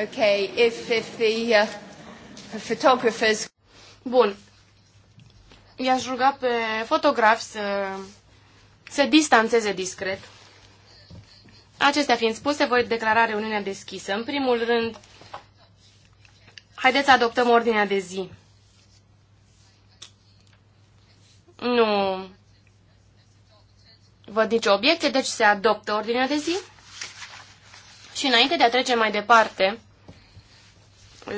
Okay, if, if the uh, photographers... Bun. I-aș ruga pe fotograf să se distanțeze discret. Acestea fiind spuse, voi declara reuniunea deschisă. În primul rând, haideți să adoptăm ordinea de zi. Nu văd nicio obiecție, deci se adoptă ordinea de zi. Și înainte de a trece mai departe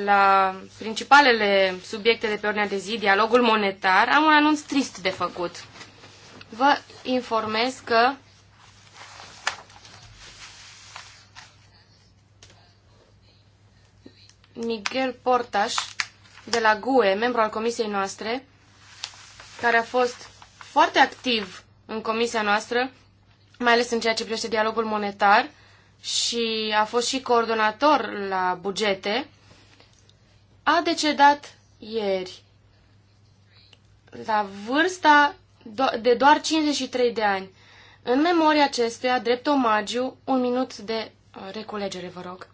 la principalele subiecte de pe ordinea de zi, dialogul monetar, am un anunț trist de făcut. Vă informez că Miguel Portaș, de la GUE, membru al comisiei noastre, care a fost foarte activ în comisia noastră, mai ales în ceea ce privește dialogul monetar și a fost și coordonator la bugete, a decedat ieri la vârsta de doar 53 de ani. În memoria acestuia, drept omagiu, un minut de uh, reculegere, vă rog.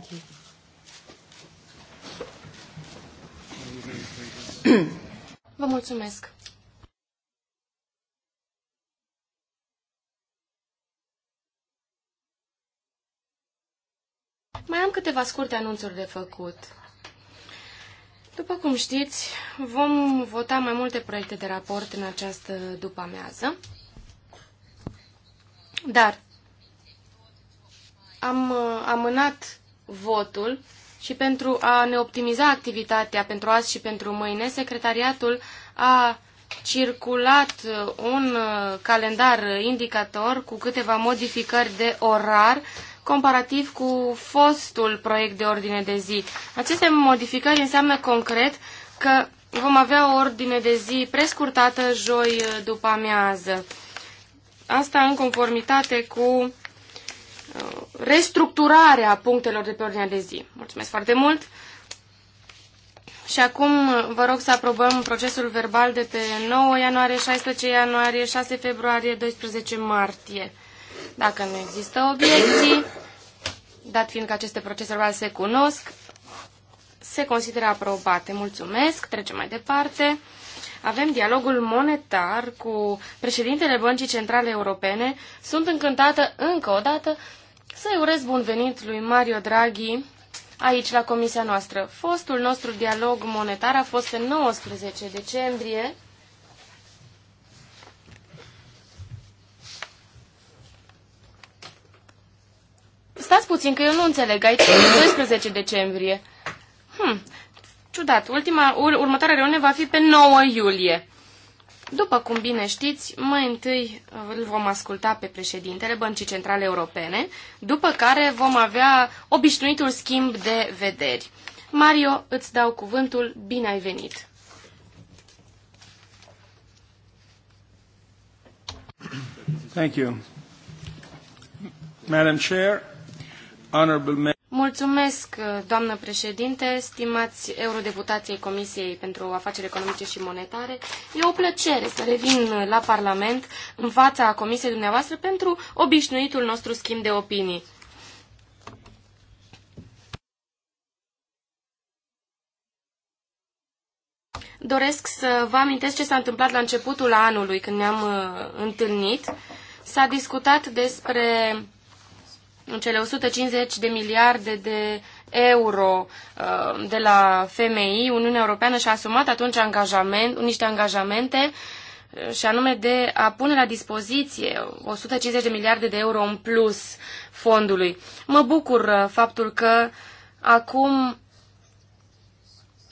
Thank you. Vă mulțumesc. Mai am câteva scurte anunțuri de făcut. După cum știți, vom vota mai multe proiecte de raport în această după-amiază. Dar am uh, amânat votul și pentru a ne optimiza activitatea pentru azi și pentru mâine, secretariatul a circulat un uh, calendar indicator cu câteva modificări de orar comparativ cu fostul proiect de ordine de zi. Aceste modificări înseamnă concret că vom avea o ordine de zi prescurtată joi după amiază. Asta în conformitate cu restructurarea punctelor de pe ordinea de zi. Mulțumesc foarte mult! Și acum vă rog să aprobăm procesul verbal de pe 9 ianuarie, 16 ianuarie, 6 februarie, 12 martie. Dacă nu există obiecții, dat fiind că aceste procese verbale se cunosc, se consideră aprobate. Mulțumesc, trecem mai departe. Avem dialogul monetar cu președintele Băncii Centrale Europene. Sunt încântată încă o dată să-i urez bun venit lui Mario Draghi aici la comisia noastră. Fostul nostru dialog monetar a fost în 19 decembrie. Stați puțin că eu nu înțeleg, aici 12 decembrie. Hmm, ciudat, ultima, ur următoarea reuniune va fi pe 9 iulie. După cum bine știți, mai întâi uh, îl vom asculta pe președintele Băncii Centrale Europene, după care vom avea obișnuitul schimb de vederi. Mario, îți dau cuvântul, bine ai venit! Thank you. Madam Chair, honorable Mulțumesc, doamnă președinte, stimați eurodeputații Comisiei pentru Afaceri Economice și Monetare. E o plăcere să revin la Parlament în fața Comisiei dumneavoastră pentru obișnuitul nostru schimb de opinii. Doresc să vă amintesc ce s-a întâmplat la începutul anului când ne-am uh, întâlnit. S-a discutat despre în cele 150 de miliarde de euro uh, de la FMI, Uniunea Europeană și-a asumat atunci angajament, niște angajamente uh, și anume de a pune la dispoziție 150 de miliarde de euro în plus fondului. Mă bucur uh, faptul că acum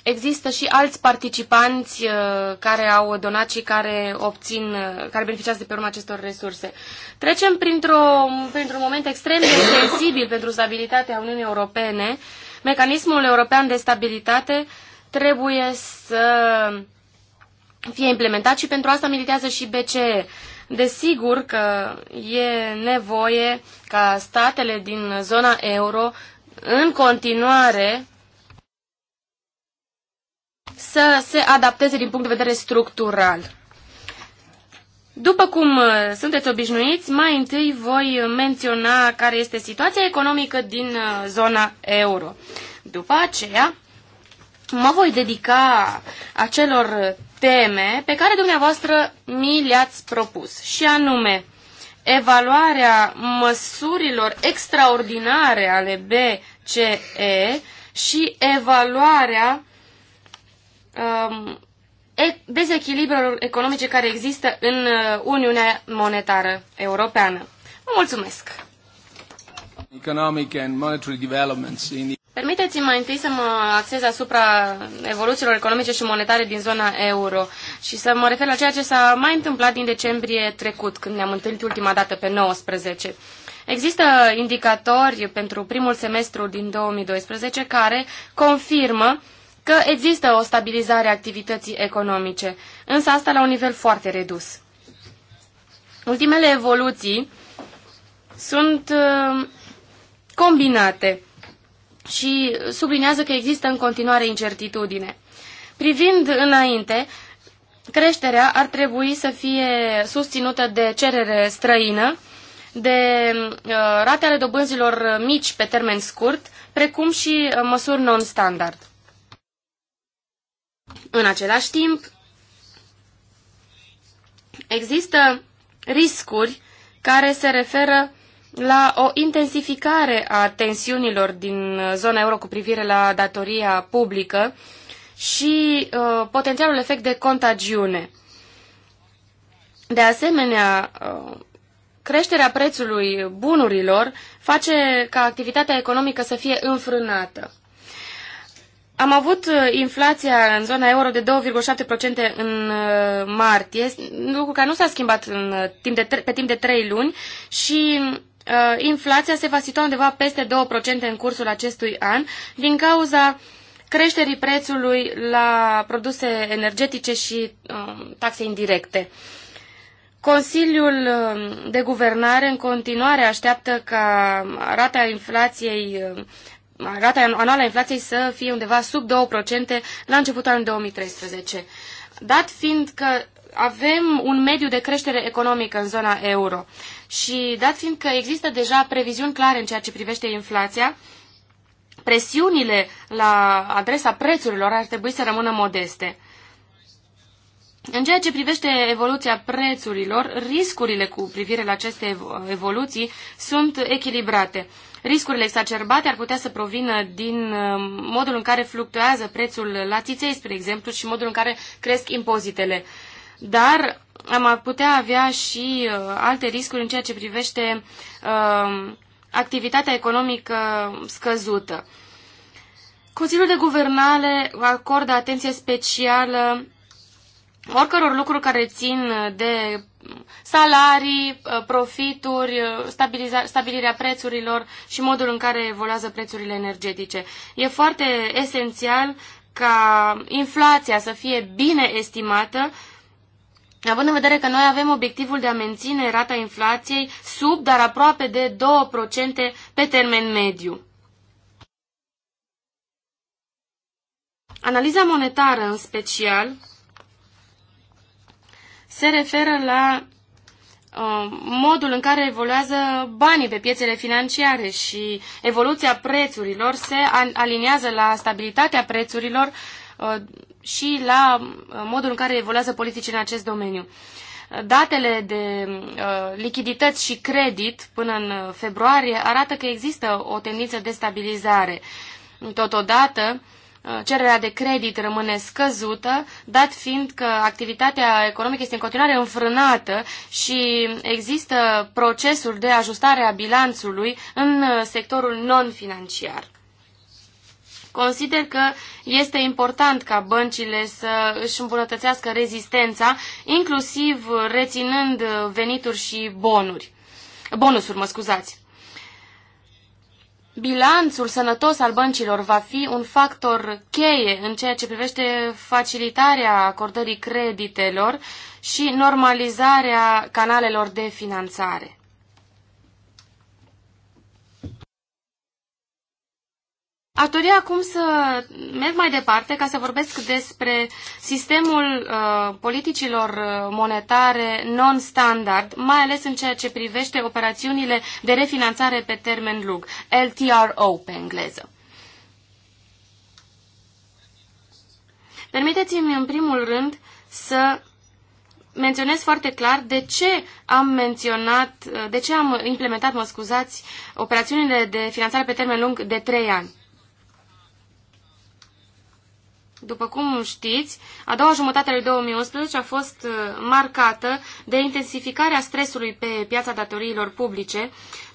există și alți participanți uh, care au donat și care obțin, uh, care beneficiază de pe urma acestor resurse. Trecem printr-un printr moment extrem de sensibil pentru stabilitatea Uniunii Europene. Mecanismul European de Stabilitate trebuie să fie implementat și pentru asta militează și BCE. Desigur că e nevoie ca statele din zona euro în continuare să se adapteze din punct de vedere structural. După cum uh, sunteți obișnuiți, mai întâi voi menționa care este situația economică din uh, zona euro. După aceea, mă voi dedica acelor teme pe care dumneavoastră mi le-ați propus, și anume evaluarea măsurilor extraordinare ale BCE și evaluarea Um, dezechilibrelor economice care există în uh, Uniunea Monetară Europeană. Vă mulțumesc! Permiteți-mi mai întâi să mă axez asupra evoluțiilor economice și monetare din zona euro și să mă refer la ceea ce s-a mai întâmplat din decembrie trecut, când ne-am întâlnit ultima dată pe 19. Există indicatori pentru primul semestru din 2012 care confirmă că există o stabilizare a activității economice, însă asta la un nivel foarte redus. Ultimele evoluții sunt uh, combinate și sublinează că există în continuare incertitudine. Privind înainte, creșterea ar trebui să fie susținută de cerere străină, de uh, rate ale dobânzilor mici pe termen scurt, precum și uh, măsuri non-standard. În același timp, există riscuri care se referă la o intensificare a tensiunilor din zona euro cu privire la datoria publică și uh, potențialul efect de contagiune. De asemenea, uh, creșterea prețului bunurilor face ca activitatea economică să fie înfrânată. Am avut uh, inflația în zona euro de 2,7% în uh, martie, lucru care nu s-a schimbat în uh, timp de, pe timp de 3 luni și uh, inflația se va situa undeva peste 2% în cursul acestui an din cauza creșterii prețului la produse energetice și uh, taxe indirecte. Consiliul um, de Guvernare în continuare așteaptă ca rata inflației um, rata anuală a inflației să fie undeva sub 2% la începutul anului 2013. Dat fiind că avem un mediu de creștere economică în zona euro și dat fiind că există deja previziuni clare în ceea ce privește inflația, presiunile la adresa prețurilor ar trebui să rămână modeste. În ceea ce privește evoluția prețurilor, riscurile cu privire la aceste evoluții sunt echilibrate. Riscurile exacerbate ar putea să provină din uh, modul în care fluctuează prețul la țiței, spre exemplu, și modul în care cresc impozitele. Dar am putea avea și uh, alte riscuri în ceea ce privește uh, activitatea economică scăzută. Consiliul de Guvernare acordă atenție specială oricăror lucruri care țin de salarii, uh, profituri, uh, stabilirea prețurilor și modul în care evoluează prețurile energetice. E foarte esențial ca inflația să fie bine estimată, având în vedere că noi avem obiectivul de a menține rata inflației sub, dar aproape de 2% pe termen mediu. Analiza monetară, în special, se referă la uh, modul în care evoluează banii pe piețele financiare și evoluția prețurilor se aliniază la stabilitatea prețurilor uh, și la uh, modul în care evoluează politicile în acest domeniu. Datele de lichidități și credit până în februarie arată că există o tendință de stabilizare. Totodată, Uh, cererea de credit rămâne scăzută, dat fiind că activitatea economică este în continuare înfrânată și există procesul de ajustare a bilanțului în uh, sectorul non-financiar. Consider că este important ca băncile să își îmbunătățească rezistența, inclusiv reținând venituri și bonuri. bonusuri. Mă scuzați bilanțul sănătos al băncilor va fi un factor cheie în ceea ce privește facilitarea acordării creditelor și normalizarea canalelor de finanțare. Aș dori acum să merg mai departe ca să vorbesc despre sistemul uh, politicilor uh, monetare non-standard, mai ales în ceea ce privește operațiunile de refinanțare pe termen lung, LTRO pe engleză. Permiteți-mi în primul rând să menționez foarte clar de ce am menționat, uh, de ce am implementat, mă scuzați, operațiunile de finanțare pe termen lung de 3 ani. După cum știți, a doua jumătate a lui 2011 a fost uh, marcată de intensificarea stresului pe piața datoriilor publice,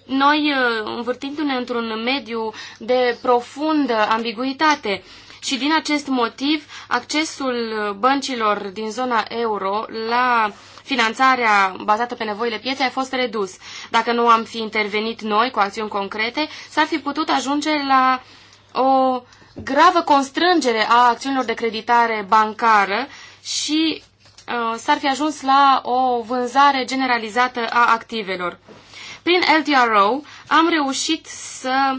noi uh, învârtindu-ne într-un mediu de profundă ambiguitate și din acest motiv accesul uh, băncilor din zona euro la finanțarea bazată pe nevoile pieței a fost redus. Dacă nu am fi intervenit noi cu acțiuni concrete, s-ar fi putut ajunge la uh, o gravă constrângere a acțiunilor de creditare bancară și uh, s-ar fi ajuns la o vânzare generalizată a activelor. Prin LTRO am reușit să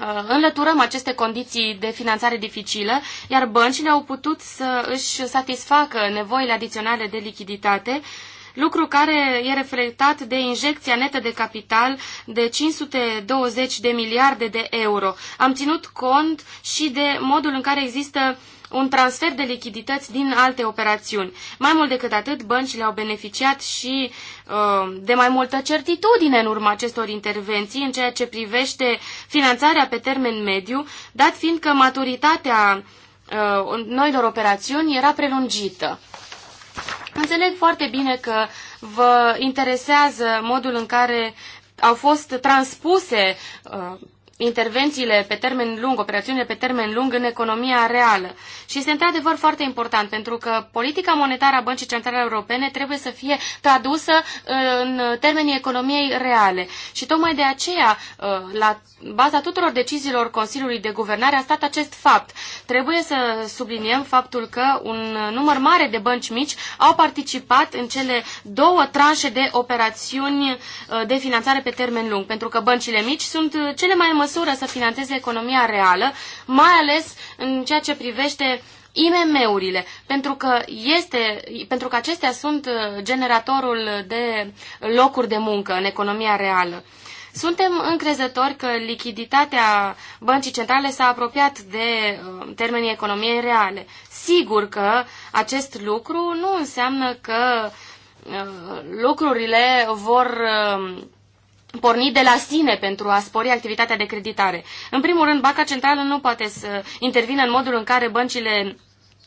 uh, înlăturăm aceste condiții de finanțare dificilă, iar băncile au putut să își satisfacă nevoile adiționale de lichiditate lucru care e reflectat de injecția netă de capital de 520 de miliarde de euro. Am ținut cont și de modul în care există un transfer de lichidități din alte operațiuni. Mai mult decât atât, băncile au beneficiat și uh, de mai multă certitudine în urma acestor intervenții în ceea ce privește finanțarea pe termen mediu, dat fiind că maturitatea uh, noilor operațiuni era prelungită. Înțeleg foarte bine că vă interesează modul în care au fost transpuse uh, intervențiile pe termen lung, operațiunile pe termen lung în economia reală. Și este într-adevăr foarte important, pentru că politica monetară a Băncii Centrale Europene trebuie să fie tradusă uh, în termenii economiei reale. Și tocmai de aceea, uh, la baza tuturor deciziilor Consiliului de Guvernare, a stat acest fapt. Trebuie să subliniem faptul că un număr mare de bănci mici au participat în cele două tranșe de operațiuni uh, de finanțare pe termen lung, pentru că băncile mici sunt cele mai măsură să financeze economia reală, mai ales în ceea ce privește IMM-urile, pentru că, este, pentru că acestea sunt uh, generatorul de locuri de muncă în economia reală. Suntem încrezători că lichiditatea băncii centrale s-a apropiat de uh, termenii economiei reale. Sigur că acest lucru nu înseamnă că uh, lucrurile vor porni de la sine pentru a spori activitatea de creditare. În primul rând, Banca Centrală nu poate să intervină în modul în care băncile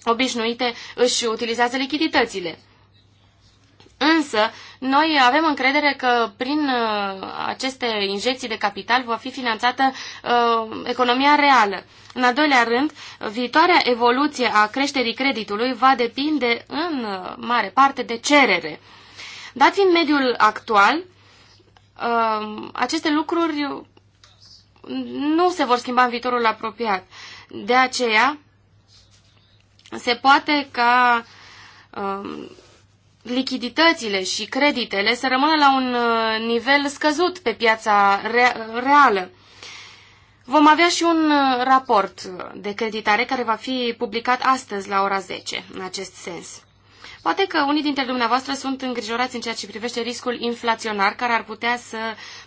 obișnuite își utilizează lichiditățile. Însă, noi avem încredere că prin uh, aceste injecții de capital va fi finanțată uh, economia reală. În al doilea rând, viitoarea evoluție a creșterii creditului va depinde în uh, mare parte de cerere. Dat fiind mediul actual, Um, aceste lucruri nu se vor schimba în viitorul apropiat. De aceea, se poate ca um, lichiditățile și creditele să rămână la un uh, nivel scăzut pe piața reală. Vom avea și un uh, raport de creditare care va fi publicat astăzi la ora 10 în acest sens. Poate că unii dintre dumneavoastră sunt îngrijorați în ceea ce privește riscul inflaționar care ar putea să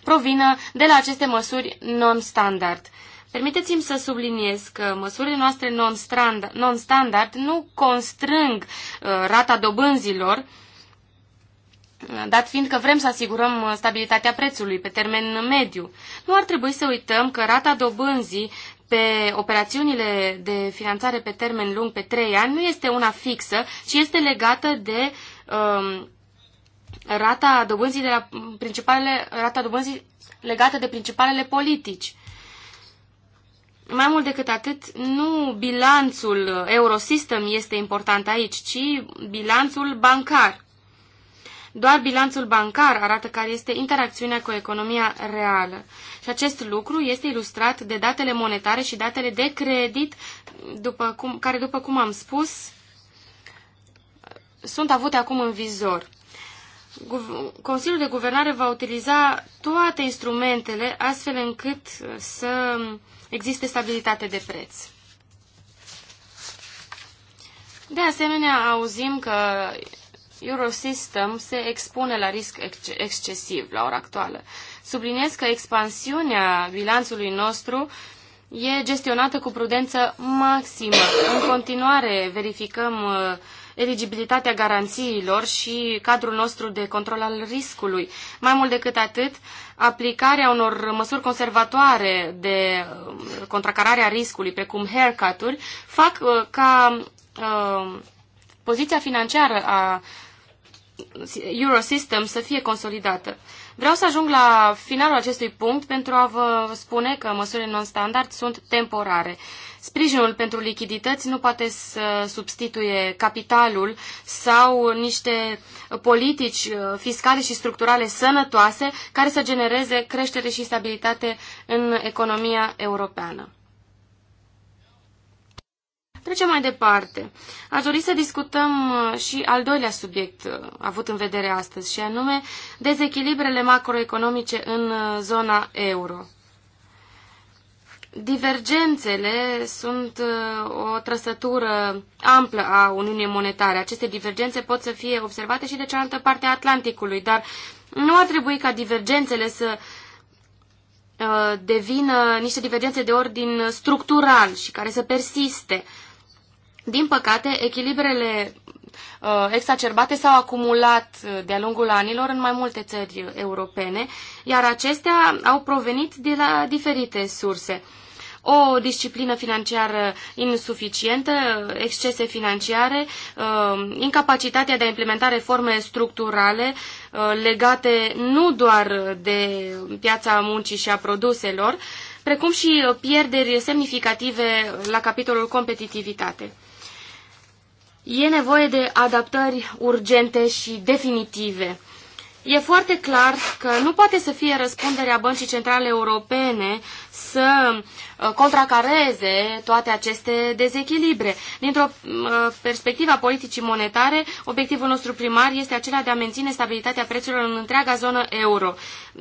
provină de la aceste măsuri non-standard. Permiteți-mi să subliniez că măsurile noastre non-standard nu constrâng uh, rata dobânzilor, uh, dat fiind că vrem să asigurăm uh, stabilitatea prețului pe termen mediu. Nu ar trebui să uităm că rata dobânzii pe operațiunile de finanțare pe termen lung, pe trei ani, nu este una fixă, ci este legată de um, rata dobânzii de la principalele, rata dobânzii legată de principalele politici. Mai mult decât atât, nu bilanțul Eurosystem este important aici, ci bilanțul bancar. Doar bilanțul bancar arată care este interacțiunea cu economia reală. Și acest lucru este ilustrat de datele monetare și datele de credit, după cum, care, după cum am spus, sunt avute acum în vizor. Consiliul de Guvernare va utiliza toate instrumentele astfel încât să existe stabilitate de preț. De asemenea, auzim că Eurosystem se expune la risc ex- excesiv la ora actuală. Subliniez că expansiunea bilanțului nostru e gestionată cu prudență maximă. În continuare verificăm uh, eligibilitatea garanțiilor și cadrul nostru de control al riscului. Mai mult decât atât, aplicarea unor măsuri conservatoare de uh, contracararea riscului, precum haircut-uri, fac uh, ca poziția financiară a Eurosystem să fie consolidată. Vreau să ajung la finalul acestui punct pentru a vă spune că măsurile non-standard sunt temporare. Sprijinul pentru lichidități nu poate să substituie capitalul sau niște politici uh, fiscale și structurale sănătoase care să genereze creștere și stabilitate în economia europeană. Trecem mai departe. Aș dori să discutăm uh, și al doilea subiect uh, avut în vedere astăzi, și anume dezechilibrele macroeconomice în uh, zona euro. Divergențele sunt o trăsătură amplă a Uniunii Monetare. Aceste divergențe pot să fie observate și de cealaltă parte a Atlanticului, dar nu ar trebui ca divergențele să devină niște divergențe de ordin structural și care să persiste. Din păcate, echilibrele uh, exacerbate s-au acumulat uh, de-a lungul anilor în mai multe țări europene, iar acestea au provenit de la diferite surse. O disciplină financiară insuficientă, excese financiare, uh, incapacitatea de a implementa reforme structurale uh, legate nu doar de piața muncii și a produselor, precum și pierderi semnificative la capitolul competitivitate. E nevoie de adaptări urgente și definitive. E foarte clar că nu poate să fie răspunderea Băncii Centrale Europene să uh, contracareze toate aceste dezechilibre. Dintr-o uh, perspectivă a politicii monetare, obiectivul nostru primar este acela de a menține stabilitatea prețurilor în întreaga zonă euro.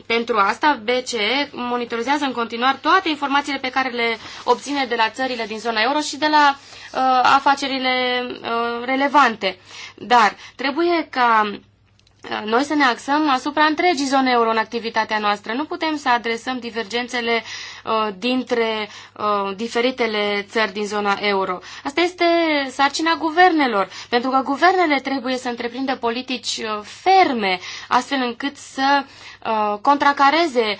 Pentru asta, BCE monitorizează în continuare toate informațiile pe care le obține de la țările din zona euro și de la uh, afacerile uh, relevante. Dar trebuie ca Uh, noi să ne axăm asupra întregii zone euro în activitatea noastră. Nu putem să adresăm divergențele uh, dintre uh, diferitele țări din zona euro. Asta este sarcina guvernelor, pentru că guvernele trebuie să întreprindă politici uh, ferme, astfel încât să uh, contracareze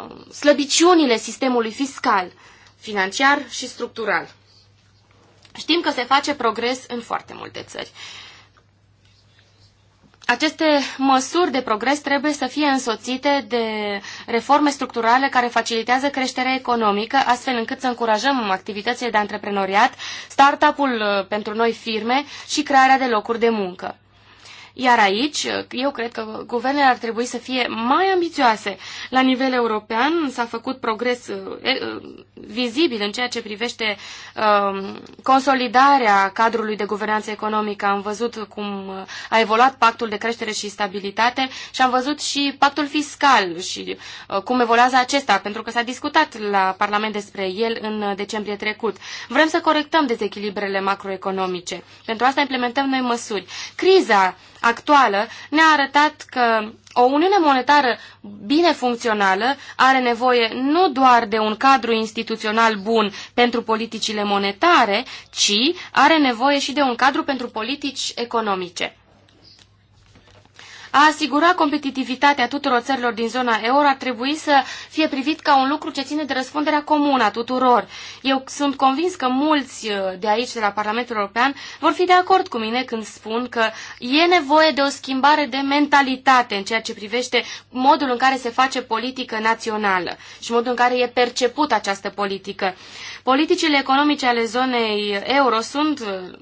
uh, slăbiciunile sistemului fiscal, financiar și structural. Știm că se face progres în foarte multe țări. Uh, aceste măsuri de progres trebuie să fie însoțite de reforme structurale care facilitează creșterea economică, astfel încât să încurajăm activitățile de antreprenoriat, start up ul uh, pentru noi firme și crearea de locuri de muncă. Iar aici, eu cred că guvernele ar trebui să fie mai ambițioase. La nivel european s-a făcut progres uh, uh, vizibil în ceea ce privește um, consolidarea cadrului de guvernanță economică. Am văzut cum uh, a evoluat pactul de creștere și stabilitate și am văzut și pactul fiscal și cum evoluează acesta, pentru că s-a discutat la Parlament despre el în decembrie trecut. Vrem să corectăm dezechilibrele macroeconomice. Pentru asta implementăm noi măsuri. Criza actuală ne-a arătat că o uniune monetară bine funcțională are nevoie nu doar de un cadru instituțional bun pentru politicile monetare, ci are nevoie și de un cadru pentru politici economice. A asigura competitivitatea tuturor țărilor din zona euro ar trebui să fie privit ca un lucru ce ține de răspunderea comună a tuturor. Eu sunt convins că mulți uh, de aici, de la Parlamentul European, vor fi de acord cu mine când spun că e nevoie de o schimbare de mentalitate în ceea ce privește modul în care se face politică națională și modul în care e perceput această politică. Politicile economice ale zonei euro sunt,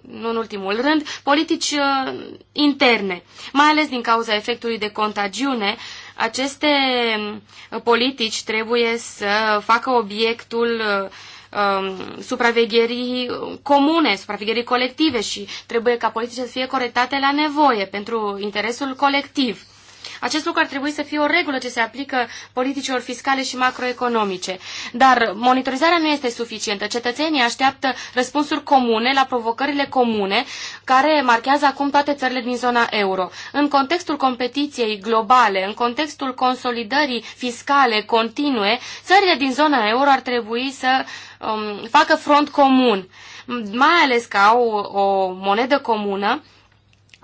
nu în ultimul rând, politici uh, interne, mai ales din cauza efectului de contagiune. Aceste uh, politici trebuie să facă obiectul uh, um, supravegherii comune, supravegherii colective și trebuie ca politice să fie corectate la nevoie pentru interesul colectiv. Acest lucru ar trebui să fie o regulă ce se aplică politicilor fiscale și macroeconomice. Dar monitorizarea nu este suficientă. Cetățenii așteaptă răspunsuri comune la provocările comune care marchează acum toate țările din zona euro. În contextul competiției globale, în contextul consolidării fiscale continue, țările din zona euro ar trebui să um, facă front comun, mai ales că au o monedă comună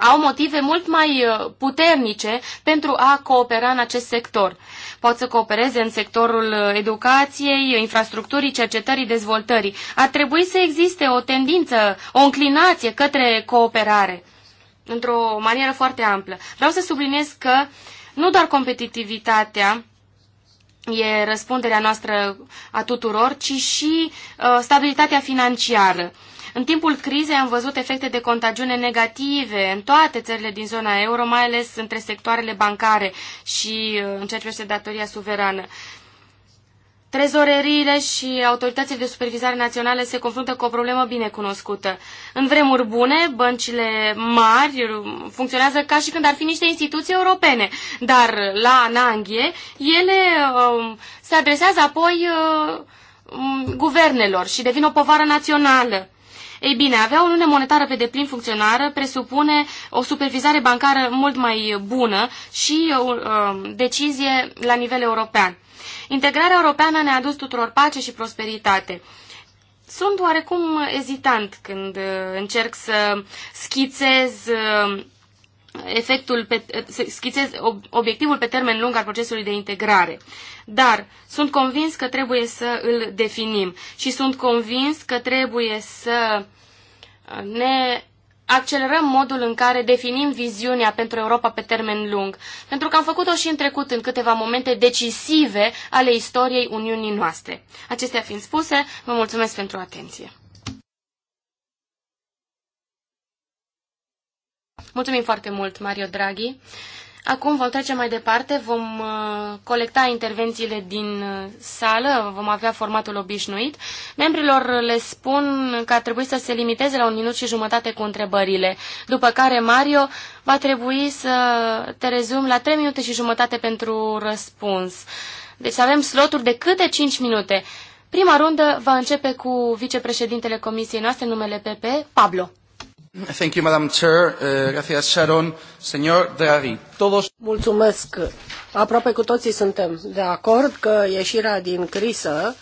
au motive mult mai uh, puternice pentru a coopera în acest sector. Pot să coopereze în sectorul uh, educației, infrastructurii, cercetării, dezvoltării. Ar trebui să existe o tendință, o înclinație către cooperare într-o manieră foarte amplă. Vreau să subliniez că nu doar competitivitatea e răspunderea noastră a tuturor, ci și uh, stabilitatea financiară. Uh, în timpul crizei am văzut efecte de contagiune negative în toate țările din zona euro, mai ales între sectoarele bancare și uh, în ceea ce privește datoria suverană. Trezoreriile și autoritățile de supervizare naționale se confruntă cu o problemă bine cunoscută. În vremuri bune, băncile mari uh, funcționează ca și când ar fi niște instituții europene, dar la ananghie ele um, se adresează apoi uh, mm, guvernelor și devin o povară națională. Ei bine, avea o lună monetară pe deplin funcționară presupune o supervizare bancară mult mai bună și uh, o uh, decizie la nivel european. Integrarea europeană ne-a adus tuturor pace și prosperitate. Sunt oarecum ezitant când uh, încerc să schițez uh, efectul pe, schițez obiectivul pe termen lung al procesului de integrare. Dar sunt convins că trebuie să îl definim și sunt convins că trebuie să ne accelerăm modul în care definim viziunea pentru Europa pe termen lung, pentru că am făcut-o și în trecut în câteva momente decisive ale istoriei Uniunii noastre. Acestea fiind spuse, vă mulțumesc pentru atenție. Mulțumim foarte mult, Mario Draghi. Acum vom trece mai departe, vom uh, colecta intervențiile din uh, sală, vom avea formatul obișnuit. Membrilor le spun că ar trebui să se limiteze la un minut și jumătate cu întrebările, după care Mario va trebui să te rezum la 3 minute și jumătate pentru răspuns. Deci avem sloturi de câte 5 minute. Prima rundă va începe cu vicepreședintele comisiei noastre, numele PP, Pablo. Thank you, Madam Chair. Uh, gracias, Sharon. Señor Draghi, todos... Mulțumesc. Aproape cu toții suntem de acord că ieșirea din criză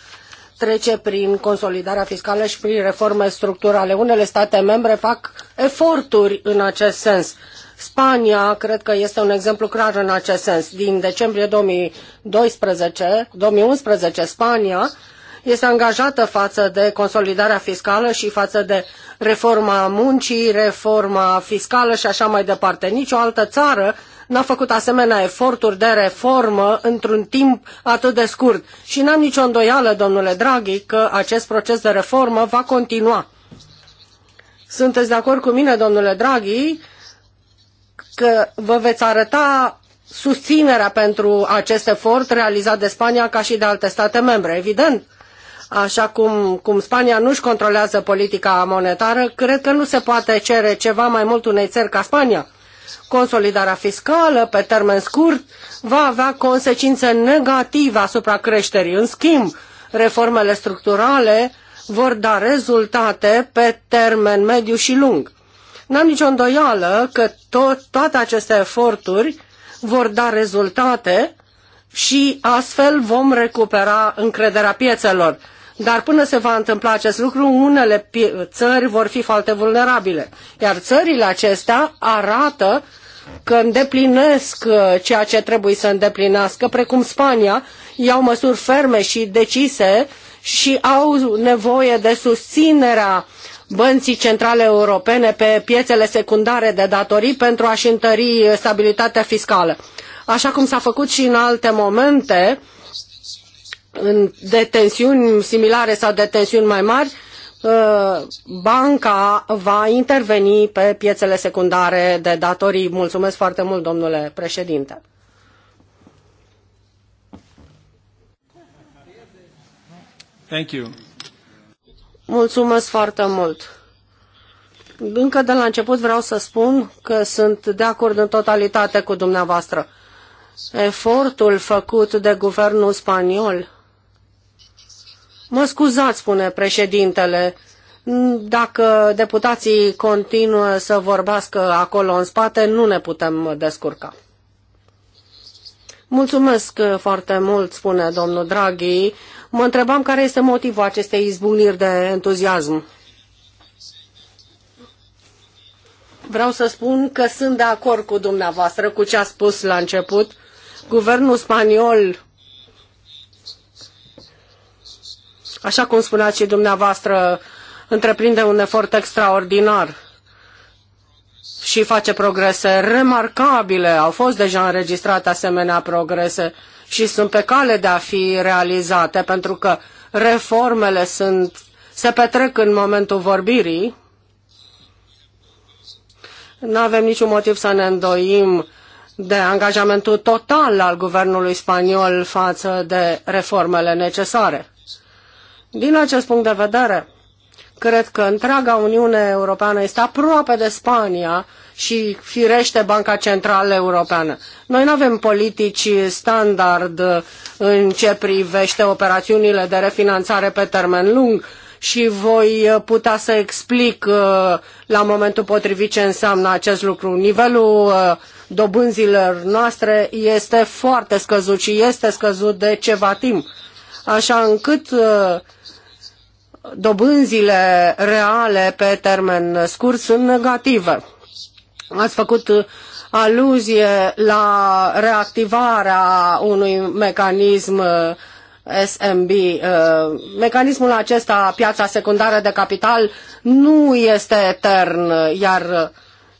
trece prin consolidarea fiscală și prin reforme structurale. Unele state membre fac eforturi în acest sens. Spania, cred că este un exemplu clar în acest sens. Din decembrie 2012, 2011, Spania este angajată față de consolidarea fiscală și față de reforma muncii, reforma fiscală și așa mai departe. Nici o altă țară n-a făcut asemenea eforturi de reformă într-un timp atât de scurt. Și n-am nicio îndoială, domnule Draghi, că acest proces de reformă va continua. Sunteți de acord cu mine, domnule Draghi, că vă veți arăta susținerea pentru acest efort realizat de Spania ca și de alte state membre. Evident, așa cum, cum Spania nu-și controlează politica monetară, cred că nu se poate cere ceva mai mult unei țări ca Spania. Consolidarea fiscală pe termen scurt va avea consecințe negative asupra creșterii. În schimb, reformele structurale vor da rezultate pe termen mediu și lung. N-am nicio îndoială că tot, toate aceste eforturi vor da rezultate și astfel vom recupera încrederea piețelor. Dar până se va întâmpla acest lucru, unele țări vor fi foarte vulnerabile. Iar țările acestea arată că îndeplinesc uh, ceea ce trebuie să îndeplinească, precum Spania, iau măsuri ferme și decise și au nevoie de susținerea băncii centrale europene pe piețele secundare de datorii pentru a-și întări uh, stabilitatea fiscală. Așa cum s-a făcut și în alte momente, în detențiuni similare sau detențiuni mai mari, uh, banca va interveni pe piețele secundare de datorii. Mulțumesc foarte mult, domnule președinte. Thank you. Mulțumesc foarte mult. Încă de la început vreau să spun că sunt de acord în totalitate cu dumneavoastră. Efortul făcut de guvernul spaniol Mă scuzați, spune președintele, dacă deputații continuă să vorbească acolo în spate, nu ne putem descurca. Mulțumesc foarte mult, spune domnul Draghi. Mă întrebam care este motivul acestei izbuniri de entuziasm. Vreau să spun că sunt de acord cu dumneavoastră, cu ce a spus la început. Guvernul spaniol așa cum spuneați și dumneavoastră, întreprinde un efort extraordinar și face progrese remarcabile. Au fost deja înregistrate asemenea progrese și sunt pe cale de a fi realizate, pentru că reformele sunt, se petrec în momentul vorbirii. Nu avem niciun motiv să ne îndoim de angajamentul total al guvernului spaniol față de reformele necesare. Din acest punct de vedere, cred că întreaga Uniune Europeană este aproape de Spania și firește Banca Centrală Europeană. Noi nu avem politici standard în ce privește operațiunile de refinanțare pe termen lung și voi putea să explic uh, la momentul potrivit ce înseamnă acest lucru. Nivelul uh, dobânzilor noastre este foarte scăzut și este scăzut de ceva timp, așa încât uh, dobânzile reale pe termen scurt sunt negative. Ați făcut uh, aluzie la reactivarea unui mecanism uh, SMB. Uh, mecanismul acesta, piața secundară de capital, nu este etern, iar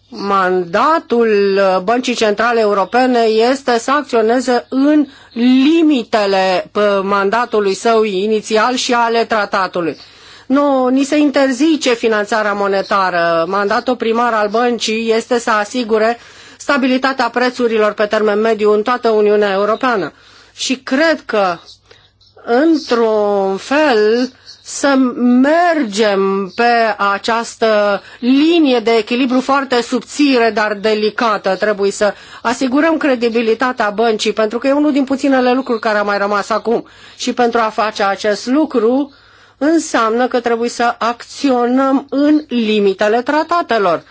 mandatul uh, Băncii Centrale Europene este să acționeze în limitele uh, mandatului său inițial și ale tratatului. Nu, ni se interzice finanțarea monetară. Mandatul primar al băncii este să asigure stabilitatea prețurilor pe termen mediu în toată Uniunea Europeană. Și cred că, într-un fel, să mergem pe această linie de echilibru foarte subțire, dar delicată. Trebuie să asigurăm credibilitatea băncii, pentru că e unul din puținele lucruri care a mai rămas acum. Și pentru a face acest lucru, înseamnă că trebuie să acționăm în limitele tratatelor.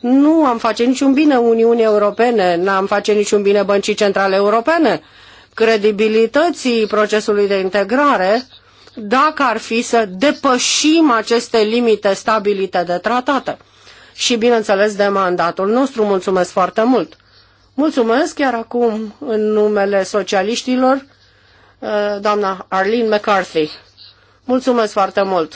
Nu am face niciun bine Uniunii Europene, n-am face niciun bine băncii centrale europene, credibilității procesului de integrare, dacă ar fi să depășim aceste limite stabilite de tratate și, bineînțeles, de mandatul nostru. Mulțumesc foarte mult! Mulțumesc chiar acum în numele socialiștilor, uh, doamna Arlene McCarthy. Mulțumesc foarte mult!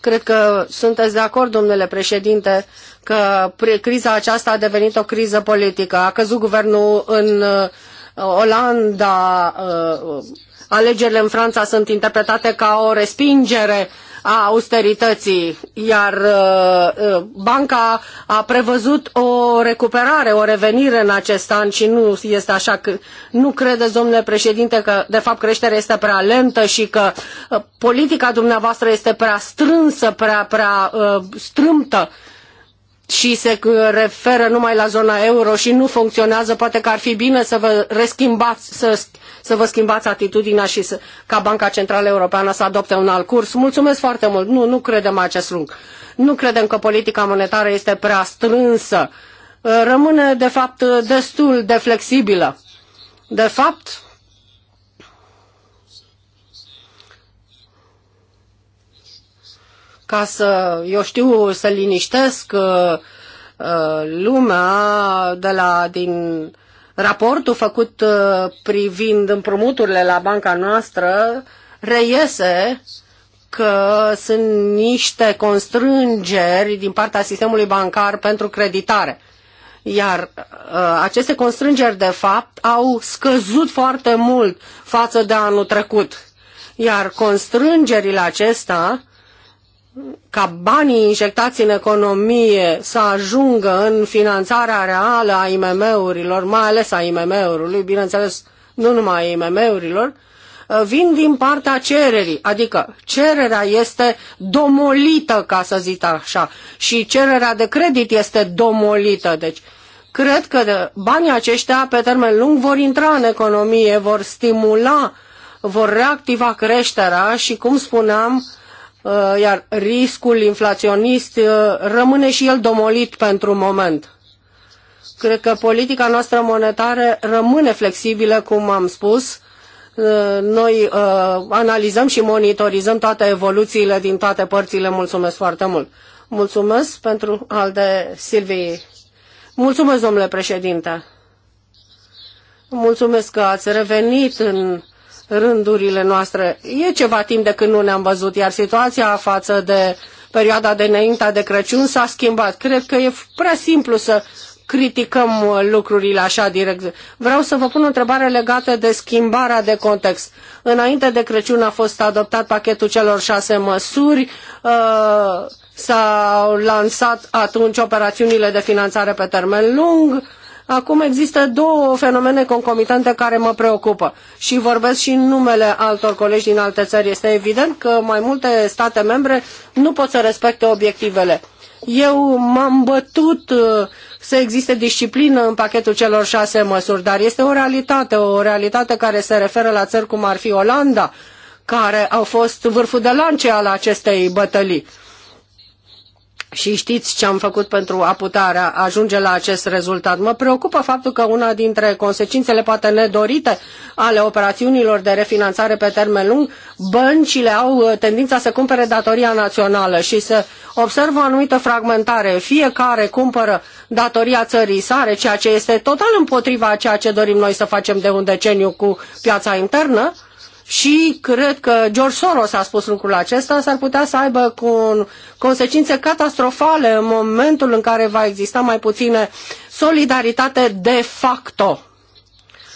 Cred că sunteți de acord, domnule președinte, că criza aceasta a devenit o criză politică. A căzut guvernul în uh, Olanda, uh, Alegerile în Franța sunt interpretate ca o respingere a austerității, iar uh, uh, banca a prevăzut o recuperare, o revenire în acest an și nu este așa că nu credeți, domnule președinte, că de fapt creșterea este prea lentă și că uh, politica dumneavoastră este prea strânsă, prea, prea strâmtă și se referă numai la zona euro și nu funcționează, poate că ar fi bine să vă reschimbați, să să vă schimbați atitudinea și să, ca Banca Centrală Europeană să adopte un alt curs. Mulțumesc foarte mult. Nu, nu credem acest lucru. Nu credem că politica monetară este prea strânsă. Uh, rămâne, de fapt, uh, destul de flexibilă. De fapt, ca să, eu știu, să liniștesc uh, lumea de la, din Raportul făcut uh, privind împrumuturile la banca noastră reiese că sunt niște constrângeri din partea sistemului bancar pentru creditare. Iar uh, aceste constrângeri, de fapt, au scăzut foarte mult față de anul trecut. Iar constrângerile acestea ca banii injectați în economie să ajungă în finanțarea reală a IMM-urilor, mai ales a IMM-urilor, bineînțeles, nu numai a IMM-urilor, uh, vin din partea cererii, adică cererea este domolită, ca să zic așa, și cererea de credit este domolită, deci cred că banii aceștia pe termen lung vor intra în economie, vor stimula, vor reactiva creșterea și, cum spuneam, Uh, iar riscul inflaționist uh, rămâne și el domolit pentru moment. Cred că politica noastră monetară rămâne flexibilă, cum am spus. Uh, noi analizăm și monitorizăm toate evoluțiile din toate părțile. Mulțumesc foarte mult. Mulțumesc pentru al de Silvii. Mulțumesc, domnule președinte. Mulțumesc că ați revenit în rândurile noastre. E ceva timp de când nu ne-am văzut, iar situația față de perioada de înaintea de Crăciun s-a schimbat. Cred că e prea simplu să criticăm uh, lucrurile așa direct. Vreau să vă pun o întrebare legată de schimbarea de context. Înainte de Crăciun a fost adoptat pachetul celor șase măsuri, uh, s-au lansat atunci operațiunile de finanțare pe termen lung, Acum există două fenomene concomitante care mă preocupă și vorbesc și în numele altor colegi din alte țări. Este evident că mai multe state membre nu pot să respecte obiectivele. Eu m-am bătut uh, să existe disciplină în pachetul celor șase măsuri, dar este o realitate, o realitate care se referă la țări cum ar fi Olanda, care au fost vârful de lance al acestei bătălii și știți ce am făcut pentru a putea ajunge la acest rezultat. Mă preocupă faptul că una dintre consecințele poate nedorite ale operațiunilor de refinanțare pe termen lung, băncile au uh, tendința să cumpere datoria națională și să observă o anumită fragmentare. Fiecare cumpără datoria țării sare, ceea ce este total împotriva a ceea ce dorim noi să facem de un deceniu cu piața internă și cred că George Soros a spus lucrul acesta, s-ar putea să aibă cu consecințe catastrofale în momentul în care va exista mai puține solidaritate de facto.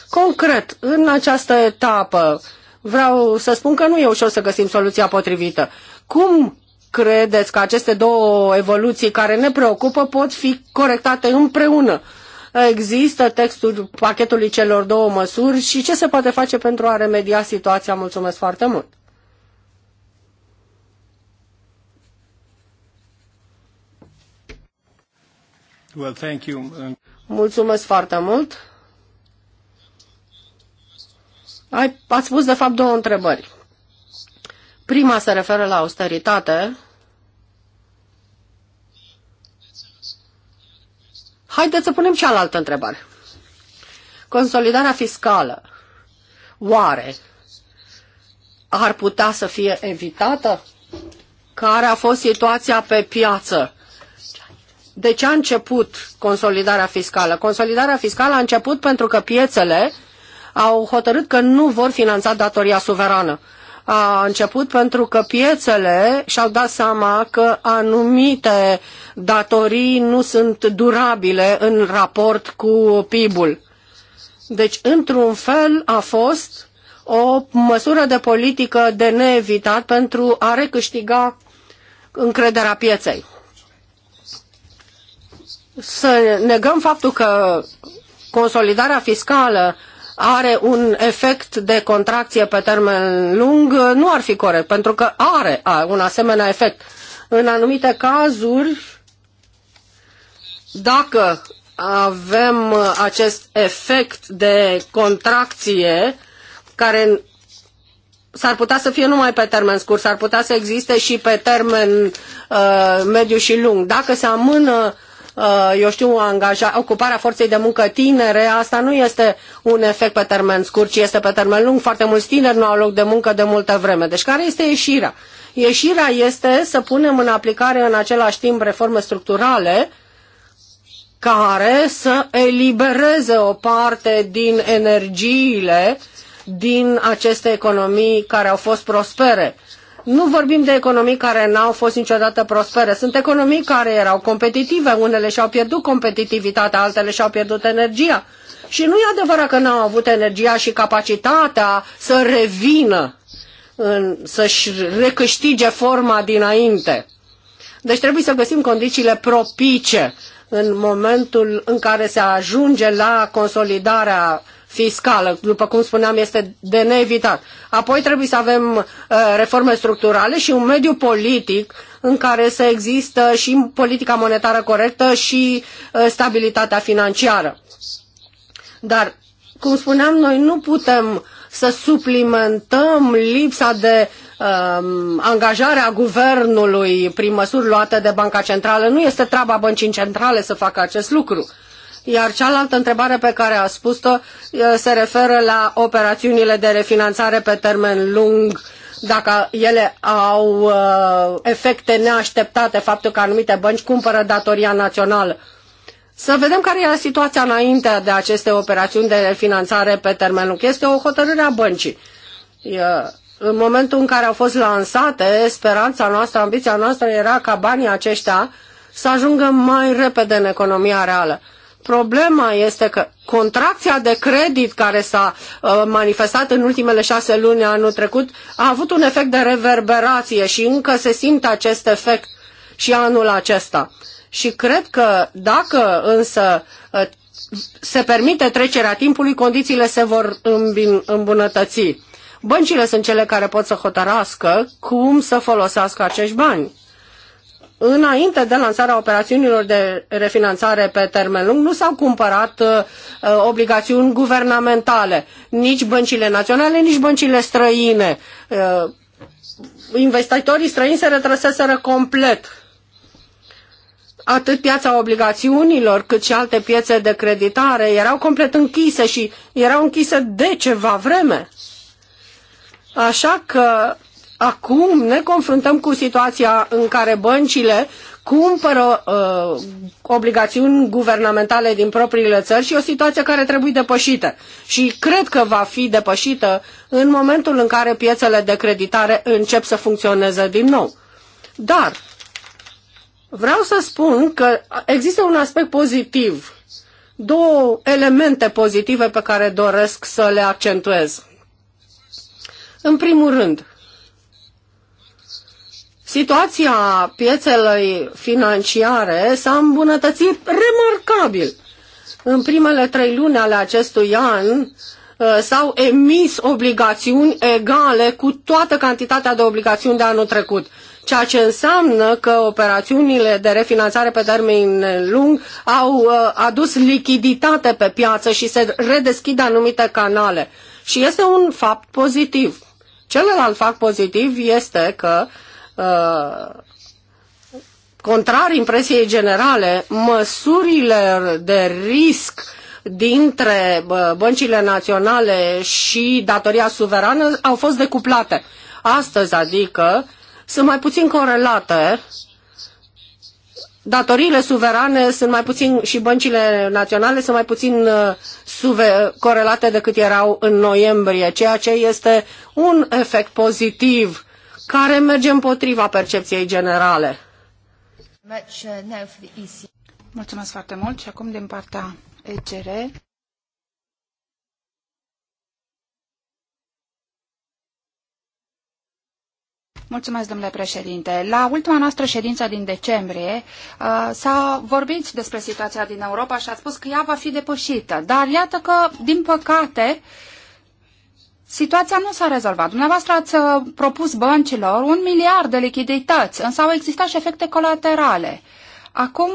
Concret, în această etapă, vreau să spun că nu e ușor să găsim soluția potrivită. Cum credeți că aceste două evoluții care ne preocupă pot fi corectate împreună? Există textul pachetului celor două măsuri și ce se poate face pentru a remedia situația? Mulțumesc foarte mult! Well, thank you. Mulțumesc foarte mult! Ai, ați spus, de fapt, două întrebări. Prima se referă la austeritate Haideți să punem cealaltă întrebare. Consolidarea fiscală, oare ar putea să fie evitată? Care a fost situația pe piață? De ce a început consolidarea fiscală? Consolidarea fiscală a început pentru că piețele au hotărât că nu vor finanța datoria suverană a început pentru că piețele și-au dat seama că anumite datorii nu sunt durabile în raport cu PIB-ul. Deci, într-un fel, a fost o măsură de politică de neevitat pentru a recâștiga încrederea pieței. Să negăm faptul că consolidarea fiscală are un efect de contracție pe termen lung, nu ar fi corect, pentru că are un asemenea efect. În anumite cazuri, dacă avem acest efect de contracție, care s-ar putea să fie numai pe termen scurt, s-ar putea să existe și pe termen uh, mediu și lung. Dacă se amână Uh, eu știu, angaja, ocuparea forței de muncă tinere, asta nu este un efect pe termen scurt, ci este pe termen lung. Foarte mulți tineri nu au loc de muncă de multă vreme. Deci care este ieșirea? Ieșirea este să punem în aplicare în același timp reforme structurale care să elibereze o parte din energiile din aceste economii care au fost prospere nu vorbim de economii care n-au fost niciodată prospere. Sunt economii care erau competitive. Unele și-au pierdut competitivitatea, altele și-au pierdut energia. Și nu e adevărat că n-au avut energia și capacitatea să revină, să-și recâștige forma dinainte. Deci trebuie să găsim condițiile propice în momentul în care se ajunge la consolidarea fiscală, după cum spuneam, este de neevitat. Apoi trebuie să avem uh, reforme structurale și un mediu politic în care să există și politica monetară corectă și uh, stabilitatea financiară. Dar, cum spuneam, noi nu putem să suplimentăm lipsa de um, angajare a guvernului prin măsuri luate de Banca Centrală. Nu este treaba băncii centrale să facă acest lucru. Uh, iar cealaltă întrebare pe care a spus-o se referă la operațiunile de refinanțare pe termen lung, dacă ele au efecte neașteptate, faptul că anumite bănci cumpără datoria națională. Să vedem care era situația înainte de aceste operațiuni de refinanțare pe termen lung. Este o hotărâre a băncii. În momentul în care au fost lansate, speranța noastră, ambiția noastră era ca banii aceștia să ajungă mai repede în economia reală. Problema este că contracția de credit care s-a uh, manifestat în ultimele șase luni anul trecut a avut un efect de reverberație și încă se simte acest efect și anul acesta. Și cred că dacă însă uh, se permite trecerea timpului, condițiile se vor îmbunătăți. Băncile sunt cele care pot să hotărască cum să folosească acești bani înainte de lansarea operațiunilor de refinanțare pe termen lung, nu s-au cumpărat uh, uh obligațiuni guvernamentale, nici băncile naționale, nici băncile străine. Uh, investitorii străini se retrăseseră complet atât piața obligațiunilor cât și alte piețe de creditare erau complet închise și erau închise de ceva vreme. Așa că Acum ne confruntăm cu situația în care băncile cumpără uh, obligațiuni guvernamentale din propriile țări și o situație care trebuie depășită. Și cred că va fi depășită în momentul în care piețele de creditare încep să funcționeze din nou. Dar vreau să spun că există un aspect pozitiv, două elemente pozitive pe care doresc să le accentuez. În primul rând, situația piețelor financiare s-a îmbunătățit remarcabil. În primele trei luni ale acestui an uh, s-au emis obligațiuni egale cu toată cantitatea de obligațiuni de anul trecut, ceea ce înseamnă că operațiunile de refinanțare pe termen lung au uh, adus lichiditate pe piață și se redeschid anumite canale. Și este un fapt pozitiv. Celălalt fapt pozitiv este că uh, Uh, contrar impresiei generale, măsurile de risc dintre uh, băncile naționale și datoria suverană au fost decuplate. Astăzi, adică, sunt mai puțin corelate datoriile suverane sunt mai puțin și băncile naționale sunt mai puțin uh, suve, corelate decât erau în noiembrie, ceea ce este un efect pozitiv care merge împotriva percepției generale. Mulțumesc foarte mult și acum din partea ECR. Mulțumesc, domnule președinte. La ultima noastră ședință din decembrie uh, s-a vorbit despre situația din Europa și a spus că ea va fi depășită. Dar iată că, din păcate, uh, Situația nu s-a rezolvat. Dumneavoastră ați uh, propus băncilor un miliard de lichidități, însă au existat și efecte colaterale. Acum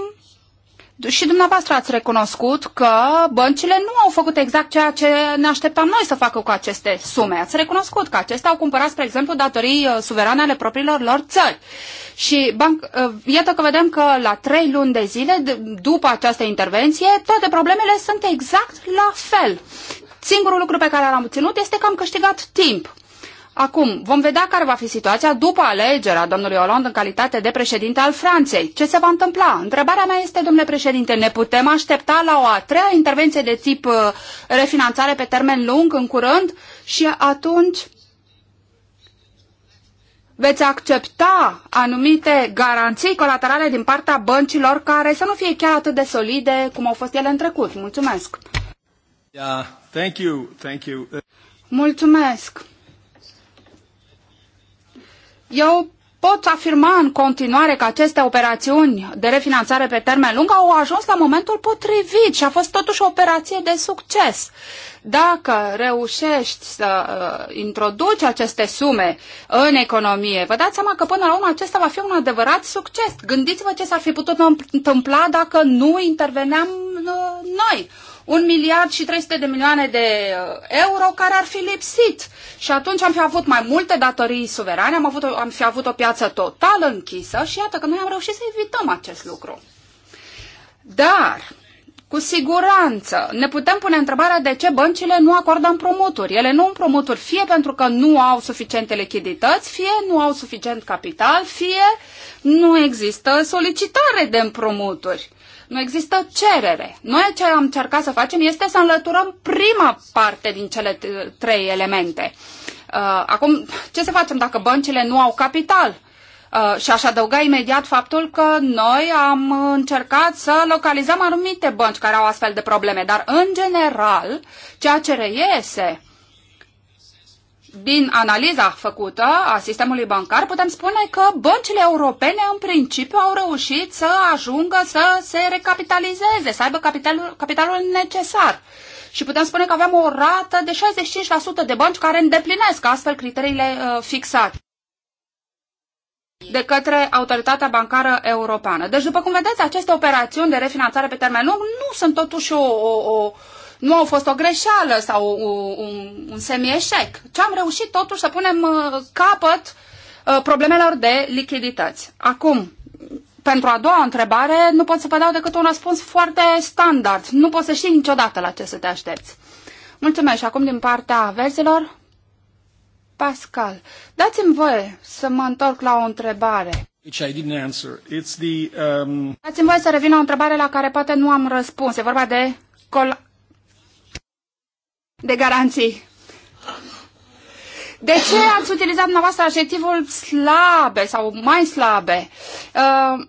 și dumneavoastră ați recunoscut că băncile nu au făcut exact ceea ce ne așteptam noi să facă cu aceste sume. Ați recunoscut că acestea au cumpărat, spre exemplu, datorii uh, suverane ale propriilor lor țări. Și banc, uh, iată că vedem că la trei luni de zile, după această intervenție, toate problemele sunt exact la fel. Singurul lucru pe care l-am obținut este că am câștigat timp. Acum, vom vedea care va fi situația după alegerea domnului Hollande în calitate de președinte al Franței. Ce se va întâmpla? Întrebarea mea este, domnule președinte, ne putem aștepta la o a treia intervenție de tip uh, refinanțare pe termen lung în curând? Și atunci veți accepta anumite garanții colaterale din partea băncilor care să nu fie chiar atât de solide cum au fost ele în trecut. Mulțumesc! Yeah. Thank you, thank you. Mulțumesc. Eu pot afirma în continuare că aceste operațiuni de refinanțare pe termen lung au ajuns la momentul potrivit și a fost totuși o operație de succes. Dacă reușești să uh, introduci aceste sume în economie, vă dați seama că până la urmă acesta va fi un adevărat succes. Gândiți-vă ce s-ar fi putut întâmpla dacă nu interveneam uh, noi un miliard și 300 de milioane de uh, euro care ar fi lipsit. Și atunci am fi avut mai multe datorii suverane, am, avut, am fi avut o piață total închisă și iată că noi am reușit să evităm acest lucru. Dar, cu siguranță, ne putem pune întrebarea de ce băncile nu acordă împrumuturi. Ele nu împrumuturi fie pentru că nu au suficiente lichidități, fie nu au suficient capital, fie nu există solicitare de împrumuturi nu există cerere. Noi ce am încercat să facem este să înlăturăm prima parte din cele trei elemente. Uh, acum, ce să facem dacă băncile nu au capital? Uh, și aș adăuga imediat faptul că noi am încercat să localizăm anumite bănci care au astfel de probleme, dar în general, ceea ce reiese din analiza făcută a sistemului bancar, putem spune că băncile europene în principiu au reușit să ajungă să se recapitalizeze, să aibă capitalul, capitalul necesar. Și putem spune că avem o rată de 65% de bănci care îndeplinesc astfel criteriile uh, fixate de către Autoritatea Bancară Europeană. Deci, după cum vedeți, aceste operațiuni de refinanțare pe termen lung nu sunt totuși o, o, o, nu au fost o greșeală sau un, un semieșec, ci am reușit totuși să punem uh, capăt uh, problemelor de lichidități. Acum, pentru a doua întrebare, nu pot să vă dau decât un răspuns foarte standard. Nu poți să știi niciodată la ce să te aștepți. Mulțumesc. Și acum din partea verzilor, Pascal. Dați-mi voie să mă întorc la o întrebare. um... Dați-mi voie să revin la o întrebare la care poate nu am răspuns. E vorba de col- de garanții. De ce ați utilizat dumneavoastră adjectivul slabe sau mai slabe? Uh,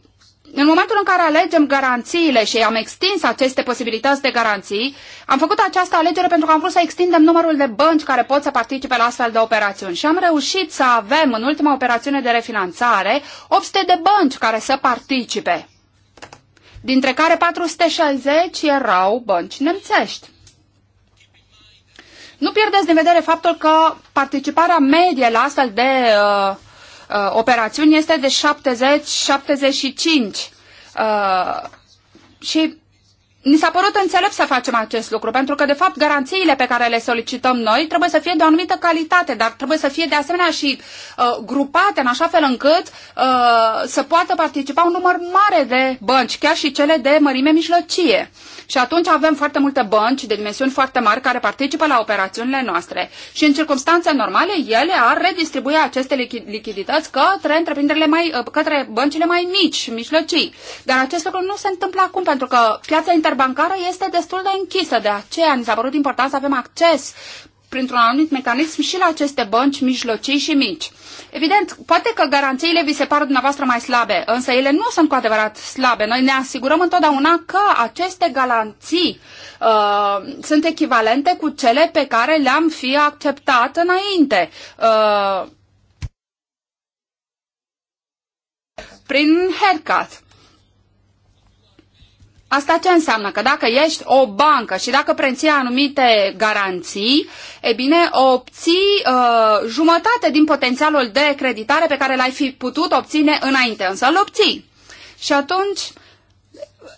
în momentul în care alegem garanțiile și am extins aceste posibilități de garanții, am făcut această alegere pentru că am vrut să extindem numărul de bănci care pot să participe la astfel de operațiuni și am reușit să avem în ultima operațiune de refinanțare 800 de bănci care să participe, dintre care 460 erau bănci nemțești. Nu pierdeți din vedere faptul că participarea medie la astfel de uh, uh, operațiuni este de 70-75%. Uh, și Ni s-a părut înțelept să facem acest lucru, pentru că, de fapt, garanțiile pe care le solicităm noi trebuie să fie de o anumită calitate, dar trebuie să fie, de asemenea, și uh, grupate în așa fel încât uh, să poată participa un număr mare de bănci, chiar și cele de mărime mijlocie. Și atunci avem foarte multe bănci de dimensiuni foarte mari care participă la operațiunile noastre. Și în circunstanțe normale, ele ar redistribui aceste lichidități către întreprinderile mai, uh, către băncile mai mici, mijlocii. Dar acest lucru nu se întâmplă acum, pentru că piața inter- interbancară este destul de închisă, de aceea ni s-a părut important să avem acces printr-un anumit mecanism și la aceste bănci mijlocii și mici. Evident, poate că garanțiile vi se par dumneavoastră mai slabe, însă ele nu sunt cu adevărat slabe. Noi ne asigurăm întotdeauna că aceste garanții uh, sunt echivalente cu cele pe care le-am fi acceptat înainte. Uh, prin haircut. Asta ce înseamnă? Că dacă ești o bancă și dacă preții anumite garanții, e bine, obții uh, jumătate din potențialul de creditare pe care l-ai fi putut obține înainte, însă îl obții. Și atunci,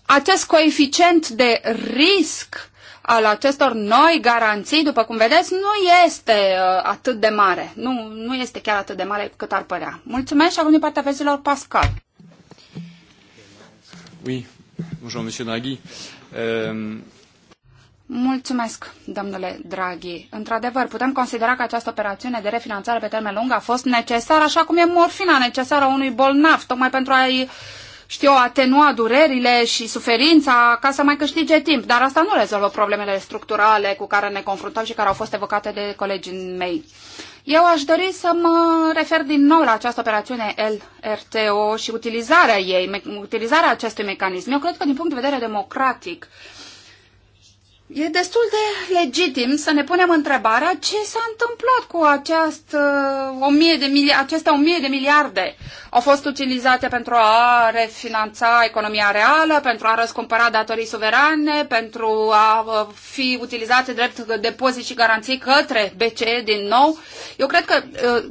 acest coeficient de risc al acestor noi garanții, după cum vedeți, nu este uh, atât de mare. Nu, nu este chiar atât de mare cât ar părea. Mulțumesc și acum din partea vezilor Pascal. Oui, Bonjour, monsieur Draghi. Um... Mulțumesc, domnule Draghi. Într-adevăr, putem considera că această operațiune de refinanțare pe termen lung a fost necesară, așa cum e morfina necesară unui bolnav, tocmai pentru a-i știu, atenua durerile și suferința ca să mai câștige timp. Dar asta nu rezolvă problemele structurale cu care ne confruntăm și care au fost evocate de colegii mei. Eu aș dori să mă refer din nou la această operațiune LRTO și utilizarea ei, utilizarea acestui mecanism. Eu cred că din punct de vedere democratic E destul de legitim să ne punem întrebarea ce s-a întâmplat cu aceast, uh, o mie de mili- aceste 1000 de miliarde. Au fost utilizate pentru a refinanța economia reală, pentru a răscumpăra datorii suverane, pentru a uh, fi utilizate drept depozit și garanții către BCE din nou. Eu cred că uh,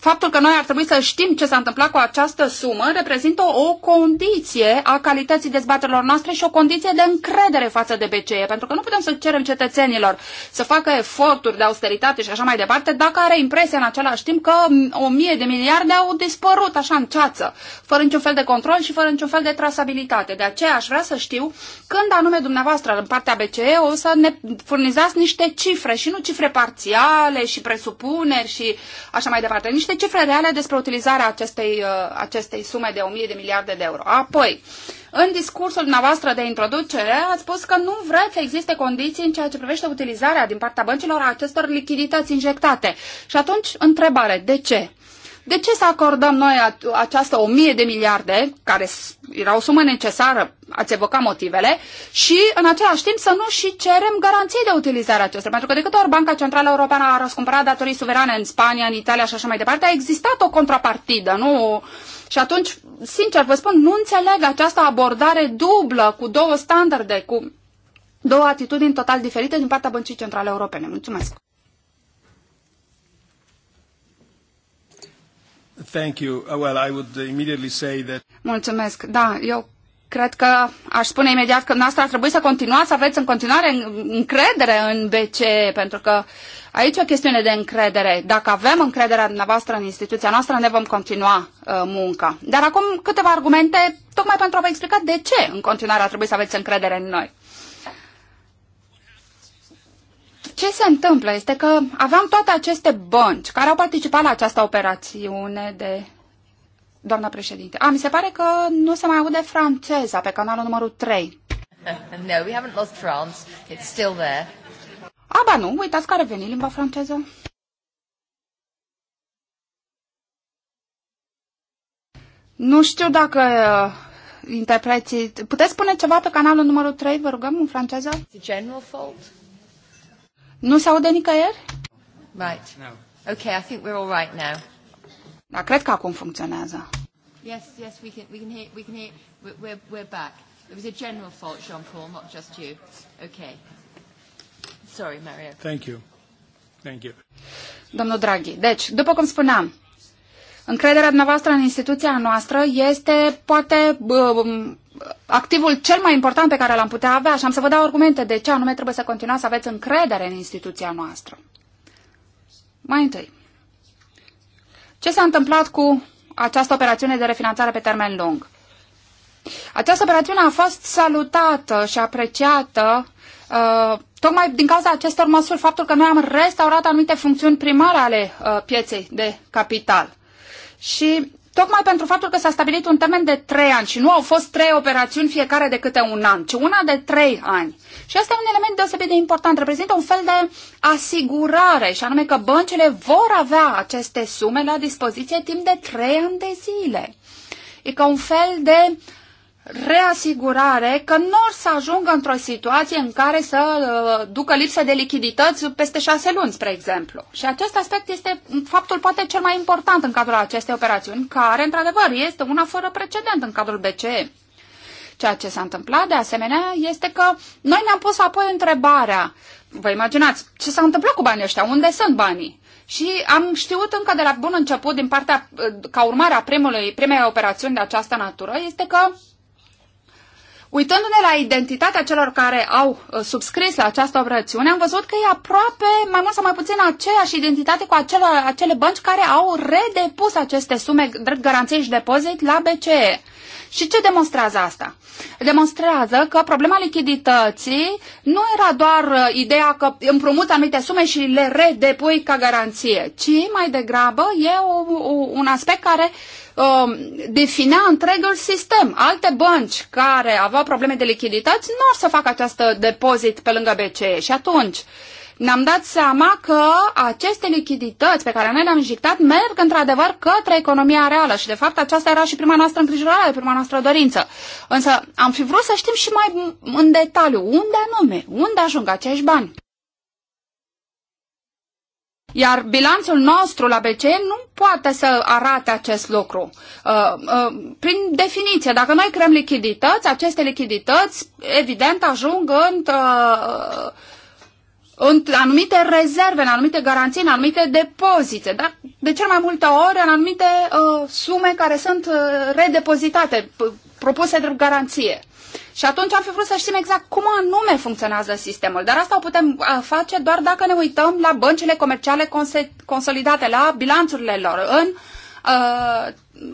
faptul că noi ar trebui să știm ce s-a întâmplat cu această sumă reprezintă o condiție a calității dezbaterilor noastre și o condiție de încredere față de BCE, pentru că nu putem să cerem cetățenilor să facă eforturi de austeritate și așa mai departe, dacă are impresia în același timp că o mie de miliarde au dispărut așa în ceață, fără niciun fel de control și fără niciun fel de trasabilitate. De aceea aș vrea să știu când anume dumneavoastră în partea BCE o să ne furnizați niște cifre și nu cifre parțiale și presupuneri și așa mai departe, niște niște cifre reale despre utilizarea acestei, uh, acestei sume de 1000 de miliarde de euro. Apoi, în discursul dumneavoastră de introducere, ați spus că nu vreți să existe condiții în ceea ce privește utilizarea din partea băncilor a acestor lichidități injectate. Și atunci, întrebare, de ce? De ce să acordăm noi această 1000 de miliarde, care era o sumă necesară, ați evocat motivele, și în același timp să nu și cerem garanții de utilizare acestor? Pentru că de câte ori Banca Centrală Europeană a răscumpărat datorii suverane în Spania, în Italia și așa mai departe, a existat o contrapartidă, nu? Și atunci, sincer vă spun, nu înțeleg această abordare dublă, cu două standarde, cu două atitudini total diferite din partea Băncii Centrale Europene. Mulțumesc! Thank you. Uh, well, I would immediately say that... Mulțumesc. Da, eu cred că aș spune imediat că noastră ar trebui să continuați, să aveți în continuare încredere în BCE, pentru că aici e o chestiune de încredere. Dacă avem încrederea dumneavoastră în instituția noastră, ne vom continua uh, munca. Dar acum câteva argumente, tocmai pentru a vă explica de ce în continuare ar trebui să aveți încredere în noi ce se întâmplă este că aveam toate aceste bănci care au participat la această operațiune de doamna președinte. A, mi se pare că nu se mai aude franceza pe canalul numărul 3. no, we haven't lost France. It's still there. A, ba nu, uitați care veni limba franceză. Nu știu dacă uh, interpreții... Puteți spune ceva pe canalul numărul 3, vă rugăm, în franceză? a general fault. Nu se aude nicăieri? Right. No. Okay, I think we're all right now. Da, cred că acum funcționează. Yes, yes, we can, we can hear, we can hear, we're, we're back. It was a general fault, Jean-Paul, not just you. Okay. Sorry, Mario. Thank you. Thank you. Domnul Draghi, deci, după cum spuneam, încrederea dumneavoastră în instituția noastră este poate activul cel mai important pe care l-am putea avea și am să vă dau argumente de ce anume trebuie să continuați să aveți încredere în instituția noastră. Mai întâi, ce s-a întâmplat cu această operațiune de refinanțare pe termen lung? Această operațiune a fost salutată și apreciată uh, tocmai din cauza acestor măsuri, faptul că noi am restaurat anumite funcțiuni primare ale uh, pieței de capital. Și tocmai pentru faptul că s-a stabilit un termen de trei ani și nu au fost trei operațiuni fiecare de câte un an, ci una de trei ani. Și asta e un element deosebit de important, reprezintă un fel de asigurare, și anume că băncile vor avea aceste sume la dispoziție timp de trei ani de zile. E ca un fel de uh, reasigurare că nu o să ajungă într-o situație în care să uh, ducă lipsă de lichidități peste șase luni, spre exemplu. Și acest aspect este mm, faptul poate cel mai important în cadrul acestei operațiuni, care, într-adevăr, este una fără precedent în cadrul BCE. Ceea ce s-a întâmplat, de asemenea, este că noi ne-am pus apoi întrebarea, vă imaginați, ce s-a întâmplat cu banii ăștia, unde sunt banii? Și am știut încă de la bun început, din partea, uh, ca urmare a primului, primei operațiuni de această natură, este că Uitându-ne la identitatea celor care au uh, subscris la această operațiune, am văzut că e aproape, mai mult sau mai puțin, aceeași identitate cu acele, acele bănci care au redepus aceste sume drept garanție și depozit la BCE. Și ce demonstrează asta? Demonstrează că problema lichidității nu era doar uh, ideea că împrumut anumite sume și le redepui ca garanție, ci mai degrabă e o, o, un aspect care Um, definea întregul sistem. Alte bănci care aveau probleme de lichidități nu ar să facă această depozit pe lângă BCE și atunci ne-am dat seama că aceste lichidități pe care noi le-am injectat merg într-adevăr către economia reală și de fapt aceasta era și prima noastră îngrijorare, prima noastră dorință. Însă am fi vrut să știm și mai în detaliu unde anume, unde ajung acești bani. Iar bilanțul nostru la BCE nu poate să arate acest lucru. Uh, uh, prin definiție, dacă noi creăm lichidități, aceste lichidități, evident, ajung în, uh, în anumite rezerve, în anumite garanții, în anumite depozite, Dar de cel mai multe ori în anumite sume care sunt redepozitate, propuse de garanție. Și atunci am fi vrut să știm exact cum anume funcționează sistemul, dar asta o putem face doar dacă ne uităm la băncile comerciale consolidate, la bilanțurile lor în uh,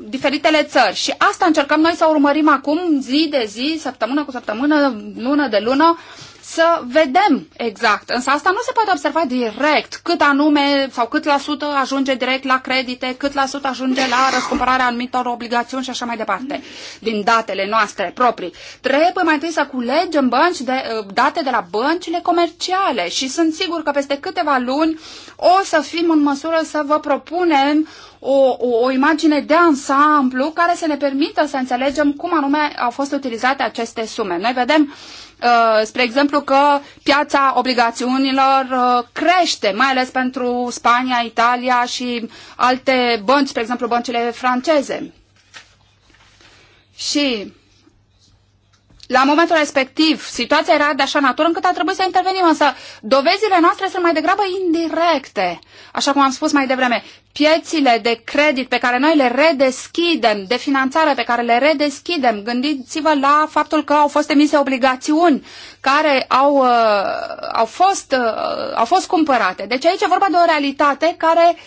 diferitele țări. Și asta încercăm noi să urmărim acum zi de zi, săptămână cu săptămână, lună de lună, uh, să vedem exact. Însă asta nu se poate observa direct cât anume sau cât la sută ajunge direct la credite, cât la sută ajunge la răscumpărarea anumitor obligațiuni și așa mai departe din datele noastre proprii. Trebuie mai întâi să culegem bănci de, uh, date de la băncile comerciale și sunt sigur că peste câteva luni o să fim în măsură să vă propunem o, o, o imagine de ansamblu care să ne permită să înțelegem cum anume au fost utilizate aceste sume. Noi vedem, uh, spre exemplu, că piața obligațiunilor uh, crește, mai ales pentru Spania, Italia și alte bănci, spre exemplu băncile franceze. Și la momentul respectiv, situația era de așa natură încât a trebuit să intervenim, însă dovezile noastre sunt mai degrabă indirecte. Așa cum am spus mai devreme, piețile de credit pe care noi le redeschidem, de finanțare pe care le redeschidem, gândiți-vă la faptul că au fost emise obligațiuni care au, uh, au, fost, uh, au fost cumpărate. Deci aici e vorba de o realitate care uh,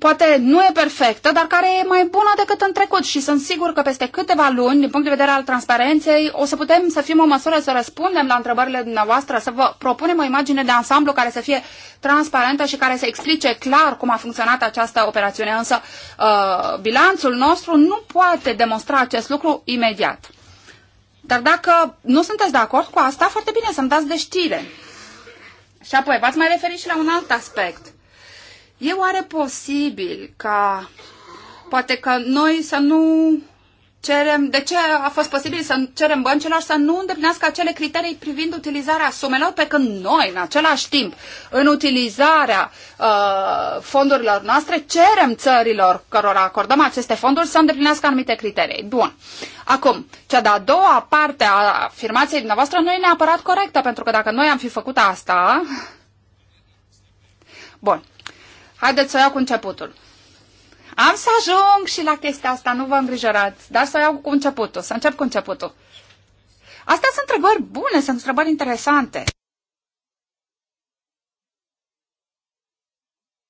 poate nu e perfectă, dar care e mai bună decât în trecut și sunt sigur că peste câteva luni, din punct de vedere al transparenței, o să putem să fim o măsură să răspundem la întrebările dumneavoastră, să vă propunem o imagine de ansamblu care să fie transparentă și care să explice clar cum a funcționat această operațiune. Însă uh, bilanțul nostru nu poate demonstra acest lucru imediat. Dar dacă nu sunteți de acord cu asta, foarte bine să-mi dați de știre. Și apoi, v-ați mai referit și la un alt aspect – E oare posibil ca poate că noi să nu cerem, de ce a fost posibil să cerem băncilor să nu îndeplinească acele criterii privind utilizarea sumelor, pe când noi, în același timp, în utilizarea uh, fondurilor noastre, cerem țărilor cărora acordăm aceste fonduri să îndeplinească anumite criterii. Bun. Acum, cea de-a doua parte a afirmației dumneavoastră nu e neapărat corectă, pentru că dacă noi am fi făcut asta... Bun. Haideți să o iau cu începutul. Am să ajung și la chestia asta, nu vă îngrijorați, dar să o iau cu începutul, să încep cu începutul. Astea sunt întrebări bune, sunt întrebări interesante.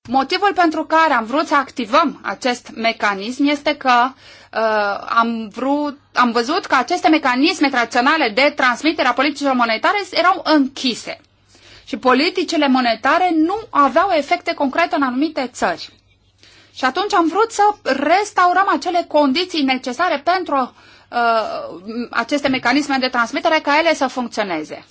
Motivul pentru care am vrut să activăm acest mecanism este că uh, am, vrut, am văzut că aceste mecanisme tradiționale de transmitere a politicilor monetare erau închise și politicile monetare nu aveau efecte concrete în anumite țări. Și atunci am vrut să restaurăm acele condiții necesare pentru uh, aceste mecanisme de transmitere ca ele să funcționeze.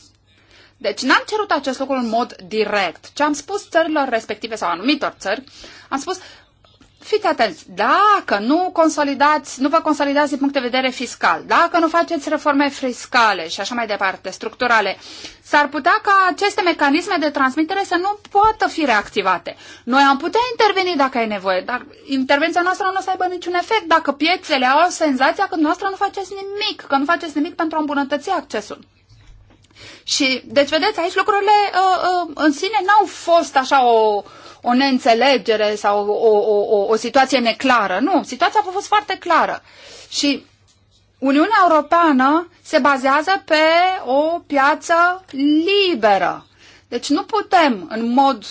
Deci n-am cerut acest lucru în mod direct, ci am spus țărilor respective sau anumitor țări, am spus fiți atenți, dacă nu consolidați, nu vă consolidați din punct de vedere fiscal, dacă nu faceți reforme fiscale și așa mai departe, structurale, s-ar putea ca aceste mecanisme de transmitere să nu poată fi reactivate. Noi am putea interveni dacă e nevoie, dar intervenția noastră nu o să aibă niciun efect dacă piețele au senzația că noastră nu faceți nimic, că nu faceți nimic pentru a îmbunătăți accesul. Și, deci, vedeți, aici lucrurile uh, uh, în sine n-au fost așa o, o neînțelegere sau o, o, o, o situație neclară. Nu, situația a fost foarte clară. Și Uniunea Europeană se bazează pe o piață liberă. Deci nu putem în mod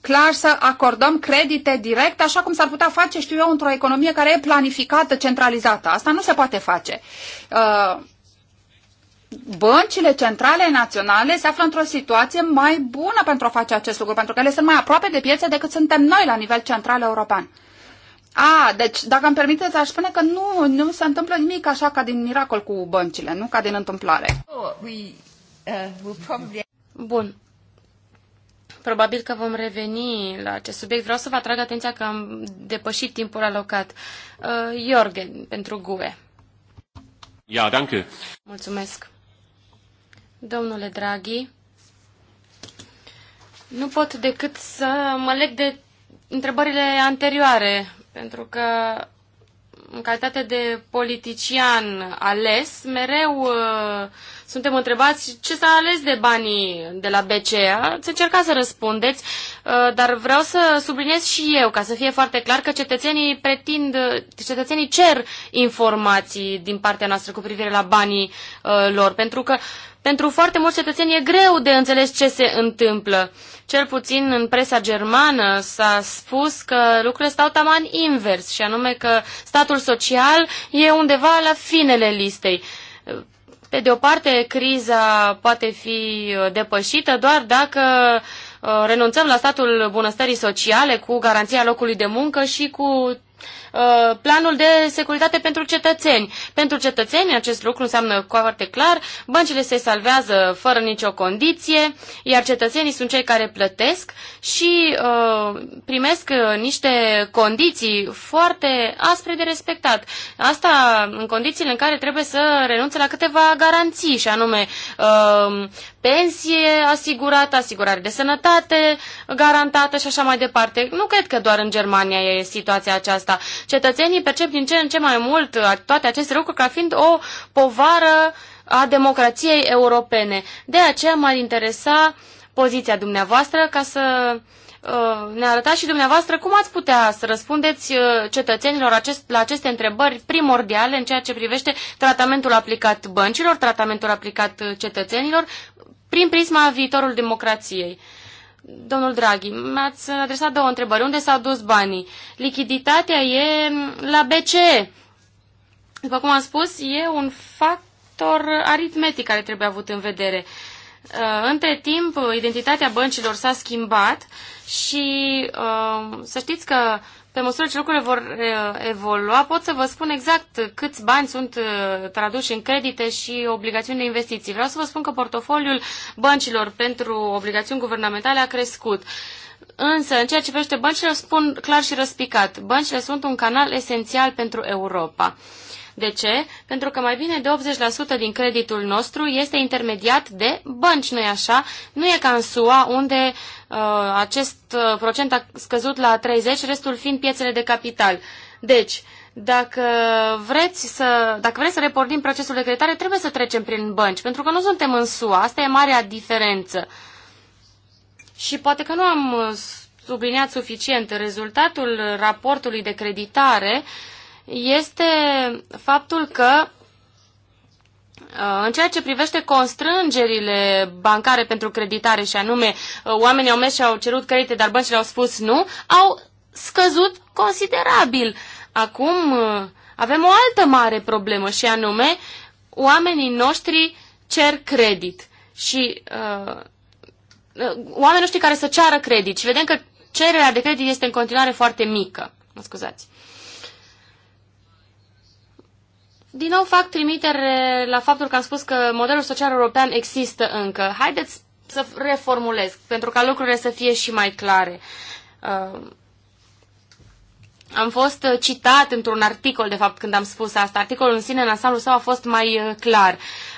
clar să acordăm credite direct, așa cum s-ar putea face, știu eu, într-o economie care e planificată, centralizată. Asta nu se poate face. Uh, băncile centrale naționale se află într-o situație mai bună pentru a face acest lucru, pentru că ele sunt mai aproape de piețe decât suntem noi la nivel central european. A, deci, dacă îmi permiteți, aș spune că nu, nu se întâmplă nimic așa ca din miracol cu băncile, nu ca din întâmplare. Bun. Probabil că vom reveni la acest subiect. Vreau să vă atrag atenția că am depășit timpul alocat. Uh, Jorgen, pentru GUE. Ja, danke. Mulțumesc. Domnule Draghi, nu pot decât să mă leg de întrebările anterioare, pentru că în calitate de politician ales, mereu uh, suntem întrebați ce s-a ales de banii de la BCE. Să încercați să răspundeți, uh, dar vreau să subliniez și eu, ca să fie foarte clar, că cetățenii pretind, cetățenii cer informații din partea noastră cu privire la banii uh, lor, pentru că pentru foarte mulți cetățeni e greu de înțeles ce se întâmplă. Cel puțin în presa germană s-a spus că lucrurile stau taman invers, și anume că statul social e undeva la finele listei pe de o parte, criza poate fi uh, depășită doar dacă uh, renunțăm la statul bunăstării sociale cu garanția locului de muncă și cu Uh, planul de securitate pentru cetățeni. Pentru cetățeni acest lucru înseamnă foarte clar, băncile se salvează fără nicio condiție, iar cetățenii sunt cei care plătesc și uh, primesc niște condiții foarte aspre de respectat. Asta în condițiile în care trebuie să renunțe la câteva garanții, și anume uh, pensie asigurată, asigurare de sănătate garantată și așa mai departe. Nu cred că doar în Germania e situația aceasta cetățenii percep din ce în ce mai mult uh, toate aceste lucruri ca fiind o povară a democrației europene. De aceea m-ar interesa poziția dumneavoastră ca să uh, ne arătați și dumneavoastră cum ați putea să răspundeți uh, cetățenilor acest, la aceste întrebări primordiale în ceea ce privește tratamentul aplicat băncilor, tratamentul aplicat cetățenilor, prin prisma viitorul democrației domnul Draghi, mi-ați adresat două întrebări. Unde s-au dus banii? Lichiditatea e la BCE. După cum am spus, e un factor aritmetic care trebuie avut în vedere. Uh, între timp, identitatea băncilor s-a schimbat și uh, să știți că pe măsură ce lucrurile vor evolua, pot să vă spun exact câți bani sunt traduși în credite și obligațiuni de investiții. Vreau să vă spun că portofoliul băncilor pentru obligațiuni guvernamentale a crescut. Însă, în ceea ce privește băncile, spun clar și răspicat, băncile sunt un canal esențial pentru Europa. De ce? Pentru că mai bine de 80% din creditul nostru este intermediat de bănci, nu-i așa? Nu e ca în SUA, unde Uh, acest uh, procent a scăzut la 30, restul fiind piețele de capital. Deci, dacă vreți să, dacă vreți să repornim procesul de creditare, trebuie să trecem prin bănci, pentru că nu suntem în SUA. Asta e marea diferență. Și poate că nu am uh, subliniat suficient. Rezultatul raportului de creditare este faptul că în ceea ce privește constrângerile bancare pentru creditare și anume uh, oamenii au mers și au cerut credite, dar băncile au spus nu, au scăzut considerabil. Acum uh, avem o altă mare problemă și anume oamenii noștri cer credit și uh, uh, oamenii noștri care să ceară credit și vedem că cererea de credit este în continuare foarte mică. Mă scuzați. Din nou fac trimitere la faptul că am spus că modelul social european există încă. Haideți să reformulez, pentru ca lucrurile să fie și mai clare. Uh, am fost citat într-un articol, de fapt, când am spus asta. Articolul în sine, în ansamblu său, a fost mai uh, clar.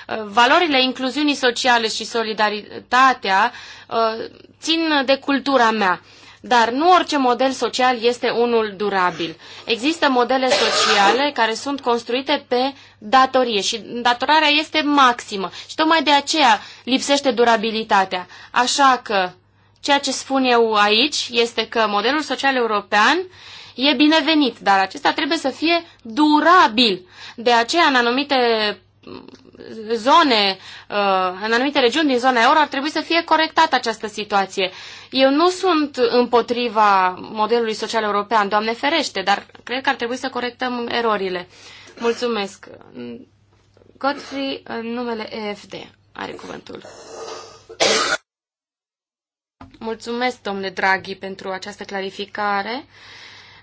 Uh, valorile incluziunii sociale și solidaritatea uh, țin de cultura mea. Dar nu orice model social este unul durabil. Există modele sociale care sunt construite pe datorie și datorarea este maximă. Și tocmai de aceea lipsește durabilitatea. Așa că ceea ce spun eu aici este că modelul social european e binevenit, dar acesta trebuie să fie durabil. De aceea, în anumite zone, uh, în anumite regiuni din zona euro, ar trebui să fie corectată această situație. Eu nu sunt împotriva modelului social european, Doamne ferește, dar cred că ar trebui să corectăm erorile. Mulțumesc. Godfrey, în numele EFD, are cuvântul. Mulțumesc, domnule Draghi, pentru această clarificare.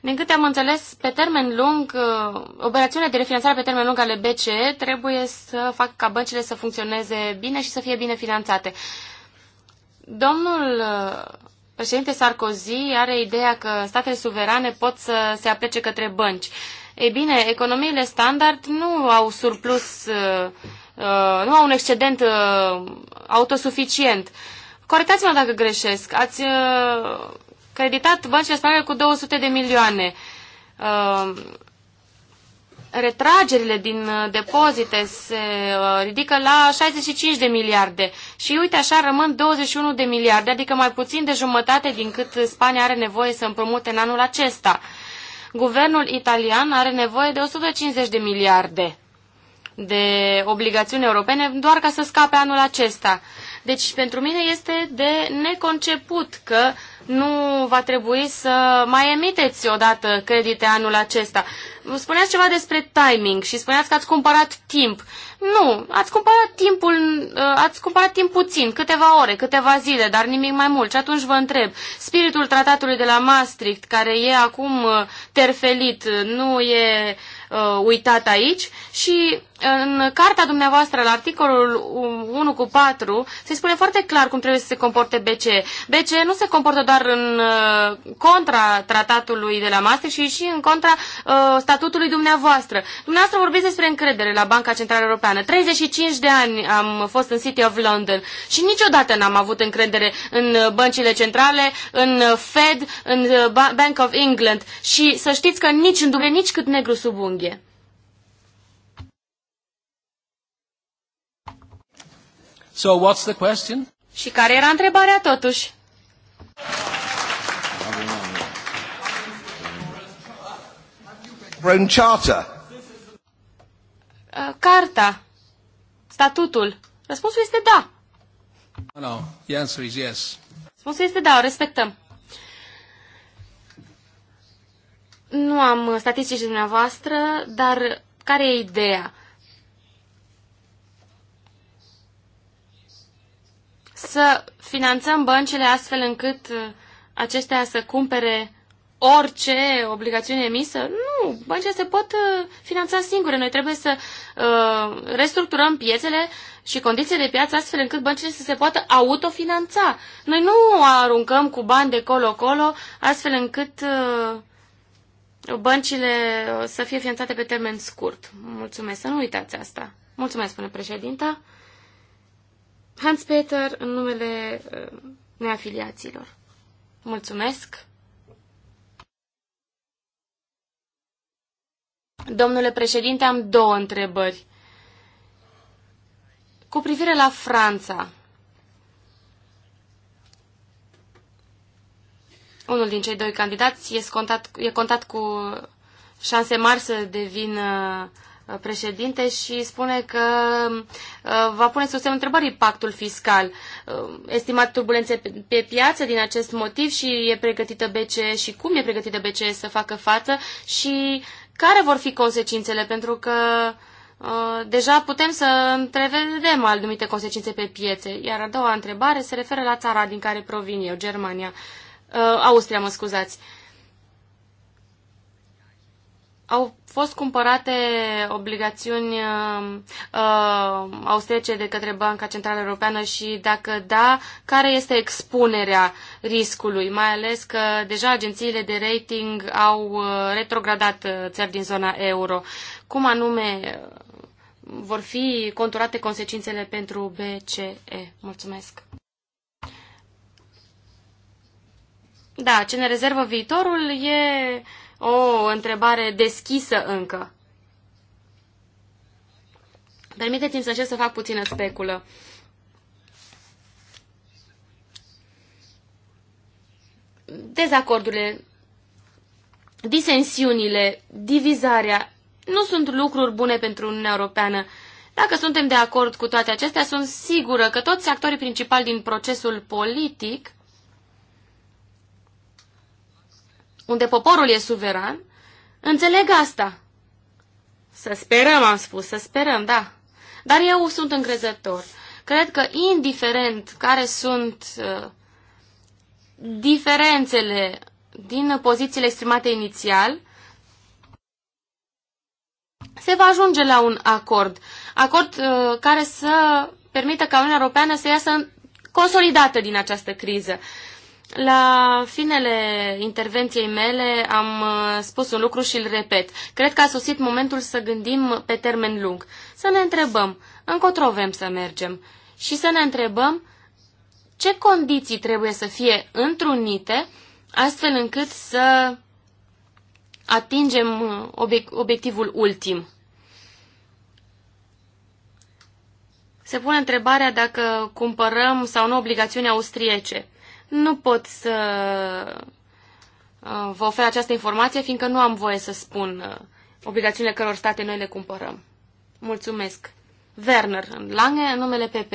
Din câte am înțeles, pe termen lung, uh, operațiunile de refinanțare pe termen lung ale BCE trebuie să facă ca băncile să funcționeze bine și să fie bine finanțate. Domnul uh, președinte Sarkozy are ideea că statele suverane pot să se aplece către bănci. Ei bine, economiile standard nu au surplus, uh, nu au un excedent autosuficient. Corectați-mă dacă greșesc. Ați creditat băncile spaniole cu 200 de milioane. Uh, retragerile din uh, depozite se uh, ridică la 65 de miliarde și uite așa rămân 21 de miliarde, adică mai puțin de jumătate din cât Spania are nevoie să împrumute în anul acesta. Guvernul italian are nevoie de 150 de miliarde de obligațiuni europene doar ca să scape anul acesta. Deci, pentru mine este de neconceput că nu va trebui să mai emiteți odată credite anul acesta. Spuneați ceva despre timing și spuneați că ați cumpărat timp. Nu, ați cumpărat timpul, uh, ați cumpărat timp puțin, câteva ore, câteva zile, dar nimic mai mult. Și atunci vă întreb, spiritul tratatului de la Maastricht, care e acum uh, terfelit, nu e uh, uitat aici și în cartea dumneavoastră, la articolul 1 cu 4, se spune foarte clar cum trebuie să se comporte BCE. BCE nu se comportă doar în uh, contra tratatului de la Maastricht, și și în contra uh, statutului dumneavoastră. Dumneavoastră vorbiți despre încredere la Banca Centrală Europeană. 35 de ani am fost în City of London și niciodată n-am avut încredere în băncile centrale, în Fed, în uh, Bank of England și să știți că nici în duble, nici cât negru sub unghie. So what's the question? Și care era întrebarea totuși? Rome Charter. Uh, carta. Statutul. Răspunsul este da. No, The answer is yes. Răspunsul este da, o respectăm. Nu am statistici dumneavoastră, dar care e ideea? să finanțăm băncile astfel încât uh, acestea să cumpere orice obligațiune emisă? Nu, băncile se pot uh, finanța singure. Noi trebuie să uh, restructurăm piețele și condițiile de piață astfel încât băncile să se poată autofinanța. Noi nu aruncăm cu bani de colo-colo astfel încât uh, băncile uh, să fie finanțate pe termen scurt. Mulțumesc, să nu uitați asta. Mulțumesc, spune președinta. Hans Peter, în numele uh, neafiliaților. Mulțumesc! Domnule președinte, am două întrebări. Cu privire la Franța, unul din cei doi candidați e contat, e contat cu șanse mari să devină Uh, președinte și spune că uh, va pune sub semn întrebării pactul fiscal. Uh, estimat turbulențe pe piață din acest motiv și e pregătită BCE și cum e pregătită BCE să facă față și care vor fi consecințele, pentru că deja putem să întrevedem anumite consecințe pe piețe. Iar a doua întrebare se referă la țara din care provin eu, Germania, Austria, mă scuzați au fost cumpărate obligațiuni um, uh, austriece de către Banca Centrală Europeană și dacă da, care este expunerea riscului, mai ales că deja agențiile de rating au uh, retrogradat uh, țări din zona euro. Cum anume uh, vor fi conturate consecințele pentru BCE? Mulțumesc! Da, ce ne rezervă viitorul e o întrebare deschisă încă. Permiteți-mi să încerc să fac puțină speculă. Dezacordurile, disensiunile, divizarea nu sunt lucruri bune pentru Uniunea Europeană. Dacă suntem de acord cu toate acestea, sunt sigură că toți actorii principali din procesul politic unde poporul e suveran, înțeleg asta. Să sperăm, am spus, să sperăm, da. Dar eu sunt încrezător. Cred că, indiferent care sunt uh, diferențele din pozițiile exprimate inițial, se va ajunge la un acord. Acord uh, care să permită ca Uniunea Europeană să iasă consolidată din această criză. La finele intervenției mele am uh, spus un lucru și îl repet. Cred că a sosit momentul să gândim pe termen lung, să ne întrebăm încotro vrem să mergem și să ne întrebăm ce condiții trebuie să fie întrunite astfel încât să atingem uh, obiectivul ultim. Se pune întrebarea dacă cumpărăm sau nu obligațiuni austriece. Nu pot să uh, vă ofer această informație, fiindcă nu am voie să spun uh, obligațiunile căror state noi le cumpărăm. Mulțumesc. Werner Lange, în numele PP.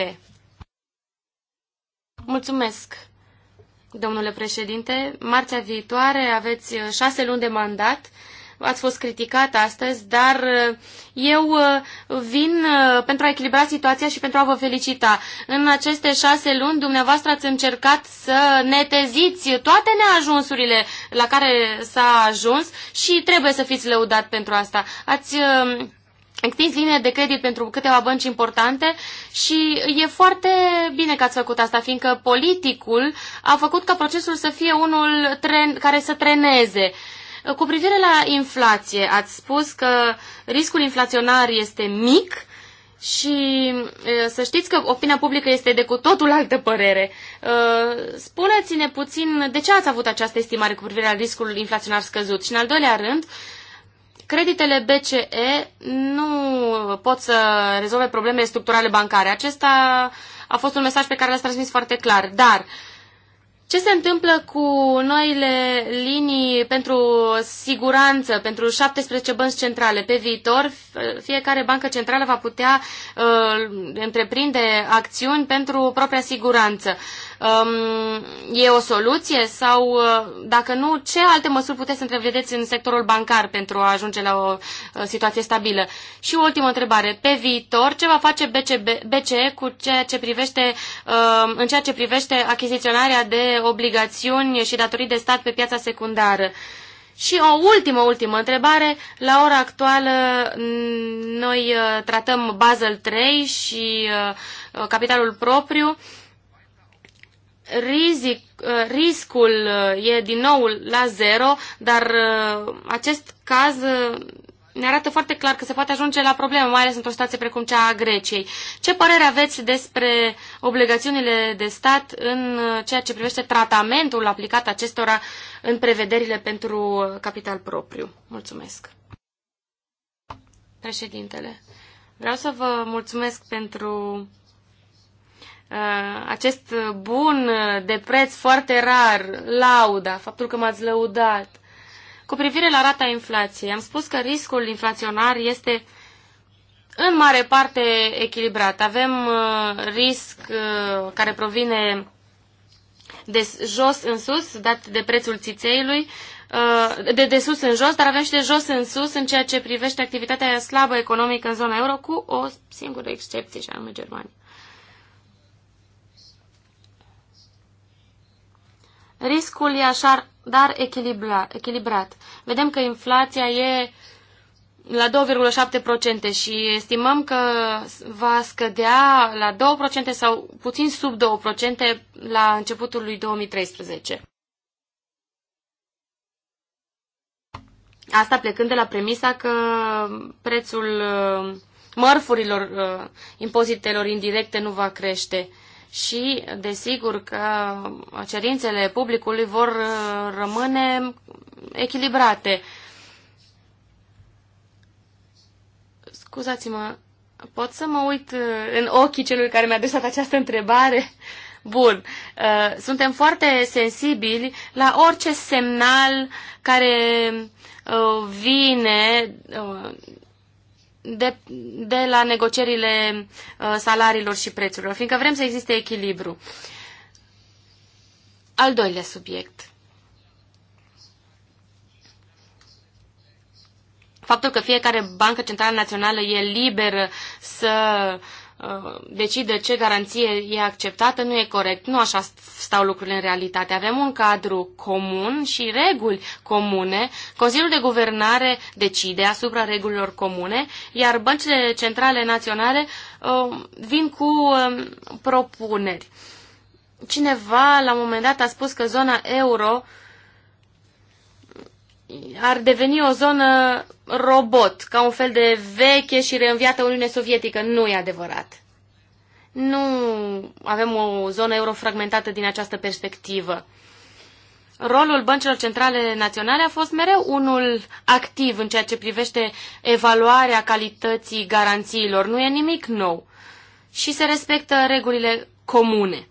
Mulțumesc, domnule președinte. Marțea viitoare aveți uh, șase luni de mandat ați fost criticat astăzi, dar uh, eu uh, vin uh, pentru a echilibra situația și pentru a vă felicita. În aceste șase luni, dumneavoastră ați încercat să neteziți toate neajunsurile la care s-a ajuns și trebuie să fiți lăudat pentru asta. Ați extins linie de credit pentru câteva bănci importante și e foarte bine că ați făcut asta, fiindcă politicul a făcut ca procesul să fie unul tren, care să treneze. Cu privire la inflație, ați spus că riscul inflaționar este mic și să știți că opinia publică este de cu totul altă părere. Spuneți-ne puțin de ce ați avut această estimare cu privire la riscul inflaționar scăzut. Și în al doilea rând, creditele BCE nu pot să rezolve problemele structurale bancare. Acesta a fost un mesaj pe care l-ați transmis foarte clar. Dar uh, ce se întâmplă cu noile linii pentru siguranță, pentru 17 bănci centrale? Pe viitor, fiecare bancă centrală va putea uh, întreprinde acțiuni pentru propria siguranță um, e o soluție sau, uh, dacă nu, ce alte măsuri puteți să întrevedeți în sectorul bancar pentru a ajunge la o uh, situație stabilă? Și o ultimă întrebare. Pe viitor, ce va face BCB, BCE cu ceea ce privește, um, în ceea ce privește achiziționarea de obligațiuni și datorii de stat pe piața secundară? Și o ultimă, ultimă întrebare. La ora actuală noi uh, tratăm Basel 3 și capitalul propriu rizic, uh, riscul uh, e din nou la zero, dar uh, acest caz ne arată foarte clar că se poate ajunge la probleme, mai ales într-o situație precum cea a Greciei. Ce părere aveți despre obligațiunile de stat în ceea ce privește tratamentul aplicat acestora în prevederile pentru capital propriu? Mulțumesc. Președintele, vreau să vă mulțumesc pentru Uh, acest bun de preț foarte rar, lauda, faptul că m-ați lăudat. Cu privire la rata inflației, am spus că riscul inflaționar este în mare parte echilibrat. Avem uh, risc uh, care provine de jos în sus, dat de prețul țițeiului, de, de sus în jos, dar avem și de jos în sus în ceea ce privește activitatea slabă economică în zona euro, cu o singură excepție, și anume Germania. Riscul e așa, dar echilibra, echilibrat. Vedem că inflația e la 2,7% și estimăm că va scădea la 2% sau puțin sub 2% la începutul lui 2013. Asta plecând de la premisa că prețul uh, mărfurilor uh, impozitelor indirecte nu va crește și, desigur, că cerințele publicului vor uh, rămâne echilibrate. Scuzați-mă, pot să mă uit uh, în ochii celui care mi-a adresat această întrebare? Bun. Uh, suntem foarte sensibili la orice semnal care vine de, de la negocierile uh, salariilor și prețurilor, fiindcă vrem să existe echilibru. Al doilea subiect. Faptul că fiecare bancă centrală națională e liberă să uh, Uh, decide ce garanție e acceptată, nu e corect. Nu așa stau lucrurile în realitate. Avem un cadru comun și reguli comune. Consiliul de Guvernare decide asupra regulilor comune, iar băncile centrale naționale uh, vin cu uh, propuneri. Cineva la un moment dat a spus că zona euro uh, ar deveni o zonă robot, ca un fel de veche și reînviată Uniune Sovietică. Nu e adevărat. Nu avem o zonă eurofragmentată din această perspectivă. Rolul băncilor centrale naționale a fost mereu unul activ în ceea ce privește evaluarea calității garanțiilor. Nu e nimic nou. Și se respectă regulile comune.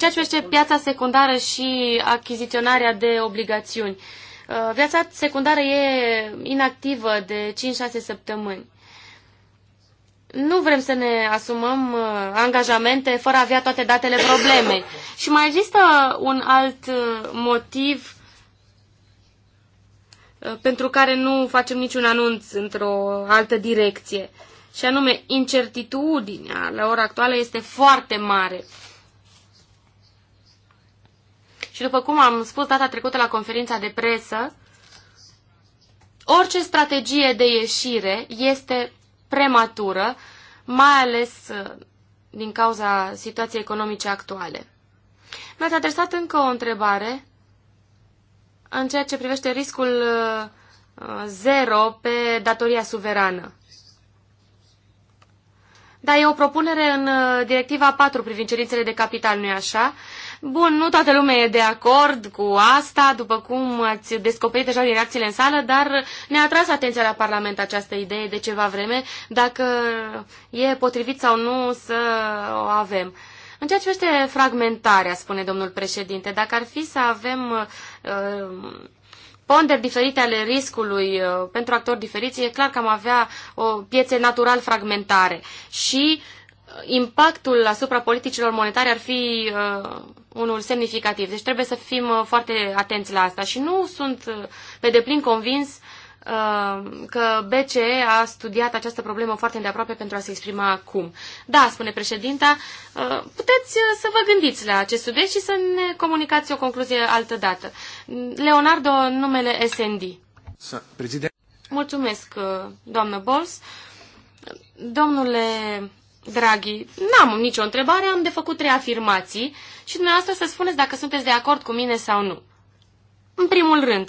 ceea ce privește piața secundară și achiziționarea de obligațiuni, uh, viața secundară e inactivă de 5-6 săptămâni. Nu vrem să ne asumăm uh, angajamente fără a avea toate datele problemei. Și mai există un alt uh, motiv pentru care nu facem niciun anunț într-o altă direcție. Și anume, incertitudinea la ora actuală este foarte mare. Și după cum am spus data trecută la conferința de presă, orice strategie de ieșire este prematură, mai ales uh, din cauza situației economice actuale. Mi-ați adresat încă o întrebare în ceea ce privește riscul uh, uh, zero pe datoria suverană. Da, e o propunere în directiva 4 privind cerințele de capital, nu-i așa? Bun, nu toată lumea e de acord cu asta, după cum ați descoperit deja din reacțiile în sală, dar ne-a atras atenția la Parlament această idee de ceva vreme, dacă e potrivit sau nu să o avem. În ceea ce este fragmentarea, spune domnul președinte, dacă ar fi să avem uh, ponderi diferite ale riscului uh, pentru actori diferiți, e clar că am avea o piețe natural fragmentare și uh, impactul asupra politicilor monetare ar fi uh, unul semnificativ. Deci trebuie să fim uh, foarte atenți la asta. Și nu sunt uh, pe deplin convins uh, că BCE a studiat această problemă foarte îndeaproape pentru a se exprima acum. Da, spune președinta, uh, puteți uh, să vă gândiți la acest subiect și să ne comunicați o concluzie altă dată. Leonardo, numele SND. Mulțumesc, uh, doamnă Bols. Domnule Draghi, n-am nicio întrebare, am de făcut trei afirmații și dumneavoastră să spuneți dacă sunteți de acord cu mine sau nu. În primul rând,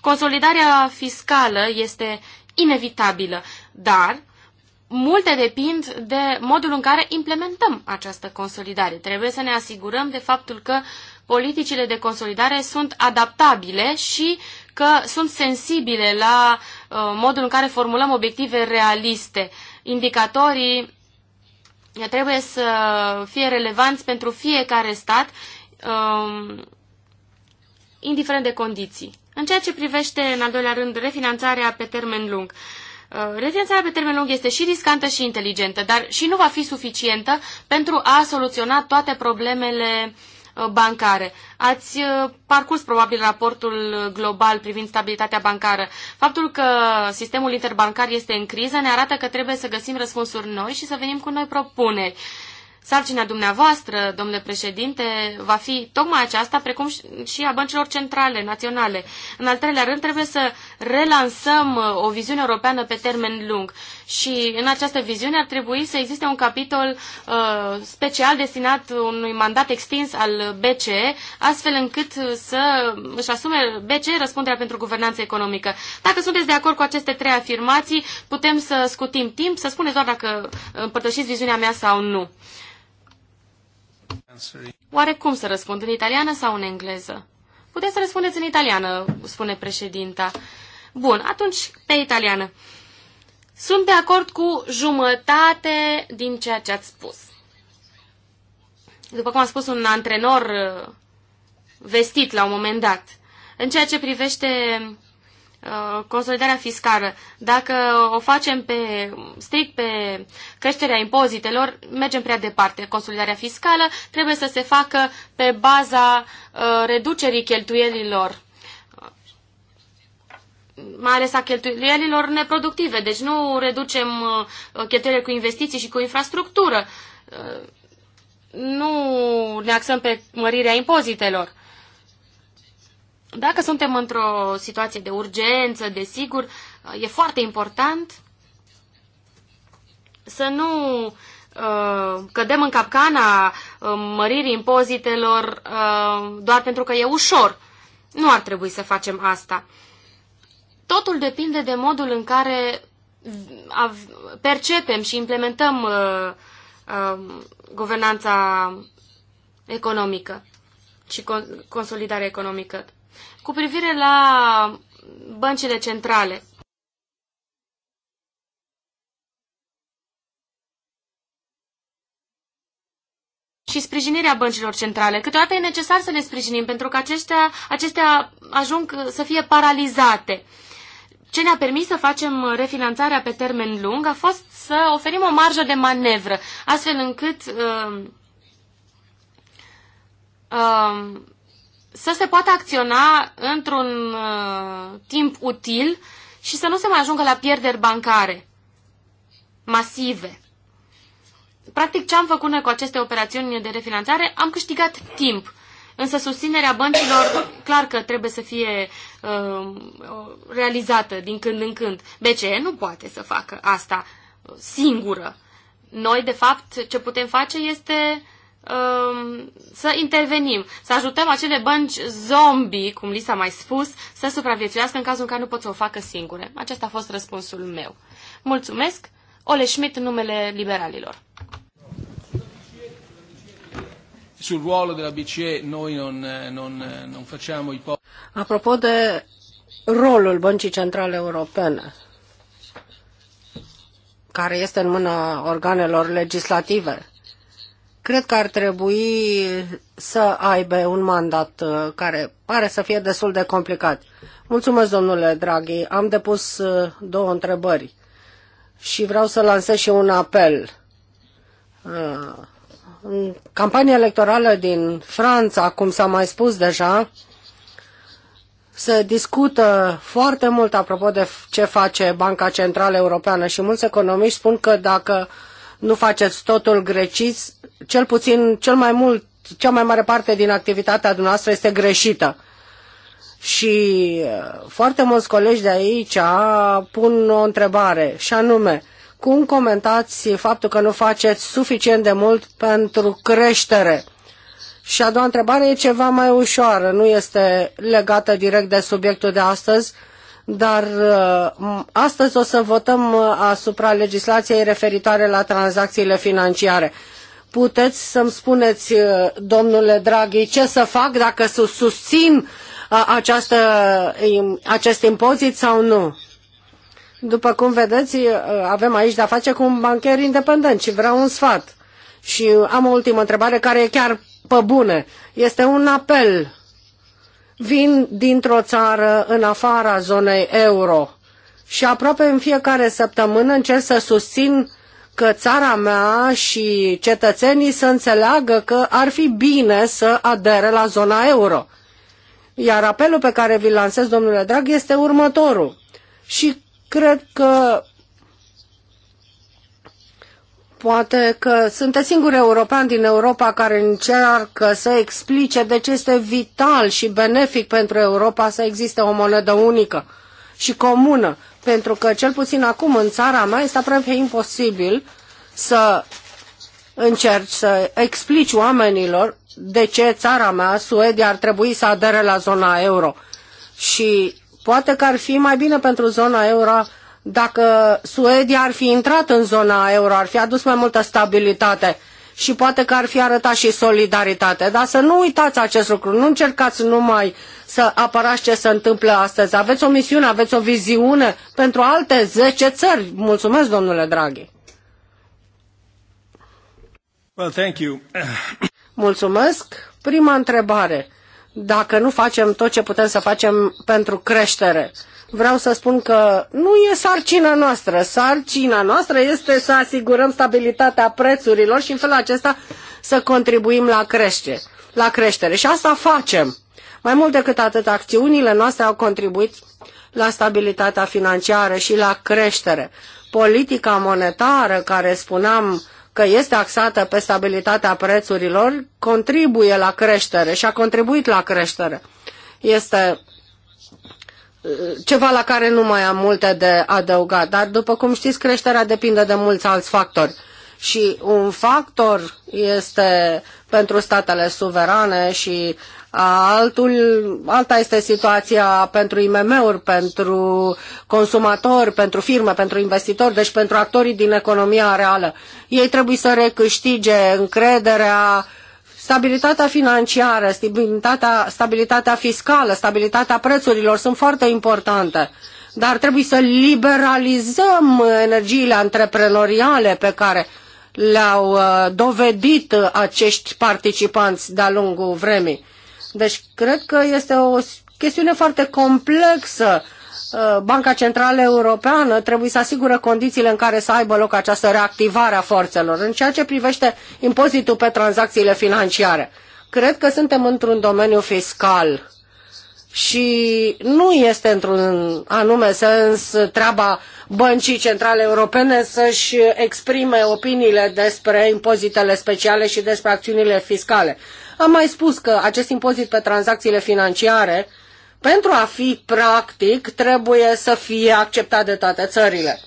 consolidarea fiscală este inevitabilă, dar multe depind de modul în care implementăm această consolidare. Trebuie să ne asigurăm de faptul că politicile de consolidare sunt adaptabile și că sunt sensibile la uh, modul în care formulăm obiective realiste. Indicatorii trebuie să fie relevanți pentru fiecare stat, um, indiferent de condiții. În ceea ce privește, în al doilea rând, refinanțarea pe termen lung. Uh, refinanțarea pe termen lung este și riscantă și inteligentă, dar și nu va fi suficientă pentru a soluționa toate problemele uh, Uh, bancare. Ați uh, parcurs probabil raportul global privind stabilitatea bancară. Faptul că sistemul interbancar este în criză ne arată că trebuie să găsim răspunsuri noi și să venim cu noi propuneri sarcina dumneavoastră, domnule președinte, va fi tocmai aceasta, precum și a băncilor centrale, naționale. În al treilea rând, trebuie să relansăm uh, o viziune europeană pe termen lung. Și în această viziune ar trebui să existe un capitol uh, special destinat unui mandat extins al BCE, astfel încât uh, să își asume BCE răspunderea pentru guvernanță economică. Dacă sunteți de acord cu aceste trei afirmații, putem să scutim timp, să spuneți doar dacă împărtășiți viziunea mea sau nu. Oare cum să răspund, în italiană sau în engleză? Puteți să răspundeți în italiană, spune președinta. Bun, atunci pe italiană. Sunt de acord cu jumătate din ceea ce ați spus. După cum a spus un antrenor uh, vestit la un moment dat, în ceea ce privește Uh, consolidarea fiscală, dacă o facem pe, strict pe creșterea impozitelor, mergem prea departe. Consolidarea fiscală trebuie să se facă pe baza uh, reducerii cheltuielilor uh, mai ales a cheltuielilor neproductive. Deci nu reducem cheltuielile cu investiții și cu infrastructură. Nu ne axăm pe mărirea impozitelor. Dacă suntem într-o situație de urgență, desigur, e foarte important să nu uh, cădem în capcana uh, măririi impozitelor uh, doar pentru că e ușor. Nu ar trebui să facem asta. Totul depinde de modul în care percepem și implementăm guvernanța economică și consolidarea economică. Cu privire la băncile centrale, și sprijinirea băncilor centrale. Câteodată e necesar să le sprijinim, pentru că acestea, acestea ajung să fie paralizate. Ce ne-a permis să facem refinanțarea pe termen lung a fost să oferim o marjă de manevră, astfel încât uh, uh, să se poată acționa într-un uh, timp util și să nu se mai ajungă la pierderi bancare masive. Practic, ce am făcut noi cu aceste operațiuni de refinanțare? Am câștigat timp. Însă susținerea băncilor, clar că trebuie să fie uh, realizată din când în când. BCE nu poate să facă asta uh, singură. Noi, de fapt, ce putem face este uh, Um, să intervenim, să ajutăm acele bănci zombie, cum li s-a mai spus, să supraviețuiască în cazul în care nu pot să o facă singure. Acesta a fost răspunsul meu. Mulțumesc, Ole Schmidt, în numele liberalilor. Sul ruolo la BCE noi non, non, non facciamo Apropo de rolul Băncii Centrale Europene, care este în mâna organelor legislative, cred că ar trebui să aibă un mandat uh, care pare să fie destul de complicat. Mulțumesc, domnule Draghi. Am depus uh, două întrebări și vreau să lansez și un apel. Uh, în campania electorală din Franța, cum s-a mai spus deja, se discută foarte mult apropo de ce face Banca Centrală Europeană și mulți economiști spun că dacă uh, nu faceți totul greșit, cel puțin, cel mai mult, cea mai mare parte din activitatea dumneavoastră este greșită. Și uh, foarte mulți colegi de aici pun o întrebare, și anume, cum comentați faptul că nu faceți suficient de mult pentru creștere? Și a doua întrebare e ceva mai ușoară, nu este legată direct de subiectul de astăzi, dar uh, astăzi o să votăm uh, asupra legislației referitoare la tranzacțiile financiare. Puteți să-mi spuneți, uh, domnule Draghi, ce să fac dacă susțin această, acest impozit sau nu? După cum vedeți, avem aici de-a face cu un bancher independent și vreau un sfat. Și am o ultimă întrebare care e chiar pe bune. Este un apel vin dintr-o țară în afara zonei euro și aproape în fiecare săptămână încerc să susțin că țara mea și cetățenii să înțeleagă că ar fi bine să adere la zona euro. Iar apelul pe care vi-l lansez, domnule Drag, este următorul. Și cred că Poate că sunteți singur european din Europa care încearcă să explice de ce este vital și benefic pentru Europa să existe o monedă unică și comună. Pentru că, cel puțin acum, în țara mea, este aproape imposibil să încerci să explici oamenilor de ce țara mea, Suedia, ar trebui să adere la zona euro. Și poate că ar fi mai bine pentru zona euro dacă Suedia ar fi intrat în zona euro, ar fi adus mai multă stabilitate și poate că ar fi arătat și solidaritate. Dar să nu uitați acest lucru, nu încercați numai să apărați ce se întâmplă astăzi. Aveți o misiune, aveți o viziune pentru alte 10 țări. Mulțumesc, domnule Draghi. Well, thank you. Mulțumesc. Prima întrebare. Dacă nu facem tot ce putem să facem pentru creștere, vreau să spun că nu e sarcina noastră. Sarcina noastră este să asigurăm stabilitatea prețurilor și în felul acesta să contribuim la creștere. La creștere. Și asta facem. Mai mult decât atât, acțiunile noastre au contribuit la stabilitatea financiară și la creștere. Politica monetară, care spuneam că este axată pe stabilitatea prețurilor, contribuie la creștere și a contribuit la creștere. Este ceva la care nu mai am multe de adăugat, dar după cum știți, creșterea depinde de mulți alți factori. Și un factor este pentru statele suverane și altul, alta este situația pentru IMM-uri, pentru consumatori, pentru firme, pentru investitori, deci pentru actorii din economia reală. Ei trebuie să recâștige încrederea Stabilitatea financiară, stabilitatea, stabilitatea fiscală, stabilitatea prețurilor sunt foarte importante, dar trebuie să liberalizăm energiile antreprenoriale pe care le-au uh, dovedit acești participanți de-a lungul vremii. Deci cred că este o chestiune foarte complexă Uh, Banca Centrală Europeană trebuie să asigură condițiile în care să aibă loc această reactivare a forțelor. În ceea ce privește impozitul pe tranzacțiile financiare, cred că suntem într-un domeniu fiscal și nu este într-un anume sens treaba băncii centrale europene să-și exprime opiniile despre impozitele speciale și despre acțiunile fiscale. Am mai spus că acest impozit pe tranzacțiile financiare pentru a fi practic, trebuie să fie acceptat de toate țările.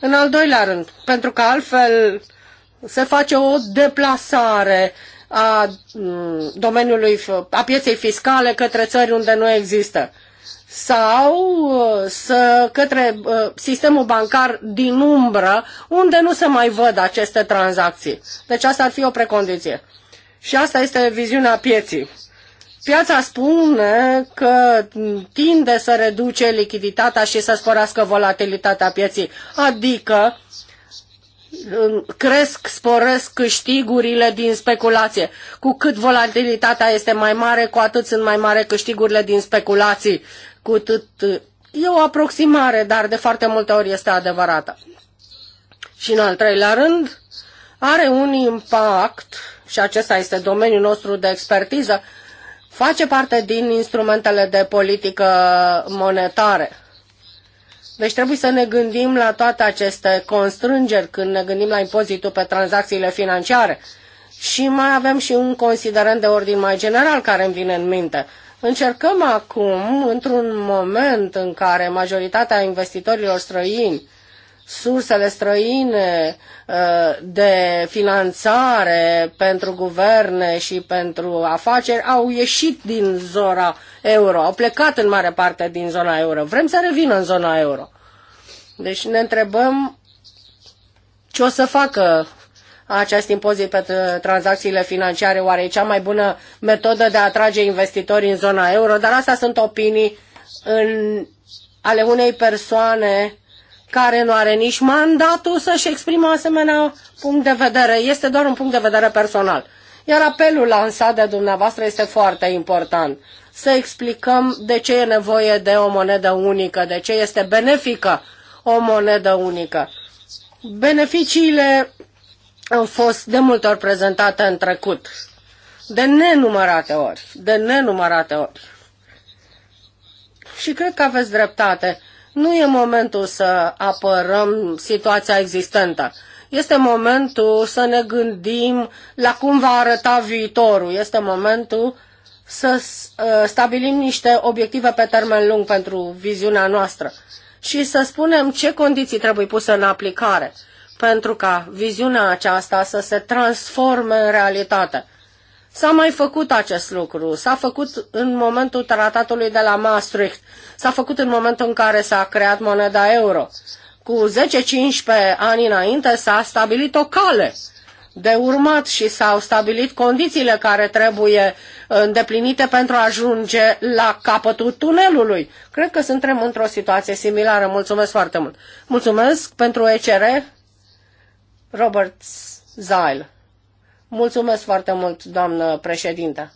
În al doilea rând, pentru că altfel se face o deplasare a mm, domeniului, a pieței fiscale către țări unde nu există sau uh, să către uh, sistemul bancar din umbră, unde nu se mai văd aceste tranzacții. Deci asta ar fi o precondiție. Și asta este viziunea pieții. Piața spune că tinde să reduce lichiditatea și să sporească volatilitatea pieții, adică cresc, sporesc câștigurile din speculație. Cu cât volatilitatea este mai mare, cu atât sunt mai mare câștigurile din speculații. Cu atât... E o aproximare, dar de foarte multe ori este adevărată. Și în al treilea rând, are un impact, și acesta este domeniul nostru de expertiză, face parte din instrumentele de politică monetară. Deci trebuie să ne gândim la toate aceste constrângeri când ne gândim la impozitul pe tranzacțiile financiare. Și mai avem și un considerent de ordin mai general care îmi vine în minte. Încercăm acum, într-un moment în care majoritatea investitorilor străini sursele străine uh, de finanțare pentru guverne și pentru afaceri au ieșit din zona euro, au plecat în mare parte din zona euro. Vrem să revină în zona euro. Deci ne întrebăm ce o să facă această impozit pe tranzacțiile financiare, oare e cea mai bună metodă de a atrage investitori în zona euro, dar astea sunt opinii în, ale unei persoane care nu are nici mandatul să-și exprime asemenea punct de vedere. Este doar un punct de vedere personal. Iar apelul lansat de dumneavoastră este foarte important. Să explicăm de ce e nevoie de o monedă unică, de ce este benefică o monedă unică. Beneficiile au fost de multe ori prezentate în trecut, de nenumărate ori, de nenumărate ori. Și cred că aveți dreptate. Nu e momentul să apărăm situația existentă. Este momentul să ne gândim la cum va arăta viitorul. Este momentul să uh, stabilim niște obiective pe termen lung pentru viziunea noastră și să spunem ce condiții trebuie puse în aplicare pentru ca viziunea aceasta să se transforme în realitate. S-a mai făcut acest lucru, s-a făcut în momentul tratatului de la Maastricht, s-a făcut în momentul în care s-a creat moneda euro. Cu 10-15 ani înainte s-a stabilit o cale de urmat și s-au stabilit condițiile care trebuie uh, îndeplinite pentru a ajunge la capătul tunelului. Cred că suntem într-o situație similară. Mulțumesc foarte mult. Mulțumesc pentru ECR, Robert Zile. Mulțumesc foarte mult, doamnă președintă,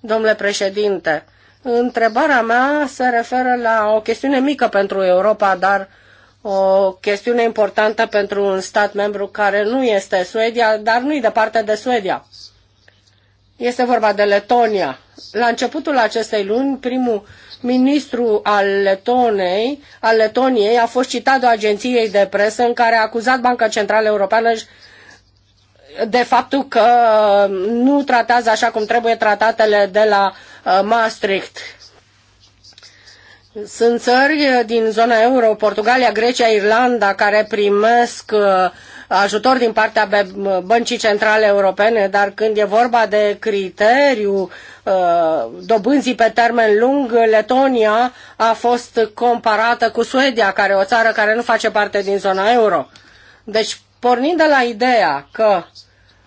Domnule președinte, întrebarea mea se referă la o chestiune mică pentru Europa, dar o chestiune importantă pentru un stat membru care nu este Suedia, dar nu-i departe de Suedia. Este vorba de Letonia. La începutul acestei luni, primul ministru al, Letonei, al Letoniei a fost citat de o agenție de presă în care a acuzat Banca Centrală Europeană de faptul că nu tratează așa cum trebuie tratatele de la uh, Maastricht. Sunt țări din zona euro, Portugalia, Grecia, Irlanda, care primesc uh, ajutor din partea Băncii Centrale Europene, dar când e vorba de criteriu uh, dobânzii pe termen lung, Letonia a fost comparată cu Suedia, care e o țară care nu face parte din zona euro. Deci pornind de la ideea că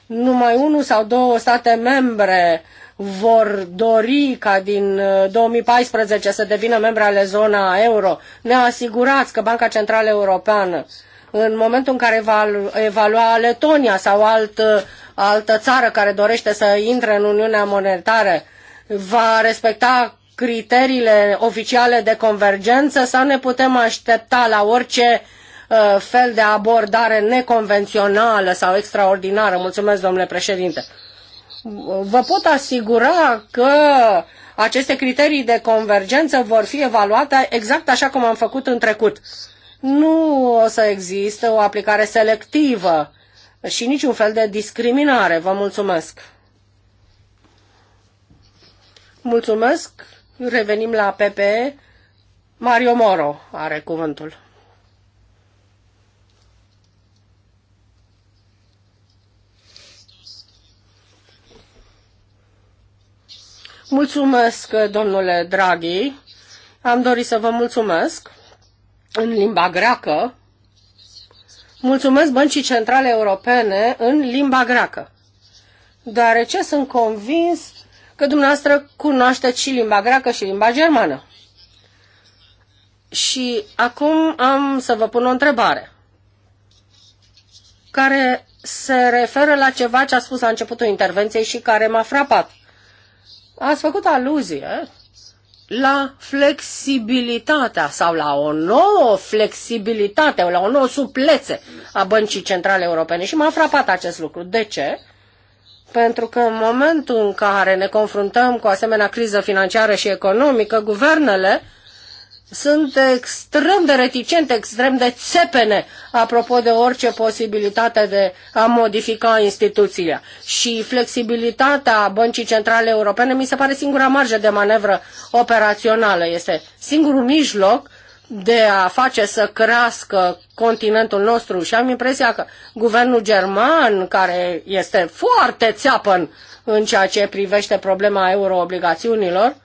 numai unul sau două state membre vor dori ca din 2014 uh, să devină membre ale zona euro, ne asigurați că Banca Centrală Europeană, în momentul în care va evalua Letonia sau alt, uh, altă țară care dorește să intre în Uniunea Monetară, va respecta criteriile oficiale de convergență sau ne putem aștepta la orice uh, Uh, fel de abordare neconvențională sau extraordinară. Mulțumesc, domnule președinte. Vă pot asigura că aceste criterii de convergență vor fi evaluate exact așa cum am făcut în trecut. Nu o să există o aplicare selectivă și niciun fel de discriminare. Vă mulțumesc. Mulțumesc. Revenim la PPE. Mario Moro are cuvântul. Mulțumesc, domnule Draghi. Am dorit să vă mulțumesc în limba greacă. Mulțumesc Băncii Centrale Europene în limba greacă, deoarece sunt convins că dumneavoastră cunoașteți și limba greacă și limba germană. Și acum am să vă pun o întrebare care se referă la ceva ce a spus la începutul intervenției și care m-a frapat ați făcut aluzie la flexibilitatea sau la o nouă flexibilitate, la o nouă suplețe a Băncii Centrale Europene și m-a frapat acest lucru. De ce? Pentru că în momentul în care ne confruntăm cu asemenea criză financiară și economică, guvernele sunt extrem de reticente, extrem de țepene apropo de orice posibilitate de a modifica instituția. Și flexibilitatea Băncii Centrale Europene mi se pare singura marjă de manevră operațională. Este singurul mijloc de a face să crească continentul nostru și am impresia că guvernul german, care este foarte țeapăn în ceea ce privește problema euroobligațiunilor,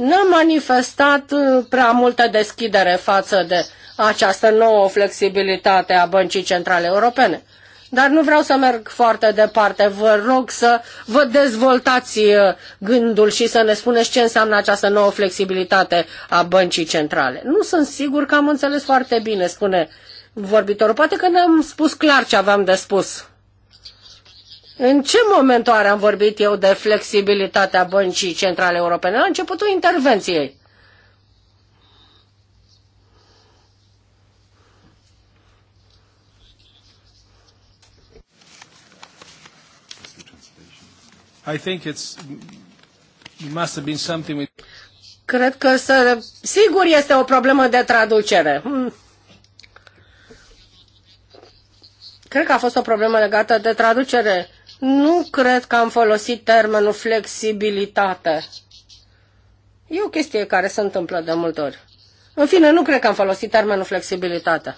n-a manifestat uh, prea multă deschidere față de această nouă flexibilitate a Băncii Centrale Europene. Dar nu vreau să merg foarte departe. Vă rog să vă dezvoltați uh, gândul și să ne spuneți ce înseamnă această nouă flexibilitate a Băncii Centrale. Nu sunt sigur că am înțeles foarte bine, spune vorbitorul. Poate că ne am spus clar ce aveam de spus. În ce moment oare am vorbit eu de flexibilitatea băncii centrale europene? La începutul intervenției. I think it's must have been something with... Cred că să, sigur este o problemă de traducere. Hmm. Cred că a fost o problemă legată de traducere. Nu cred că am folosit termenul flexibilitate. E o chestie care se întâmplă de multe ori. În fine, nu cred că am folosit termenul flexibilitate.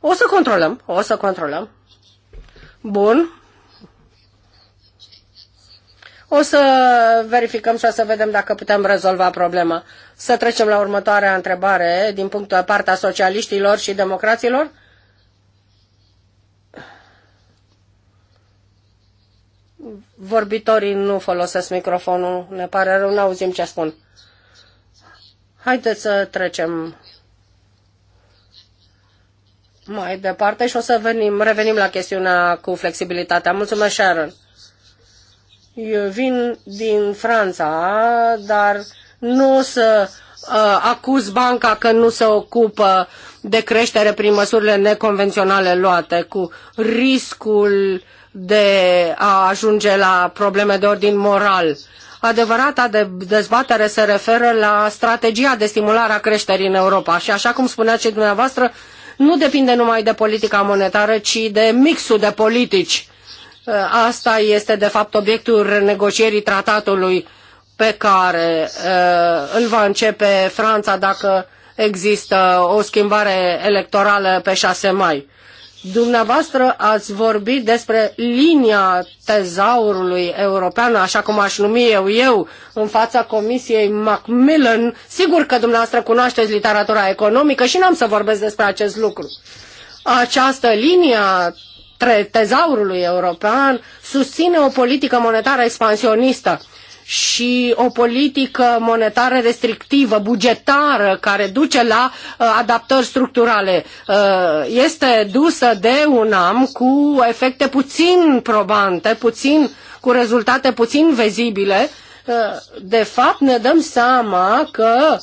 O să controlăm, o să controlăm. Bun. O să verificăm și o să vedem dacă putem rezolva problema. Să trecem la următoarea întrebare din punctul de partea socialiștilor și democraților. vorbitorii nu folosesc microfonul, ne pare rău, nu auzim ce spun. Haideți să trecem mai departe și o să venim, revenim la chestiunea cu flexibilitatea. Mulțumesc, Sharon. Eu vin din Franța, dar nu o să uh, acuz banca că nu se ocupă de creștere prin măsurile neconvenționale luate, cu riscul de a ajunge la probleme de ordin moral. Adevărata de dezbatere se referă la strategia de stimulare a creșterii în Europa și așa cum spuneați și dumneavoastră, nu depinde numai de politica monetară, ci de mixul de politici. Uh, asta este, de fapt, obiectul negocierii tratatului pe care uh, îl va începe Franța dacă există o schimbare electorală pe 6 mai. Dumneavoastră ați vorbit despre linia tezaurului european, așa cum aș numi eu eu, în fața Comisiei Macmillan. Sigur că dumneavoastră cunoașteți literatura economică și n-am să vorbesc despre acest lucru. Această linie tezaurului european susține o politică monetară expansionistă și o politică monetară restrictivă, bugetară, care duce la uh, adaptări structurale. Uh, este dusă de un am cu efecte puțin probante, puțin, cu rezultate puțin vizibile. Uh, de fapt, ne dăm seama că uh,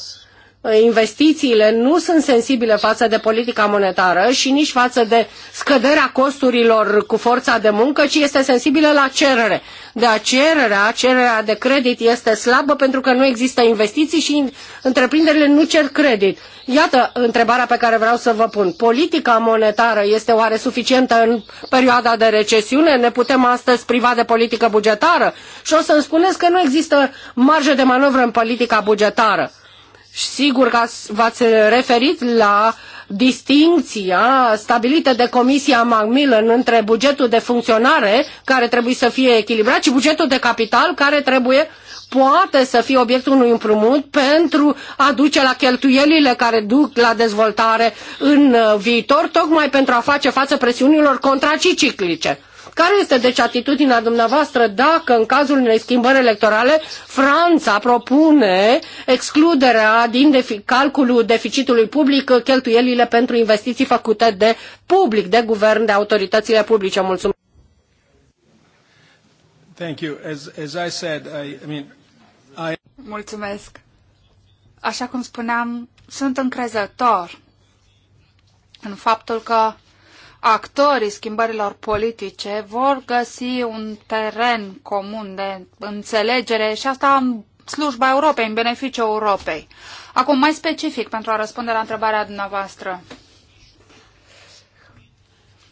Uh, investițiile nu sunt sensibile față de politica monetară și nici față de scăderea costurilor cu forța de muncă, ci este sensibilă la cerere. De a cererea, cererea de credit este slabă pentru că nu există investiții și întreprinderile nu cer credit. Iată întrebarea pe care vreau să vă pun. Politica monetară este oare suficientă în perioada de recesiune? Ne putem astăzi priva de politică bugetară? Și o să-mi spuneți că nu există marjă de manovră în politica bugetară sigur că v-ați referit la distinția stabilită de Comisia Macmillan între bugetul de funcționare, care trebuie să fie echilibrat, și bugetul de capital, care trebuie poate să fie obiectul unui împrumut pentru a duce la cheltuielile care duc la dezvoltare în uh, viitor, tocmai pentru a face față presiunilor contraciclice. Care este deci atitudinea dumneavoastră dacă în cazul unei schimbări electorale Franța propune excluderea din defi- calculul deficitului public cheltuielile pentru investiții făcute de public, de guvern, de autoritățile publice? Mulțumesc. Thank you. As, as I said, I, I mean, I... Mulțumesc. Așa cum spuneam, sunt încrezător în faptul că actorii schimbărilor politice vor găsi un teren comun de înțelegere și asta în slujba Europei, în beneficiul Europei. Acum, mai specific, pentru a răspunde la întrebarea dumneavoastră.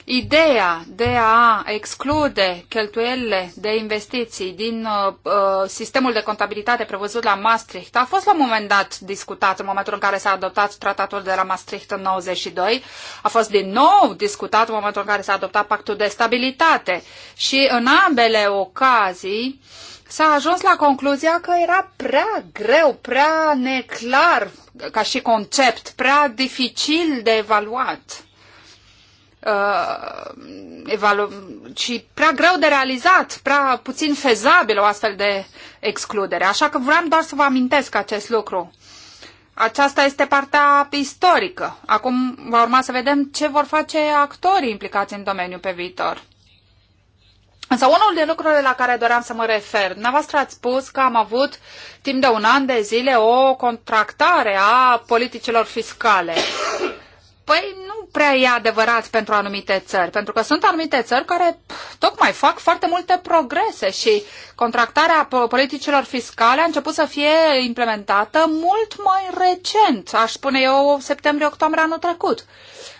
Ideea de a exclude cheltuielile de investiții din uh, uh, sistemul de contabilitate prevăzut la Maastricht a fost la un moment dat discutat în momentul în care s-a adoptat tratatul de la Maastricht în 92, a fost din nou discutat în momentul în care s-a adoptat pactul de stabilitate și în ambele ocazii s-a ajuns la concluzia că era prea greu, prea neclar ca și concept, prea dificil de evaluat. Uh, și prea greu de realizat, prea puțin fezabil o astfel de excludere. Așa că vreau doar să vă amintesc acest lucru. Aceasta este partea istorică. Acum va urma să vedem ce vor face actorii implicați în domeniu pe viitor. Însă unul din lucrurile la care doream să mă refer, dumneavoastră ați spus că am avut timp de un an de zile o contractare a politicilor fiscale. Păi nu prea e adevărat pentru anumite țări, pentru că sunt anumite țări care tocmai fac foarte multe progrese și contractarea politicilor fiscale a început să fie implementată mult mai recent, aș spune eu, septembrie-octombrie anul trecut.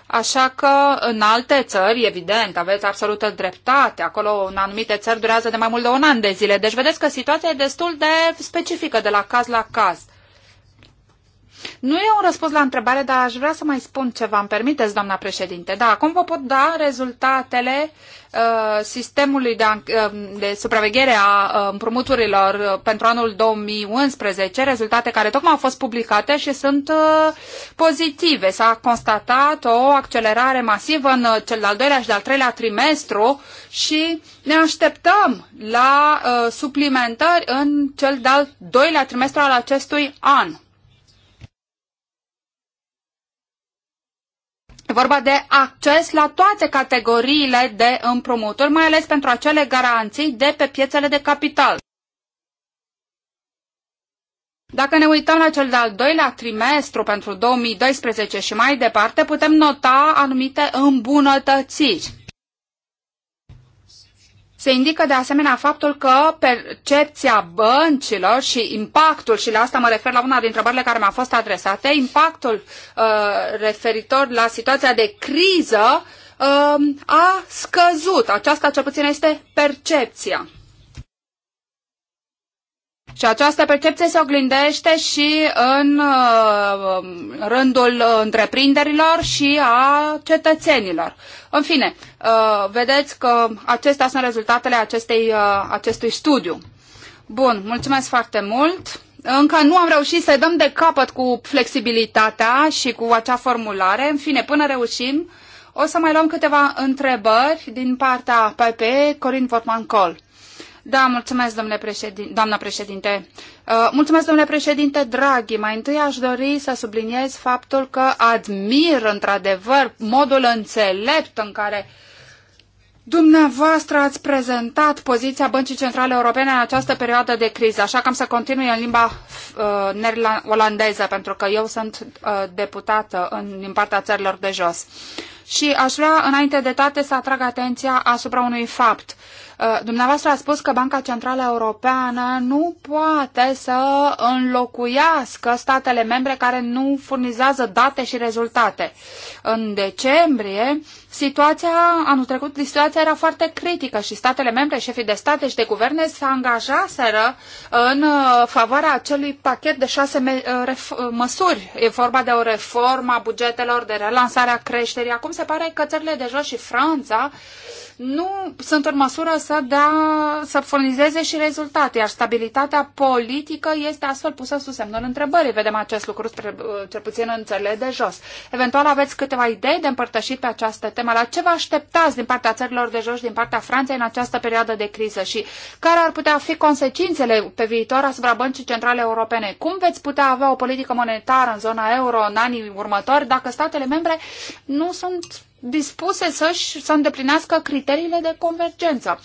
Așa că în alte țări, evident, aveți absolută dreptate, acolo în anumite țări durează de mai mult de un an de zile, deci vedeți că situația e destul de specifică de la caz la caz. Nu e un răspuns la întrebare, dar aș vrea să mai spun ceva. Îmi permiteți, doamna președinte? Da, acum vă pot da rezultatele uh, sistemului de, uh, de supraveghere a uh, împrumuturilor uh, pentru anul 2011, rezultate care tocmai au fost publicate și sunt uh, pozitive. S-a constatat o accelerare masivă în uh, cel de-al doilea și de-al treilea trimestru și ne așteptăm la uh, suplimentări în cel de-al doilea trimestru al acestui an. E vorba de acces la toate categoriile de împrumuturi, mai ales pentru acele garanții de pe piețele de capital. Dacă ne uităm la cel de-al doilea trimestru pentru 2012 și mai departe, putem nota anumite îmbunătățiri. Se indică de asemenea faptul că percepția băncilor și impactul, și la asta mă refer la una dintre întrebările care mi-a fost adresate, impactul uh, referitor la situația de criză uh, a scăzut. Aceasta cel puțin este percepția. Și această percepție se oglindește și în uh, rândul întreprinderilor și a cetățenilor. În fine, uh, vedeți că acestea sunt rezultatele acestei, uh, acestui studiu. Bun, mulțumesc foarte mult. Încă nu am reușit să dăm de capăt cu flexibilitatea și cu acea formulare. În fine, până reușim, o să mai luăm câteva întrebări din partea PP Corin Vortman-Col. Da, mulțumesc, domnule doamna președinte. Uh, mulțumesc, domnule președinte Draghi. Mai întâi aș dori să subliniez faptul că admir, într-adevăr, modul înțelept în care Dumneavoastră ați prezentat poziția Băncii Centrale Europene în această perioadă de criză, așa că am să continui în limba uh, olandeză, pentru că eu sunt uh, deputată în, din partea țărilor de jos. Și aș vrea, înainte de toate, să atrag atenția asupra unui fapt. Uh, dumneavoastră a spus că Banca Centrală Europeană nu poate să înlocuiască statele membre care nu furnizează date și rezultate. În decembrie, situația, anul trecut, situația era foarte critică și statele membre, șefii de state și de guverne se angajaseră în uh, favoarea acelui pachet de șase uh, măsuri. E vorba de o reformă a bugetelor, de relansarea creșterii. Acum se pare că țările de jos și Franța nu sunt în măsură să, dea, să furnizeze și rezultate, iar stabilitatea politică este astfel pusă sub semnul întrebării. Vedem acest lucru spre, cel puțin în țările de jos. Eventual aveți câteva idei de împărtășit pe această temă. La ce vă așteptați din partea țărilor de jos, din partea Franței în această perioadă de criză și care ar putea fi consecințele pe viitor asupra băncii centrale europene? Cum veți putea avea o politică monetară în zona euro în anii următori dacă statele membre nu sunt dispuse să-și să îndeplinească criteriile de convergență.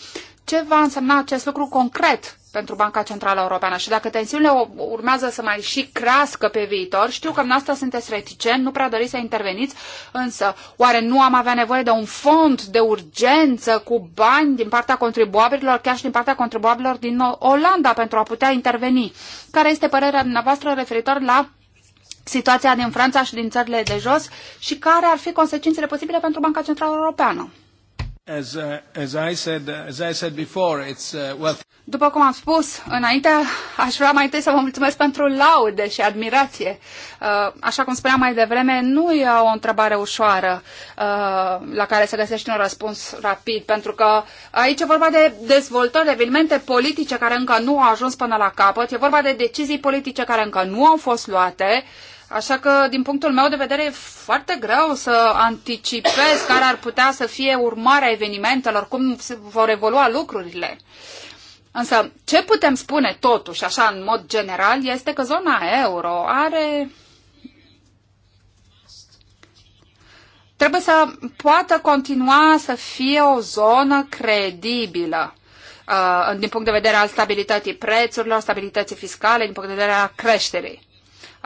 Ce va însemna acest lucru concret pentru Banca Centrală Europeană? Și dacă tensiunile urmează să mai și crească pe viitor, știu că noastră sunteți reticent, nu prea doriți să interveniți, însă oare nu am avea nevoie de un fond de urgență cu bani din partea contribuabililor, chiar și din partea contribuabililor din Olanda pentru a putea interveni? Care este părerea dumneavoastră referitor la situația din Franța și din țările de jos și care ar fi consecințele posibile pentru Banca Centrală Europeană. Uh, uh, uh, După cum am spus înainte, aș vrea mai întâi să vă mulțumesc pentru laude și admirație. Uh, așa cum spuneam mai devreme, nu e o întrebare ușoară uh, la care se găsește un răspuns rapid, pentru că aici e vorba de dezvoltări, evenimente politice care încă nu au ajuns până la capăt, e vorba de decizii politice care încă nu au fost luate. Uh, Așa că, din punctul meu de vedere, e foarte greu să anticipez care ar putea să fie urmarea evenimentelor, cum vor evolua lucrurile. Însă, ce putem spune totuși, așa, în mod general, este că zona euro are trebuie să poată continua să fie o zonă credibilă uh, din punct de vedere al stabilității prețurilor, stabilității fiscale, din punct de vedere al creșterii.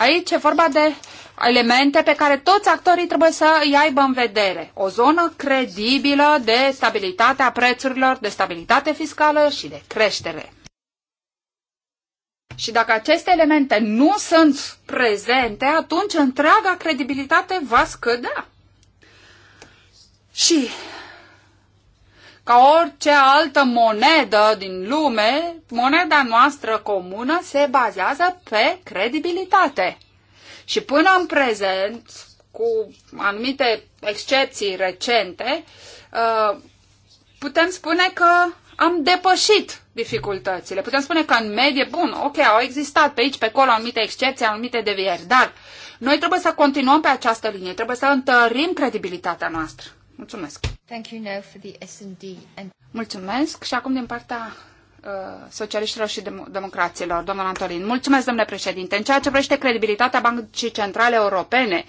Aici e vorba de elemente pe care toți actorii trebuie să îi aibă în vedere. O zonă credibilă de stabilitate a prețurilor, de stabilitate fiscală și de creștere. Și dacă aceste elemente nu sunt prezente, atunci întreaga credibilitate va scădea. Și ca orice altă monedă din lume, moneda noastră comună se bazează pe credibilitate. Și până în prezent, cu anumite excepții recente, uh, putem spune că am depășit dificultățile. Putem spune că în medie, bun, ok, au existat pe aici, pe acolo anumite excepții, anumite devieri, dar noi trebuie să continuăm pe această linie, trebuie să întărim credibilitatea noastră. Mulțumesc. Thank you now for the S&D and... Mulțumesc și acum din partea uh, socialiștilor și democraților, domnul Antolin. Mulțumesc, domnule președinte. În ceea ce vrește credibilitatea Bancii Centrale Europene,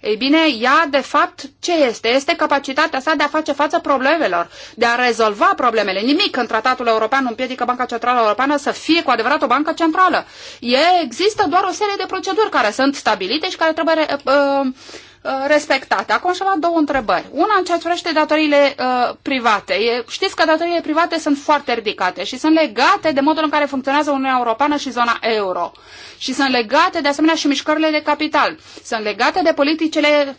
ei bine, ea de fapt ce este? Este capacitatea sa de a face față problemelor, de a rezolva problemele. Nimic în tratatul european nu împiedică Banca Centrală Europeană să fie cu adevărat o bancă centrală. E, există doar o serie de proceduri care sunt stabilite și care trebuie uh, Uh, respectate. Acum și la două întrebări. Una în ceea ce vrește datoriile uh, private. E, știți că datoriile private sunt foarte ridicate și sunt legate de modul în care funcționează Uniunea Europeană și zona euro. Și sunt legate de asemenea și mișcările de capital. Sunt legate de politicile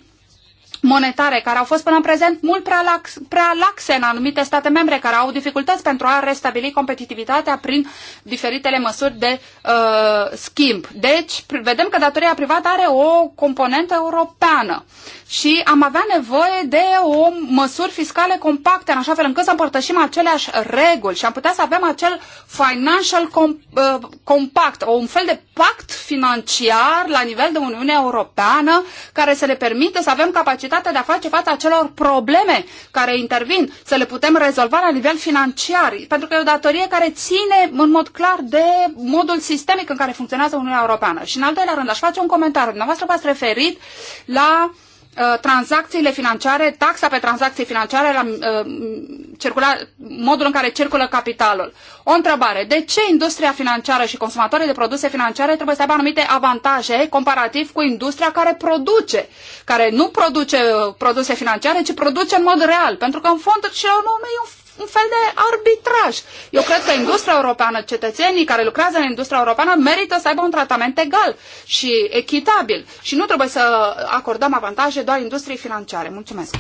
monetare care au fost până în prezent mult prea, lax, prea laxe în anumite state membre care au dificultăți pentru a restabili competitivitatea prin diferitele măsuri de uh, schimb. Deci, vedem că datoria privată are o componentă europeană și am avea nevoie de o măsuri fiscale compacte, în așa fel încât să împărtășim aceleași reguli și am putea să avem acel financial uh, compact, un fel de pact financiar la nivel de Uniunea Europeană care să le permită să avem capacitatea de a face față acelor probleme care intervin, să le putem rezolva la nivel financiar, pentru că e o datorie care ține în mod clar de modul sistemic în care funcționează Uniunea Europeană. Și în al doilea rând, aș face un comentariu. Dumneavoastră v-ați referit la uh, Uh, tranzacțiile financiare, taxa pe tranzacții financiare, la, uh, circula, modul în care circulă capitalul. O întrebare. De ce industria financiară și consumatorii de produse financiare trebuie să aibă anumite avantaje comparativ cu industria care produce, care nu produce uh, produse financiare, ci produce în mod real? Pentru că, în fond, și eu nu e un un fel de arbitraj. Eu cred că industria europeană, cetățenii care lucrează în industria europeană merită să aibă un tratament egal și echitabil și nu trebuie să acordăm avantaje doar industriei financiare. Mulțumesc!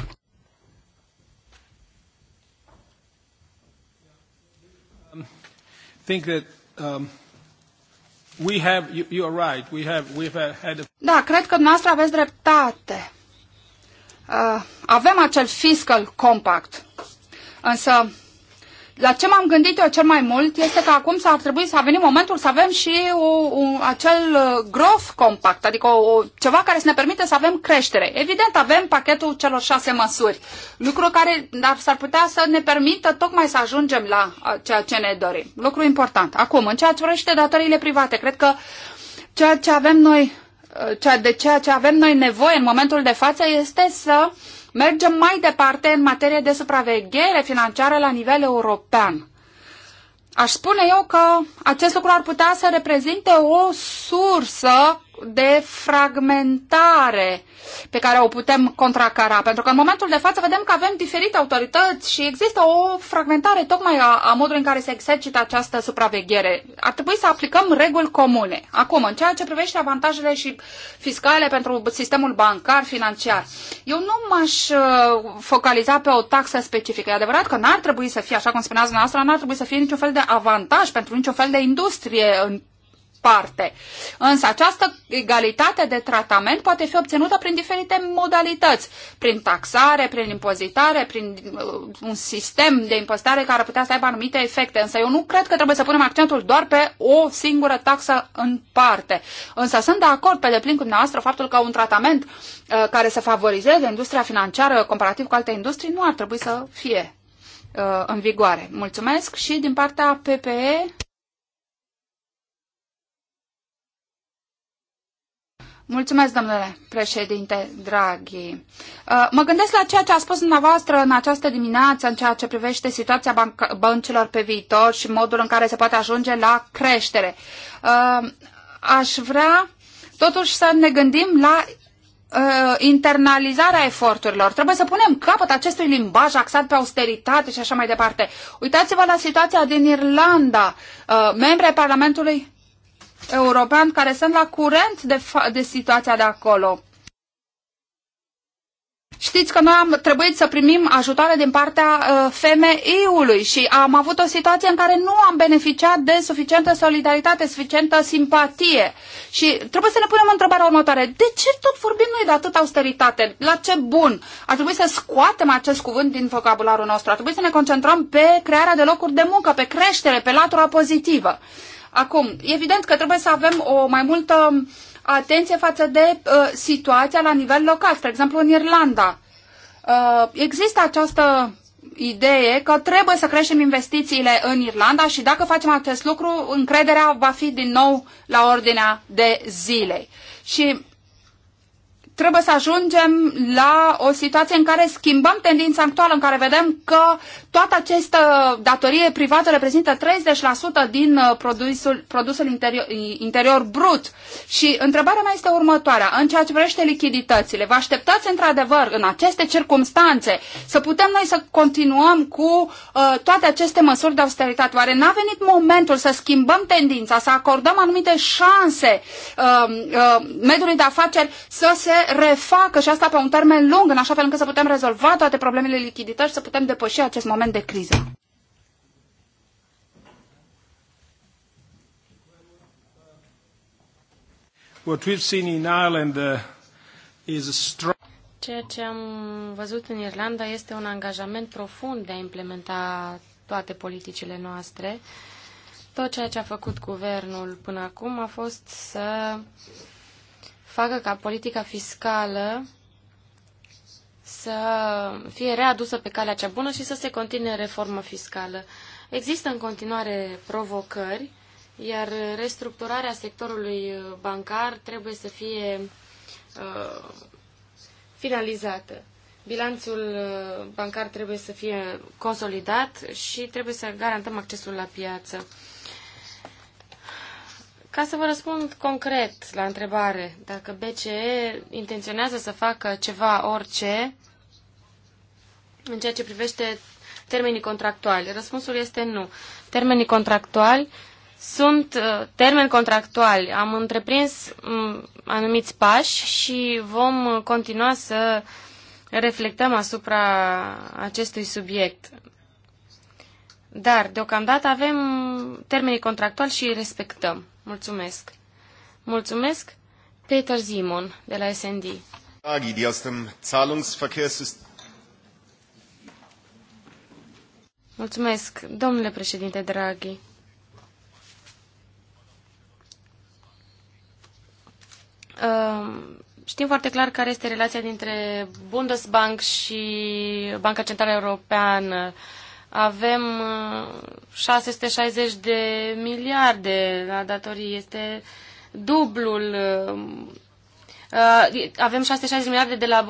think that um, we have, you, you are right, we have, we've had a... Da, cred că dumneavoastră aveți dreptate. Uh, avem acel fiscal compact Însă, la ce m-am gândit eu cel mai mult este că acum ar trebui să a venit momentul să avem și o, un, acel uh, growth compact, adică o, o, ceva care să ne permite să avem creștere. Evident, avem pachetul celor șase măsuri, lucru care dar s-ar putea să ne permită tocmai să ajungem la ceea ce ne dorim. Lucru important. Acum, în ceea ce vrește datoriile private, cred că ceea ce avem noi Uh, ceea de ceea ce avem noi nevoie în momentul de față este să mergem mai departe în materie de supraveghere financiară la nivel european. Aș spune eu că acest lucru ar putea să reprezinte o sursă de fragmentare pe care o putem contracara. Pentru că în momentul de față vedem că avem diferite autorități și există o fragmentare tocmai a, a modului în care se exercită această supraveghere. Ar trebui să aplicăm reguli comune. Acum, în ceea ce privește avantajele și fiscale pentru sistemul bancar, financiar, eu nu m-aș uh, focaliza pe o taxă specifică. E adevărat că n-ar trebui să fie, așa cum spuneați dumneavoastră, n-ar trebui să fie niciun fel de avantaj pentru niciun fel de industrie în parte. Însă această egalitate de tratament poate fi obținută prin diferite modalități, prin taxare, prin impozitare, prin uh, un sistem de impozitare care putea să aibă anumite efecte. Însă eu nu cred că trebuie să punem accentul doar pe o singură taxă în parte. Însă sunt de acord pe deplin cu dumneavoastră faptul că un tratament uh, care să favorizeze industria financiară comparativ cu alte industrii nu ar trebui să fie uh, în vigoare. Mulțumesc și din partea PPE. Mulțumesc, domnule președinte Draghi. Uh, mă gândesc la ceea ce a spus dumneavoastră în această dimineață în ceea ce privește situația băncilor pe viitor și modul în care se poate ajunge la creștere. Uh, aș vrea totuși să ne gândim la uh, internalizarea eforturilor. Trebuie să punem capăt acestui limbaj axat pe austeritate și așa mai departe. Uitați-vă la situația din Irlanda. Membrii Parlamentului european care sunt la curent de, de situația de acolo. Știți că noi am trebuit să primim ajutoare din partea uh, FMI-ului și am avut o situație în care nu am beneficiat de suficientă solidaritate, suficientă simpatie. Și trebuie să ne punem întrebarea următoare. De ce tot vorbim noi de atât austeritate? La ce bun? Ar trebui să scoatem acest cuvânt din vocabularul nostru. Ar trebui să ne concentrăm pe crearea de locuri de muncă, pe creștere, pe latura pozitivă. Uh, Acum, evident că trebuie să avem o mai multă atenție față de uh, situația la nivel local, spre exemplu în Irlanda. Uh, există această idee că trebuie să creștem investițiile în Irlanda și dacă facem acest lucru, încrederea va fi din nou la ordinea de zilei. Și trebuie să ajungem la o situație în care schimbăm tendința actuală, în care vedem că toată această datorie privată reprezintă 30% din uh, produsul, produsul interior, interior brut. Și întrebarea mea este următoarea. În ceea ce privește lichiditățile, vă așteptați într-adevăr în aceste circunstanțe să putem noi să continuăm cu uh, toate aceste măsuri de austeritate? Oare n-a venit momentul să schimbăm tendința, să acordăm anumite șanse uh, uh, mediului de afaceri să se refacă și asta pe un termen lung, în așa fel încât să putem rezolva toate problemele lichidități și să putem depăși acest moment de criză. What we've seen in Ireland uh, is a strong Ceea ce am văzut în Irlanda este un angajament profund de a implementa toate politicile noastre. Tot ceea ce a făcut guvernul până acum a fost să facă ca politica fiscală să fie readusă pe calea cea bună și să se continue reforma fiscală. Există în continuare provocări, iar restructurarea sectorului bancar trebuie să fie uh, finalizată. Bilanțul uh, bancar trebuie să fie consolidat și trebuie să garantăm accesul la piață. Ca să vă răspund concret la întrebare, dacă BCE intenționează să facă ceva, orice, în ceea ce privește termenii contractuali, răspunsul este nu. Termenii contractuali sunt uh, termeni contractuali. Am întreprins mm, anumiți pași și vom continua să reflectăm asupra acestui subiect. Dar, deocamdată, avem termenii contractuali și îi respectăm. Mulțumesc. Mulțumesc, Peter Simon, de la SND. Draghi, die aus dem Mulțumesc, domnule președinte Draghi. Știm foarte clar care este relația dintre Bundesbank și Banca Centrală Europeană avem 660 uh, de miliarde la datorii, este dublul. Uh, uh, avem 660 de miliarde de la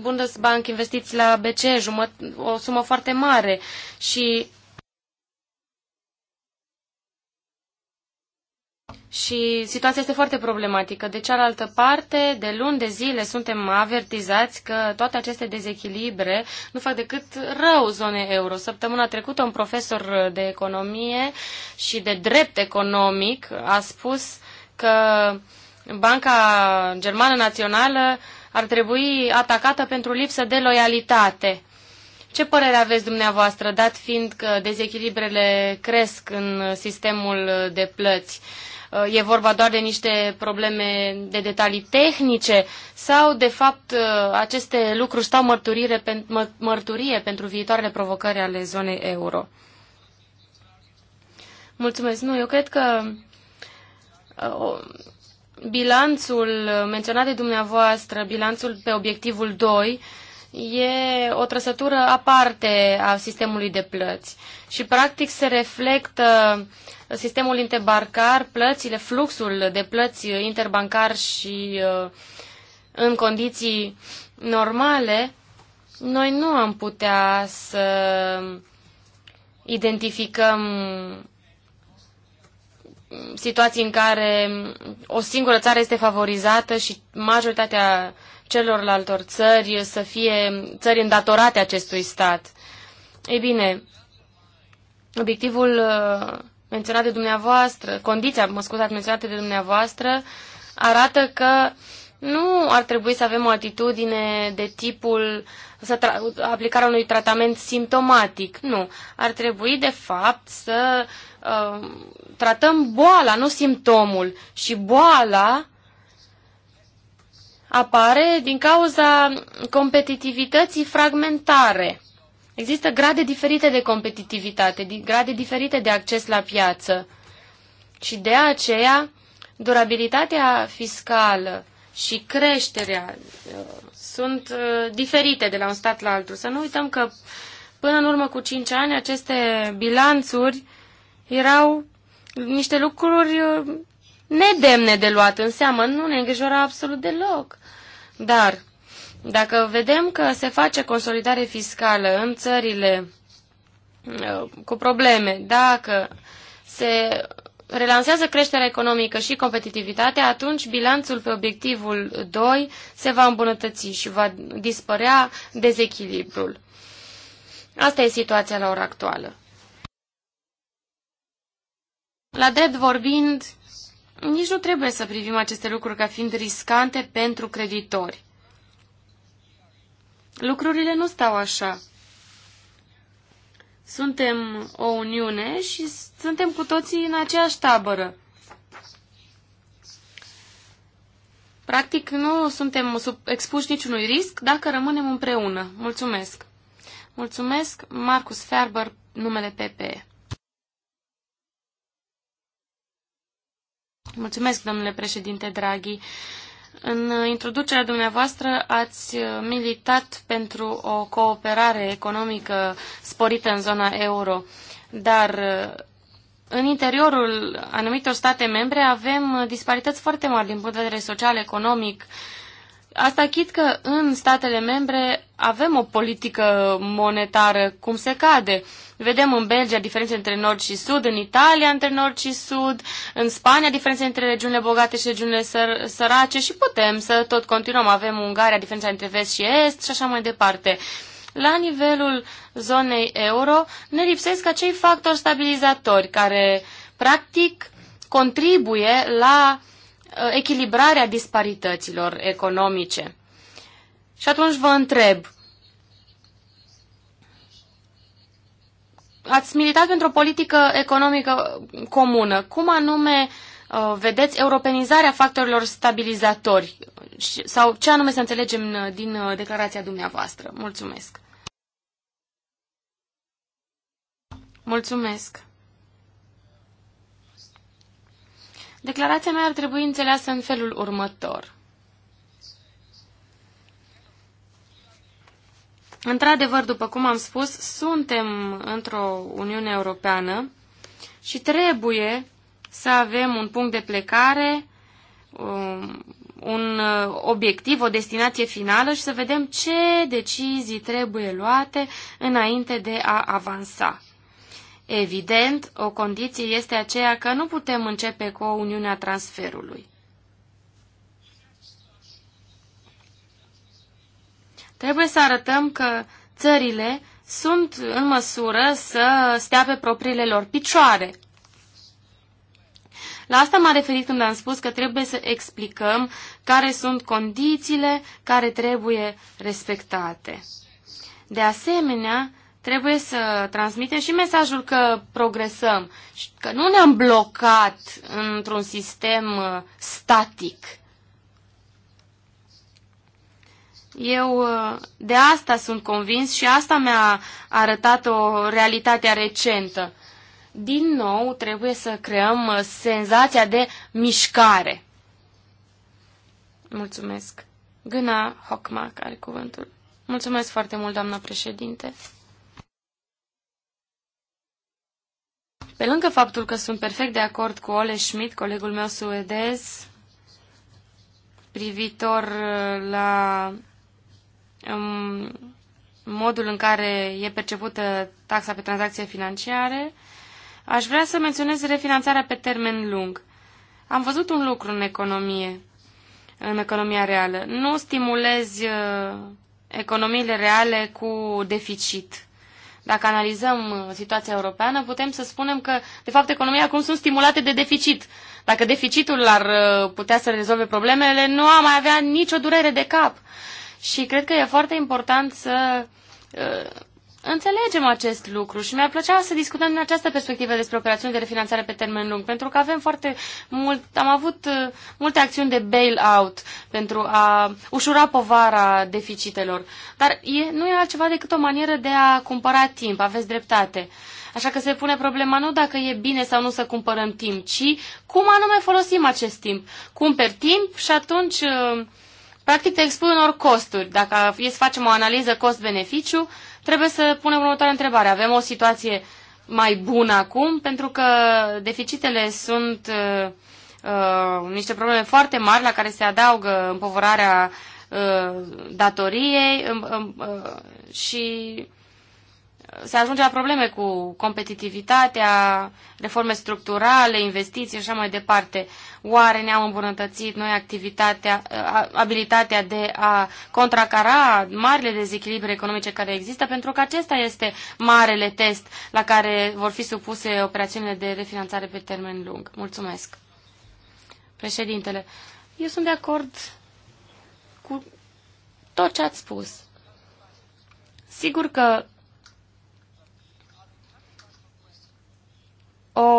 Bundesbank investiți la BC, o sumă foarte mare și și situația este foarte problematică. De cealaltă parte, de luni de zile suntem avertizați că toate aceste dezechilibre nu fac decât rău zone euro. Săptămâna trecută un profesor de economie și de drept economic a spus că Banca Germană Națională ar trebui atacată pentru lipsă de loialitate. Ce părere aveți dumneavoastră, dat fiind că dezechilibrele cresc în sistemul de plăți? Uh, e vorba doar de niște probleme de detalii tehnice sau, de fapt, uh, aceste lucruri stau mărturire, mărturie pentru viitoarele provocări ale zonei euro? Mulțumesc. Nu, eu cred că uh, bilanțul menționat de dumneavoastră, bilanțul pe obiectivul 2, e o trăsătură aparte a sistemului de plăți și practic se reflectă sistemul interbancar, plățile, fluxul de plăți interbancar și uh, în condiții normale, noi nu am putea să identificăm situații în care o singură țară este favorizată și majoritatea celorlaltor țări să fie țări îndatorate acestui stat. Ei bine, obiectivul uh, menționat de dumneavoastră, condiția, mă scuzați, menționată de dumneavoastră, arată că nu ar trebui să avem o atitudine de tipul să aplicarea unui tratament simptomatic. Nu. Ar trebui, de fapt, să uh, tratăm boala, nu simptomul. Și boala apare din cauza competitivității fragmentare. Există grade diferite de competitivitate, grade diferite de acces la piață. Și de aceea, durabilitatea fiscală și creșterea uh, sunt uh, diferite de la un stat la altul. Să nu uităm că până în urmă cu 5 ani aceste bilanțuri erau niște lucruri uh, nedemne de luat în seamă. Nu ne îngrijora absolut deloc. Dar dacă vedem că se face consolidare fiscală în țările uh, cu probleme, dacă se relansează creșterea economică și competitivitatea, atunci bilanțul pe obiectivul 2 se va îmbunătăți și va dispărea dezechilibrul. Asta e situația la ora actuală. La drept vorbind, nici nu trebuie să privim aceste lucruri ca fiind riscante pentru creditori. Lucrurile nu stau așa. Suntem o uniune și suntem cu toții în aceeași tabără. Practic, nu suntem sub, expuși niciunui risc dacă rămânem împreună. Mulțumesc! Mulțumesc, Marcus Ferber, numele PPE. Mulțumesc, domnule președinte Draghi. În introducerea dumneavoastră ați militat pentru o cooperare economică sporită în zona euro, dar în interiorul anumitor state membre avem disparități foarte mari din punct de vedere social, economic, uh, Asta chit că în statele membre avem o politică monetară cum se cade. Vedem în Belgia diferențe între nord și sud, în Italia între nord și sud, în Spania diferențe între regiunile bogate și regiunile săr- sărace și putem să tot continuăm. Avem Ungaria, diferența între vest și est și așa mai departe. La nivelul zonei euro ne lipsesc acei factori stabilizatori care practic contribuie la uh, Uh, echilibrarea disparităților economice. Și atunci vă întreb, ați militat pentru o politică economică comună. Cum anume uh, vedeți europenizarea factorilor stabilizatori? Sau ce anume să înțelegem uh, din declarația dumneavoastră? Mulțumesc! Mulțumesc! Declarația mea ar trebui înțeleasă în felul următor. Într-adevăr, după cum am spus, suntem într-o Uniune Europeană și trebuie să avem un punct de plecare, um, un uh, obiectiv, o destinație finală și să vedem ce decizii trebuie luate înainte de a avansa. Evident, o condiție este aceea că nu putem începe cu o uniune a transferului. Trebuie să arătăm că țările sunt în măsură să stea pe propriile lor picioare. La asta m-a referit când am spus că trebuie să explicăm care sunt condițiile care trebuie respectate. De asemenea, trebuie să transmitem și mesajul că progresăm și că nu ne-am blocat într-un sistem uh, static. Eu uh, de asta sunt convins și asta mi-a arătat o realitate recentă. Din nou, trebuie să creăm uh, senzația de mișcare. Mulțumesc. Gâna Hockmark are cuvântul. Mulțumesc foarte mult, doamna președinte. Pe lângă faptul că sunt perfect de acord cu Ole Schmidt, colegul meu suedez, privitor uh, la um, modul în care e percepută taxa pe tranzacție financiare, aș vrea să menționez refinanțarea pe termen lung. Am văzut un lucru în economie, în economia reală. Nu stimulezi uh, economiile reale cu deficit. Dacă analizăm uh, situația europeană, putem să spunem că, de fapt, economia acum sunt stimulate de deficit. Dacă deficitul ar uh, putea să rezolve problemele, nu am mai avea nicio durere de cap. Și cred că e foarte important să uh, Înțelegem acest lucru și mi-ar plăcea să discutăm din această perspectivă despre operațiuni de refinanțare pe termen lung, pentru că avem foarte mult, am avut uh, multe acțiuni de bail-out pentru a ușura povara deficitelor. Dar e, nu e altceva decât o manieră de a cumpăra timp, aveți dreptate. Așa că se pune problema nu dacă e bine sau nu să cumpărăm timp, ci cum anume folosim acest timp. Cumperi timp și atunci... Uh, practic te expui unor costuri. Dacă e să facem o analiză cost-beneficiu, Trebuie să punem următoarea întrebare. Avem o situație mai bună acum pentru că deficitele sunt uh, uh, niște probleme foarte mari la care se adaugă împovărarea uh, datoriei um, um, uh, și se ajunge la probleme cu competitivitatea, reforme structurale, investiții și așa mai departe. Oare ne-am îmbunătățit noi activitatea, abilitatea de a contracara marile dezechilibre economice care există? Pentru că acesta este marele test la care vor fi supuse operațiunile de refinanțare pe termen lung. Mulțumesc. Președintele, eu sunt de acord cu tot ce ați spus. Sigur că O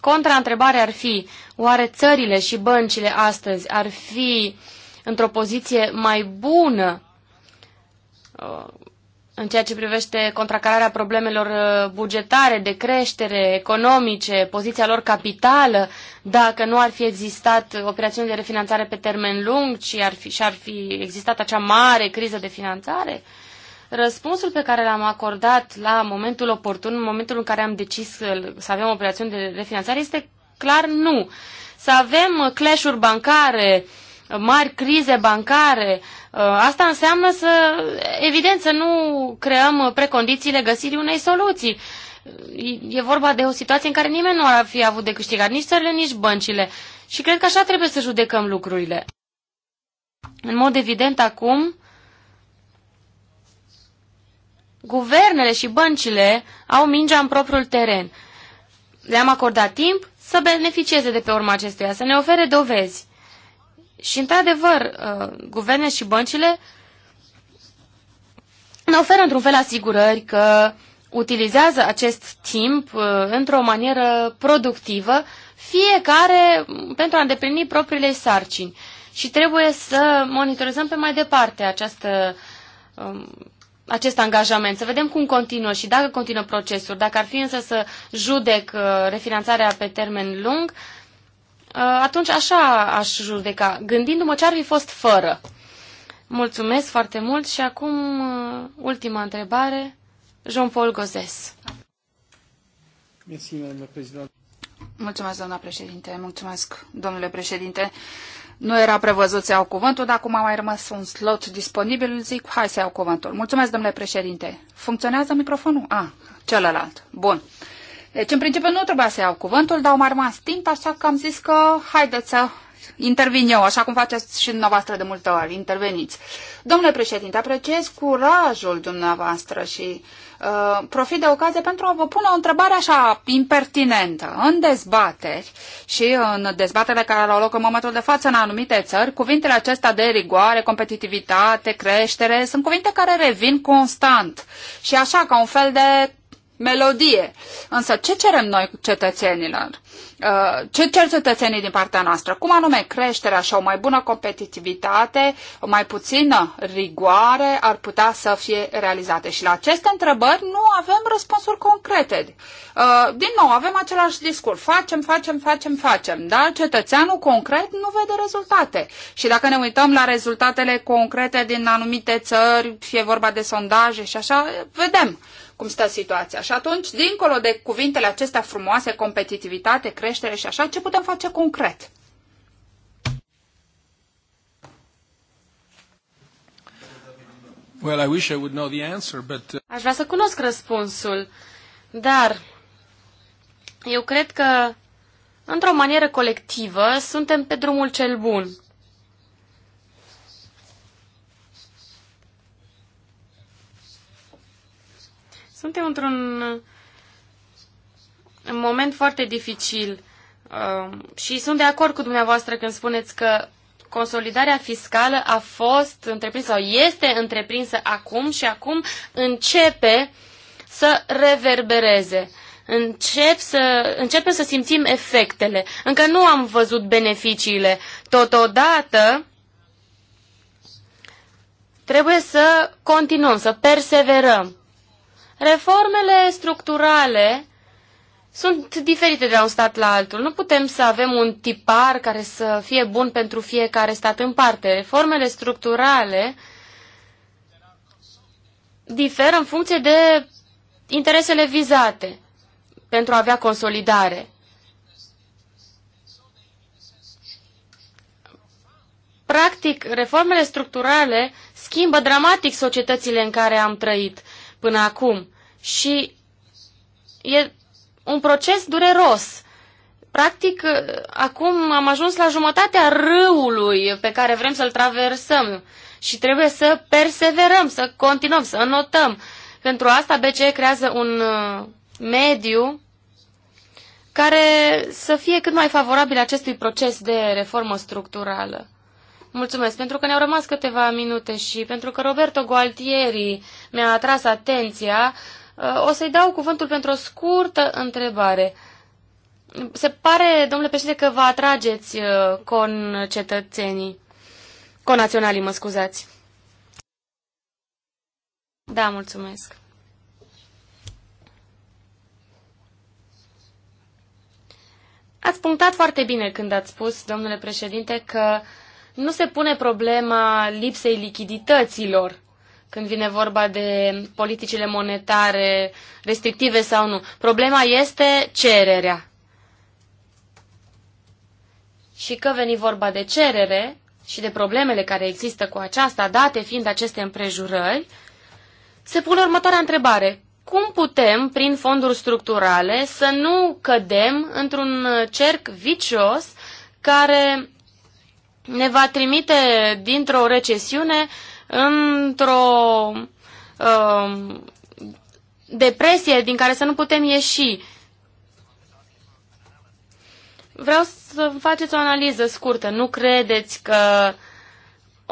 contraîntrebare ar fi, oare țările și băncile astăzi ar fi într-o poziție mai bună uh, în ceea ce privește contracararea problemelor uh, bugetare, de creștere, economice, poziția lor capitală, dacă nu ar fi existat operațiuni de refinanțare pe termen lung și ar fi, și ar fi existat acea mare criză de finanțare? Uh, Răspunsul pe care l-am acordat la momentul oportun, în momentul în care am decis uh, să avem operațiuni de refinanțare, este clar nu. Să avem uh, clash-uri bancare, uh, mari crize bancare, asta înseamnă să, evident, să nu creăm precondițiile găsirii unei soluții e vorba de o situație în care nimeni nu ar fi avut de câștigat, nici țările, nici băncile. Și cred că așa trebuie să judecăm lucrurile. În mod evident, acum guvernele și băncile au mingea în propriul teren. Le-am acordat timp să beneficieze de pe urma acestuia, să ne ofere dovezi. Și, într-adevăr, uh, guvernele și băncile ne oferă, într-un fel, asigurări că utilizează acest timp uh, într-o manieră productivă, fiecare pentru a îndeplini propriile sarcini. Și trebuie să monitorizăm pe mai departe această um, acest angajament, să vedem cum continuă și dacă continuă procesul. Dacă ar fi însă să judec uh, refinanțarea pe termen lung, uh, atunci așa aș judeca, gândindu-mă ce ar fi fost fără. Mulțumesc foarte mult și acum uh, ultima întrebare, Jean-Paul Gozes. Mulțumesc, doamna președinte. Mulțumesc, domnule președinte. Nu era prevăzut să iau cuvântul, dar acum a mai rămas un slot disponibil, zic, hai să iau cuvântul. Mulțumesc, domnule președinte. Funcționează microfonul? A, ah, celălalt. Bun. Deci, în principiu, nu trebuia să iau cuvântul, dar au mai rămas timp, așa că am zis că haideți să intervin eu, așa cum faceți și dumneavoastră de multe ori, interveniți. Domnule președinte, apreciez curajul dumneavoastră și uh, profit de ocazie pentru a vă pune o întrebare așa impertinentă. În dezbateri și în dezbaterile care au loc în momentul de față în anumite țări, cuvintele acestea de rigoare, competitivitate, creștere, sunt cuvinte care revin constant și așa ca un fel de melodie. Însă ce cerem noi cetățenilor? Uh, ce cer cetățenii din partea noastră? Cum anume creșterea și o mai bună competitivitate, o mai puțină rigoare ar putea să fie realizate? Și la aceste întrebări nu avem răspunsuri concrete. Uh, din nou, avem același discurs. Facem, facem, facem, facem. Dar cetățeanul concret nu vede rezultate. Și dacă ne uităm la rezultatele concrete din anumite țări, fie vorba de sondaje și așa, vedem cum stă situația. Și atunci, dincolo de cuvintele acestea frumoase, competitivitate, creștere și așa, ce putem face concret? Well, I wish I would know the answer, but... Uh, Aș vrea să cunosc răspunsul, dar eu cred că, într-o manieră colectivă, suntem pe drumul cel bun. Suntem într-un moment foarte dificil um, și sunt de acord cu dumneavoastră când spuneți că consolidarea fiscală a fost întreprinsă sau este întreprinsă acum și acum începe să reverbereze. Încep să, începem să simțim efectele. Încă nu am văzut beneficiile. Totodată trebuie să continuăm, să perseverăm. Reformele structurale sunt diferite de la un stat la altul. Nu putem să avem un tipar care să fie bun pentru fiecare stat în parte. Reformele structurale diferă în funcție de interesele vizate pentru a avea consolidare. Practic, reformele structurale schimbă dramatic societățile în care am trăit până acum și e un proces dureros. Practic, acum am ajuns la jumătatea râului pe care vrem să-l traversăm și trebuie să perseverăm, să continuăm, să înotăm. Pentru asta BCE creează un uh, mediu care să fie cât mai favorabil acestui proces de reformă structurală. Mulțumesc, pentru că ne-au rămas câteva minute și pentru că Roberto Gualtieri mi-a atras atenția, uh, o să-i dau cuvântul pentru o scurtă întrebare. Se pare, domnule președinte, că vă atrageți uh, con cetățenii, con naționalii, mă scuzați. Da, mulțumesc. Ați punctat foarte bine când ați spus, domnule președinte, că uh, nu se pune problema lipsei lichidităților când vine vorba de politicile monetare restrictive sau nu. Problema este cererea. Și că veni vorba de cerere și de problemele care există cu aceasta, date fiind aceste împrejurări, se pune următoarea întrebare. Cum putem, prin fonduri structurale, să nu cădem într-un cerc vicios care ne va trimite dintr-o recesiune într-o uh, depresie din care să nu putem ieși. Vreau să faceți o analiză scurtă. Nu credeți că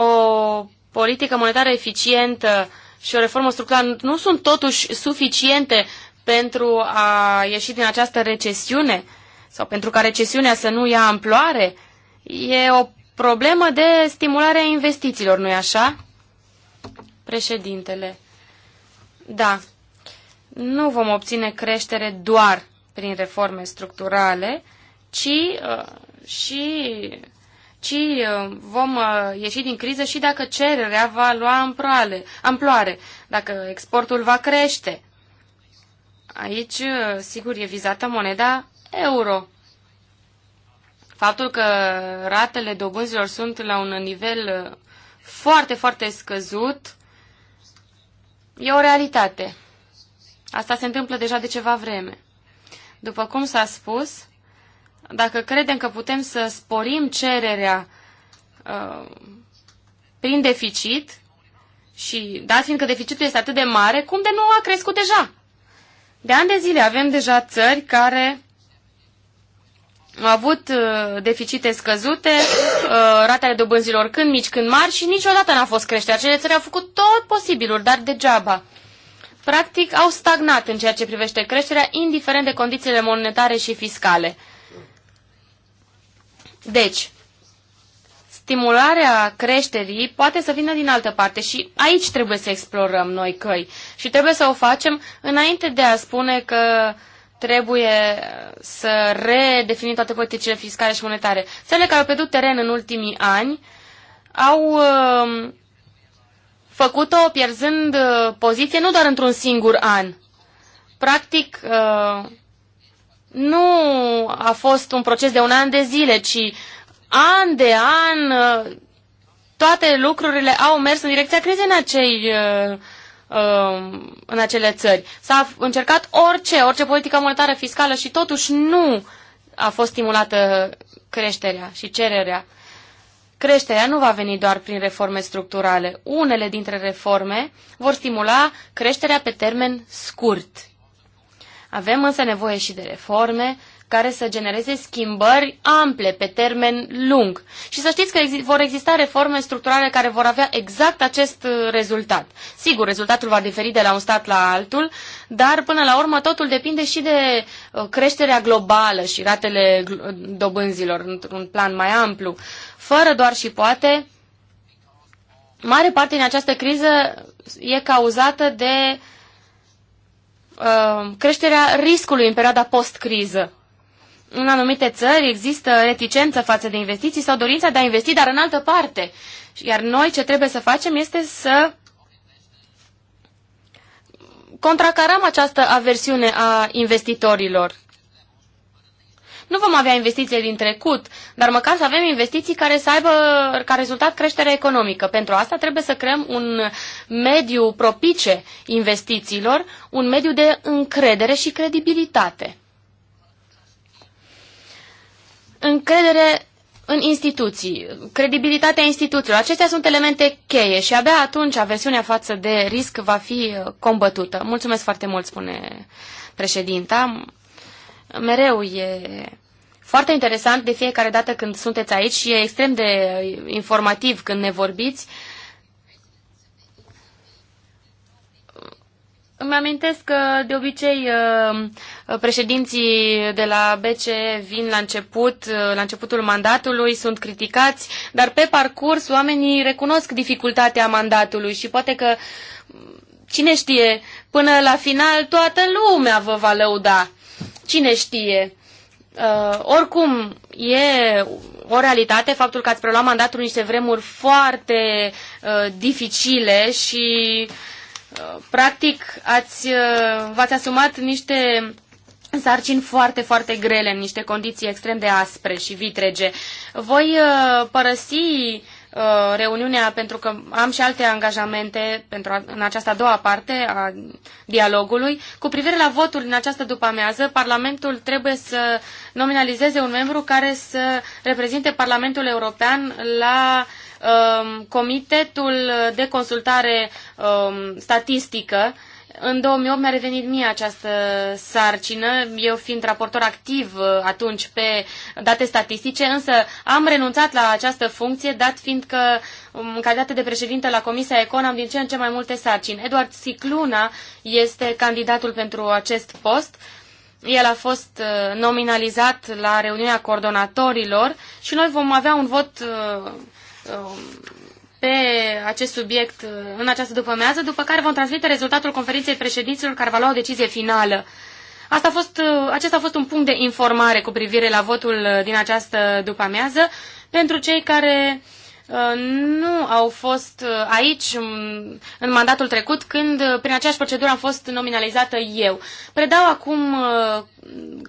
o politică monetară eficientă și o reformă structurală nu sunt totuși suficiente pentru a ieși din această recesiune sau pentru ca recesiunea să nu ia amploare? E o problemă de stimulare a investițiilor, nu-i așa? Președintele, da, nu vom obține creștere doar prin reforme structurale, ci, uh, și, ci uh, vom uh, ieși din criză și dacă cererea va lua amploare, amploare dacă exportul va crește. Aici, uh, sigur, e vizată moneda euro faptul că ratele dobânzilor sunt la un nivel uh, foarte, foarte scăzut, e o realitate. Asta se întâmplă deja de ceva vreme. După cum s-a spus, dacă credem că putem să sporim cererea uh, prin deficit, și dat fiindcă deficitul este atât de mare, cum de nu a crescut deja? De ani de zile avem deja țări care au avut uh, deficite scăzute, uh, ratele dobânzilor când mici, când mari și niciodată n-a fost creșterea. Acele țări au făcut tot posibilul, dar degeaba. Practic au stagnat în ceea ce privește creșterea, indiferent de condițiile monetare și fiscale. Deci, stimularea creșterii poate să vină din altă parte și aici trebuie să explorăm noi căi și trebuie să o facem înainte de a spune că uh, trebuie să redefinim toate politicile fiscale și monetare. Țările care au pierdut teren în ultimii ani au um, făcut-o pierzând uh, poziție nu doar într-un singur an. Practic, uh, nu a fost un proces de un an de zile, ci an de an uh, toate lucrurile au mers în direcția crizei în acei Um, în acele țări. S-a încercat orice, orice politică monetară fiscală și totuși nu a fost stimulată creșterea și cererea. Creșterea nu va veni doar prin reforme structurale. Unele dintre reforme vor stimula creșterea pe termen scurt. Avem însă nevoie și de reforme care să genereze schimbări ample pe termen lung. Și să știți că vor exista reforme structurale care vor avea exact acest uh, rezultat. Sigur, rezultatul va diferi de la un stat la altul, dar până la urmă totul depinde și de uh, creșterea globală și ratele dobânzilor într-un plan mai amplu. Fără doar și poate, mare parte din această criză e cauzată de uh, creșterea riscului în perioada post-criză. În anumite țări există reticență față de investiții sau dorința de a investi, dar în altă parte. Iar noi ce trebuie să facem este să contracarăm această aversiune a investitorilor. Nu vom avea investiții din trecut, dar măcar să avem investiții care să aibă ca rezultat creșterea economică. Pentru asta trebuie să creăm un mediu propice investițiilor, un mediu de încredere și credibilitate încredere în instituții, credibilitatea instituțiilor. Acestea sunt elemente cheie și abia atunci aversiunea față de risc va fi combătută. Mulțumesc foarte mult, spune președinta. Mereu e foarte interesant de fiecare dată când sunteți aici și e extrem de informativ când ne vorbiți. Îmi amintesc că de obicei uh, președinții de la BCE vin la început, uh, la începutul mandatului, sunt criticați, dar pe parcurs oamenii recunosc dificultatea mandatului și poate că, cine știe, până la final toată lumea vă va lăuda. Cine știe? Uh, oricum, e o realitate faptul că ați preluat mandatul în niște vremuri foarte uh, dificile și uh, practic ați, uh, v-ați asumat niște sarcini foarte, foarte grele, în niște condiții extrem de aspre și vitrege. Voi uh, părăsi uh, reuniunea pentru că am și alte angajamente pentru a, în această a doua parte a dialogului. Cu privire la votul în această după-amiază, Parlamentul trebuie să nominalizeze un membru care să reprezinte Parlamentul European la uh, Um, Comitetul de Consultare um, Statistică în 2008 mi-a revenit mie această sarcină, eu fiind raportor activ uh, atunci pe date statistice, însă am renunțat la această funcție, dat fiind că um, în calitate de președinte la Comisia Econ am din ce în ce mai multe sarcini. Eduard Sicluna este candidatul pentru acest post. El a fost uh, nominalizat la reuniunea coordonatorilor și noi vom avea un vot uh, Um, pe acest subiect uh, în această după-mează, după care vom transmite rezultatul conferinței președinților care va lua o decizie finală. Asta a fost, uh, acesta a fost un punct de informare cu privire la votul uh, din această după-amiază. Pentru cei care nu au fost aici um, în mandatul trecut, când prin aceeași procedură am fost nominalizată eu. Predau acum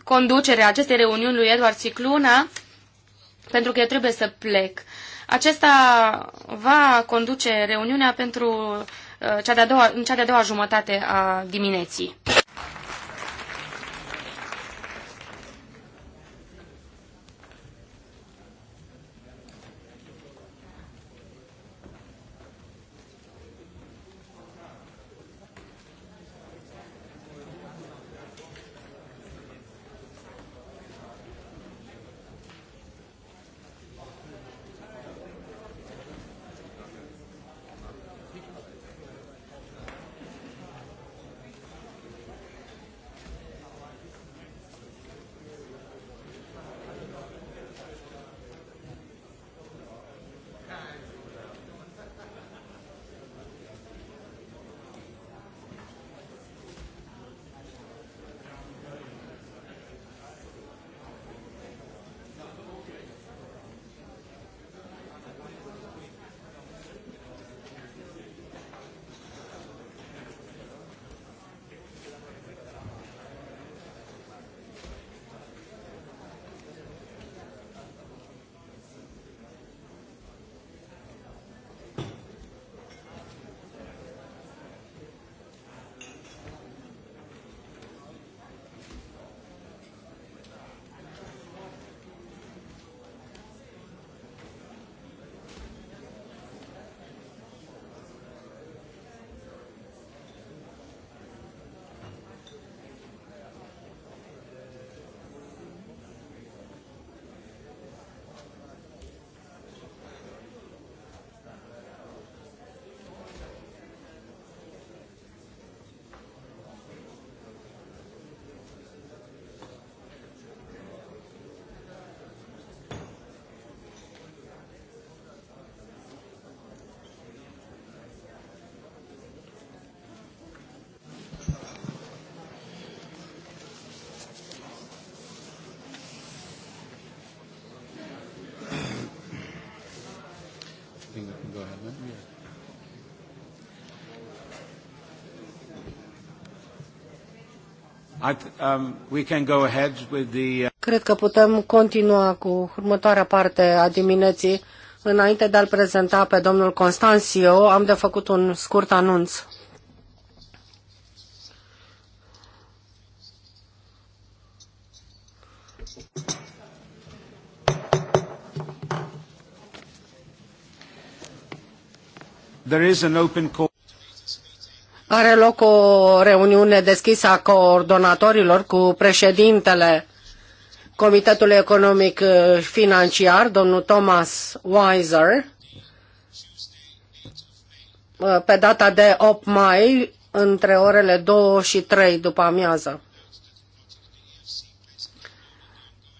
conducerea acestei reuniuni lui Eduard Cicluna, pentru că eu trebuie să plec. Acesta va conduce reuniunea pentru uh, cea de-a doua, cea de-a doua jumătate a dimineții. Cred că putem continua cu următoarea parte a dimineții. Înainte de a-l prezenta pe domnul Constanțiu, am de făcut un scurt anunț. Are loc o reuniune deschisă a coordonatorilor cu președintele Comitetului Economic eh, Financiar, domnul Thomas Weiser, eh, pe data de 8 mai, între orele 2 și 3 după amiază.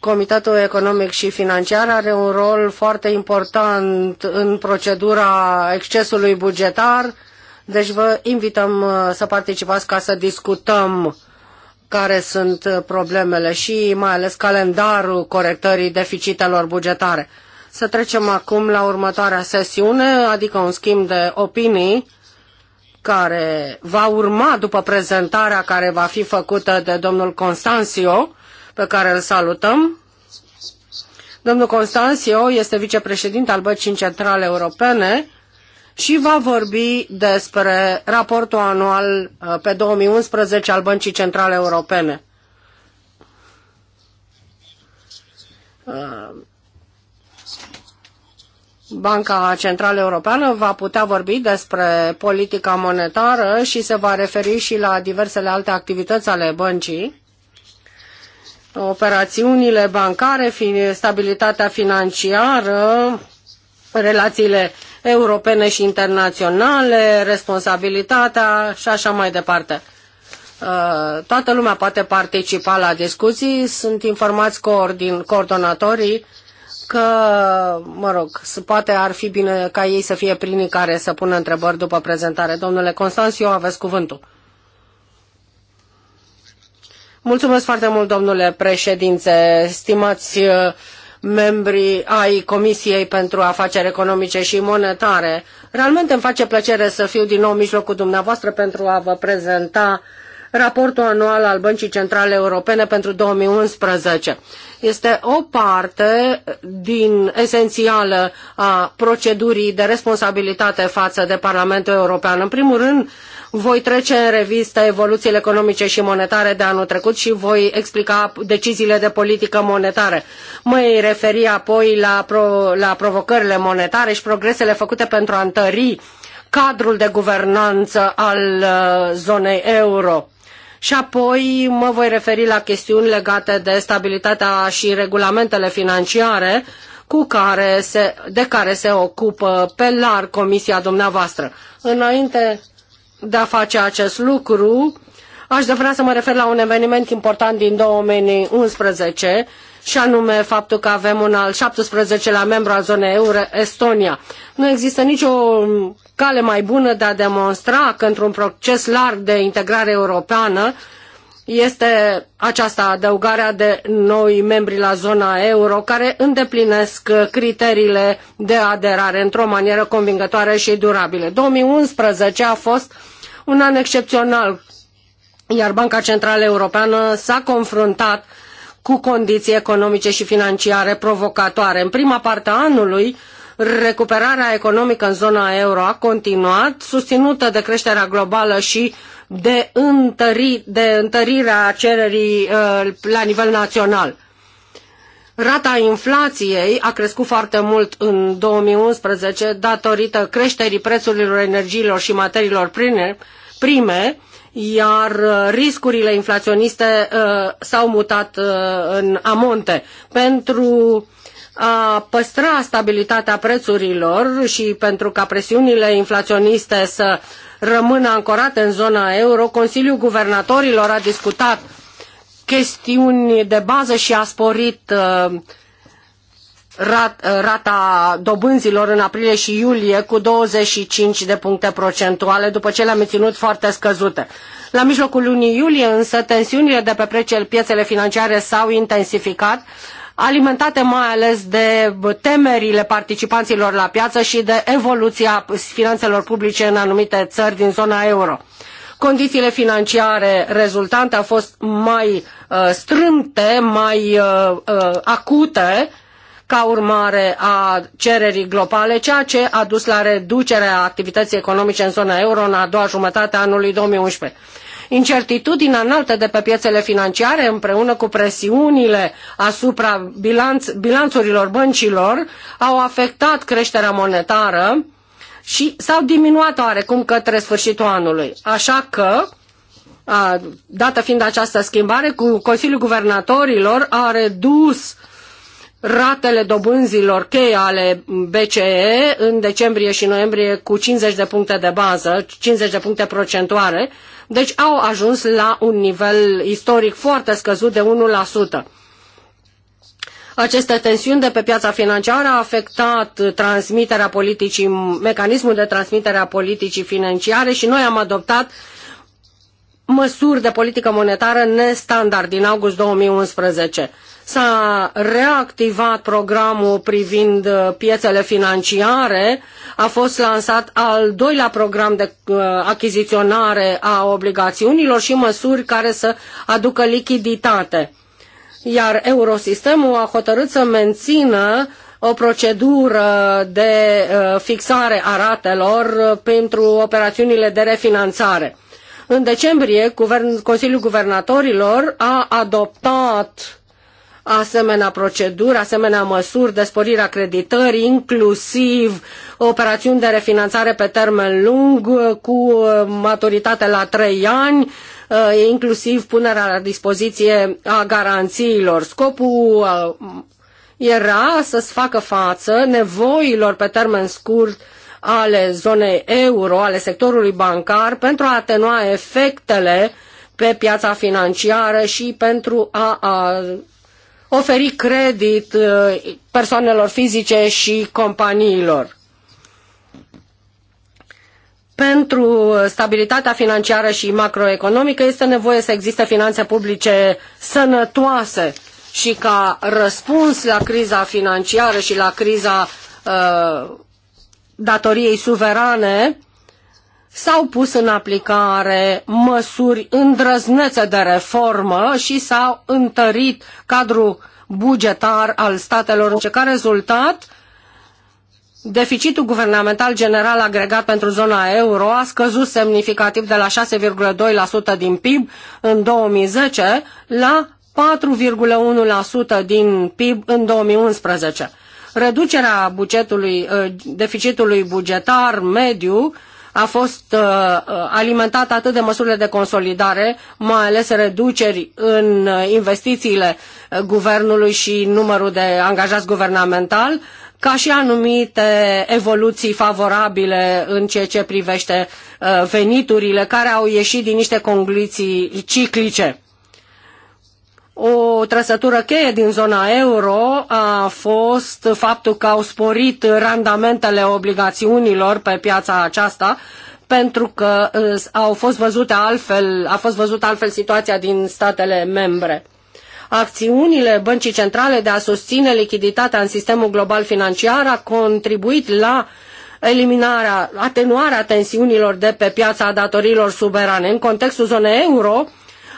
Comitetul Economic și Financiar are un rol foarte important în procedura excesului bugetar, deci vă invităm uh, să participați ca să discutăm care sunt uh, problemele și mai ales calendarul corectării deficitelor bugetare. Să trecem acum la următoarea sesiune, adică un schimb de opinii care va urma după prezentarea care va fi făcută de domnul Constanțiu pe care îl salutăm. Domnul Constanțio este vicepreședinte al Băcii Centrale Europene și va vorbi despre raportul anual uh, pe 2011 al Băncii Centrale Europene. Uh, Banca Centrală Europeană va putea vorbi despre politica monetară și se va referi și la diversele alte activități ale băncii operațiunile bancare, stabilitatea financiară, relațiile europene și internaționale, responsabilitatea și așa mai departe. Uh, toată lumea poate participa la discuții, sunt informați coordin, coordonatorii că, mă rog, poate ar fi bine ca ei să fie primii care să pună întrebări după prezentare. Domnule Constanțiu, aveți cuvântul. Mulțumesc foarte mult, domnule președinte, stimați uh, membri ai Comisiei pentru Afaceri Economice și Monetare. Realmente îmi face plăcere să fiu din nou în mijlocul dumneavoastră pentru a vă prezenta raportul anual al Băncii Centrale Europene pentru 2011. Este o parte din esențială a procedurii de responsabilitate față de Parlamentul European. În primul rând, voi trece în revistă evoluțiile economice și monetare de anul trecut și voi explica deciziile de politică monetară. Mă referi apoi la, pro, la provocările monetare și progresele făcute pentru a întări cadrul de guvernanță al uh, zonei euro și apoi mă voi referi la chestiuni legate de stabilitatea și regulamentele financiare cu care se, de care se ocupă pe larg comisia dumneavoastră. Înainte de a face acest lucru. Aș vrea să mă refer la un eveniment important din 2011 și anume faptul că avem un al 17-lea membru al zonei euro, Estonia. Nu există nicio cale mai bună de a demonstra că într-un proces larg de integrare europeană este aceasta adăugarea de noi membri la zona euro care îndeplinesc criteriile de aderare într-o manieră convingătoare și durabilă. 2011 a fost un an excepțional, iar Banca Centrală Europeană s-a confruntat cu condiții economice și financiare provocatoare. În prima parte a anului, recuperarea economică în zona euro a continuat, susținută de creșterea globală și de, întări, de întărirea cererii uh, la nivel național. Rata inflației a crescut foarte mult în 2011 datorită creșterii prețurilor energiilor și materiilor prime, iar uh, riscurile inflaționiste uh, s-au mutat uh, în amonte. Pentru a păstra stabilitatea prețurilor și pentru ca presiunile inflaționiste să rămână ancorate în zona euro, Consiliul Guvernatorilor a discutat chestiuni de bază și a sporit uh, uh, rata dobânzilor în aprilie și iulie cu 25 de puncte procentuale, după ce le-am menținut foarte scăzute. La mijlocul lunii iulie însă tensiunile de pe precel piețele financiare s-au intensificat, alimentate mai ales de temerile participanților la piață și de evoluția finanțelor publice în anumite țări din zona euro. Condițiile financiare rezultante au fost mai uh, strâmte, mai uh, uh, acute ca urmare a cererii globale, ceea ce a dus la reducerea activității economice în zona euro în a doua jumătate a anului 2011. Incertitudinea înaltă de pe piețele financiare împreună cu presiunile asupra bilanț, bilanțurilor băncilor au afectat creșterea monetară, și s-au diminuat oarecum către sfârșitul anului. Așa că, a, dată fiind această schimbare, cu Consiliul Guvernatorilor a redus ratele dobânzilor cheie ale BCE în decembrie și noiembrie cu 50 de puncte de bază, 50 de puncte procentuare, deci au ajuns la un nivel istoric foarte scăzut de 1%. Aceste tensiuni de pe piața financiară a afectat transmiterea politicii, mecanismul de transmitere a politicii financiare și noi am adoptat măsuri de politică monetară nestandard din august 2011. S-a reactivat programul privind uh, piețele financiare, a fost lansat al doilea program de uh, achiziționare a obligațiunilor și măsuri care să aducă lichiditate iar Eurosistemul a hotărât să mențină o procedură de uh, fixare a ratelor uh, pentru operațiunile de refinanțare. În decembrie, Guvern, Consiliul Guvernatorilor a adoptat asemenea proceduri, asemenea măsuri de sporire a creditării, inclusiv operațiuni de refinanțare pe termen lung uh, cu maturitate la trei ani, Uh, inclusiv punerea la dispoziție a garanțiilor. Scopul uh, era să-ți facă față nevoilor pe termen scurt ale zonei euro, ale sectorului bancar, pentru a atenua efectele pe piața financiară și pentru a, a oferi credit uh, persoanelor fizice și companiilor pentru stabilitatea financiară și macroeconomică este nevoie să existe finanțe publice sănătoase și ca răspuns la criza financiară și la criza uh, datoriei suverane s-au pus în aplicare măsuri îndrăznețe de reformă și s-au întărit cadrul bugetar al statelor, ce ca rezultat uh, Deficitul guvernamental general agregat pentru zona euro a scăzut semnificativ de la 6,2% din PIB în 2010 la 4,1% din PIB în 2011. Reducerea bugetului, ă, deficitului bugetar mediu a fost ă, alimentată atât de măsurile de consolidare, mai ales reduceri în ă, investițiile guvernului și numărul de angajați guvernamental, ca și anumite evoluții favorabile în ceea ce privește uh, veniturile care au ieșit din niște condiții ciclice. O trăsătură cheie din zona euro a fost faptul că au sporit randamentele obligațiunilor pe piața aceasta, pentru că uh, au fost văzute altfel, a fost văzută altfel situația din statele membre acțiunile băncii centrale de a susține lichiditatea în sistemul global financiar a contribuit la eliminarea, atenuarea tensiunilor de pe piața datorilor suverane. În contextul zonei euro,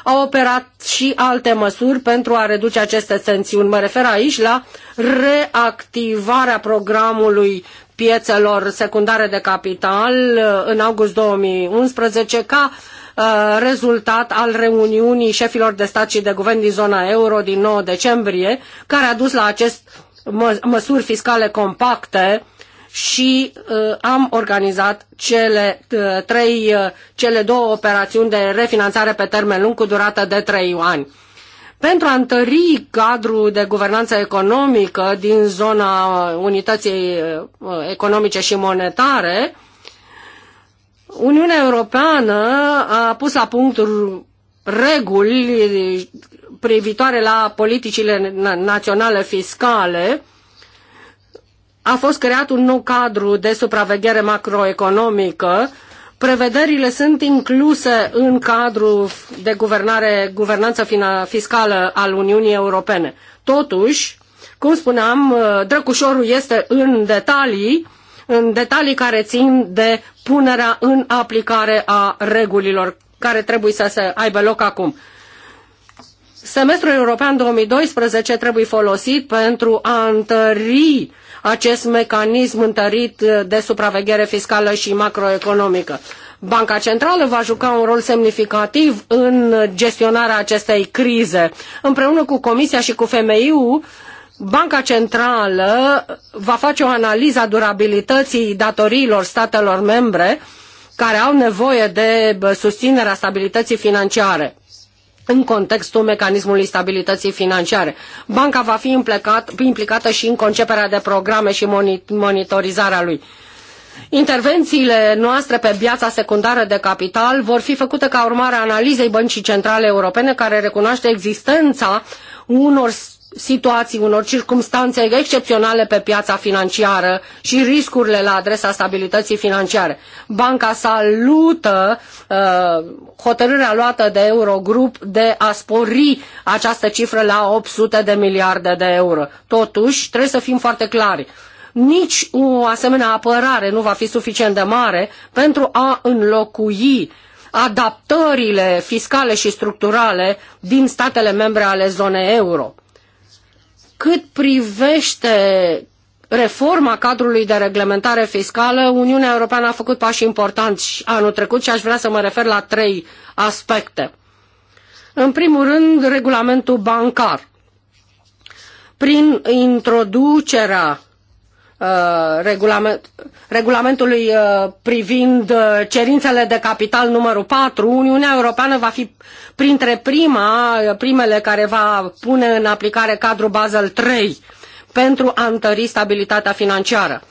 au operat și alte măsuri pentru a reduce aceste tensiuni. Mă refer aici la reactivarea programului piețelor secundare de capital uh, în august 2011 ca Uh, rezultat al reuniunii șefilor de stat și de guvern din zona euro din 9 decembrie, care a dus la acest mă măsuri fiscale compacte și uh, am organizat cele, uh, trei, uh, cele două operațiuni de refinanțare pe termen lung cu durată de trei ani. Pentru a întări cadrul de guvernanță economică din zona uh, unității uh, economice și monetare, Uniunea Europeană a pus la punct reguli privitoare la politicile naționale fiscale, a fost creat un nou cadru de supraveghere macroeconomică. Prevederile sunt incluse în cadrul de guvernare, guvernanță fiscală al Uniunii Europene. Totuși, cum spuneam, drăcușorul este în detalii în detalii care țin de punerea în aplicare a regulilor care trebuie să se aibă loc acum. Semestrul european 2012 trebuie folosit pentru a întări acest mecanism întărit de supraveghere fiscală și macroeconomică. Banca Centrală va juca un rol semnificativ în gestionarea acestei crize. Împreună cu Comisia și cu FMI-ul Banca Centrală va face o analiză a durabilității datoriilor statelor membre care au nevoie de susținerea stabilității financiare în contextul mecanismului stabilității financiare. Banca va fi implicat, implicată și în conceperea de programe și monitorizarea lui. Intervențiile noastre pe piața secundară de capital vor fi făcute ca urmare a analizei Băncii Centrale Europene, care recunoaște existența unor situații, unor circumstanțe excepționale pe piața financiară și riscurile la adresa stabilității financiare. Banca salută uh, hotărârea luată de Eurogrup de a spori această cifră la 800 de miliarde de euro. Totuși, trebuie să fim foarte clari. Nici o asemenea apărare nu va fi suficient de mare pentru a înlocui adaptările fiscale și structurale din statele membre ale zonei euro cât privește reforma cadrului de reglementare fiscală, Uniunea Europeană a făcut pași importanți anul trecut și aș vrea să mă refer la trei aspecte. În primul rând, regulamentul bancar. Prin introducerea Uh, regulament, regulamentului uh, privind uh, cerințele de capital numărul 4, Uniunea Europeană va fi printre prima, primele care va pune în aplicare cadrul Basel 3 pentru a întări stabilitatea financiară.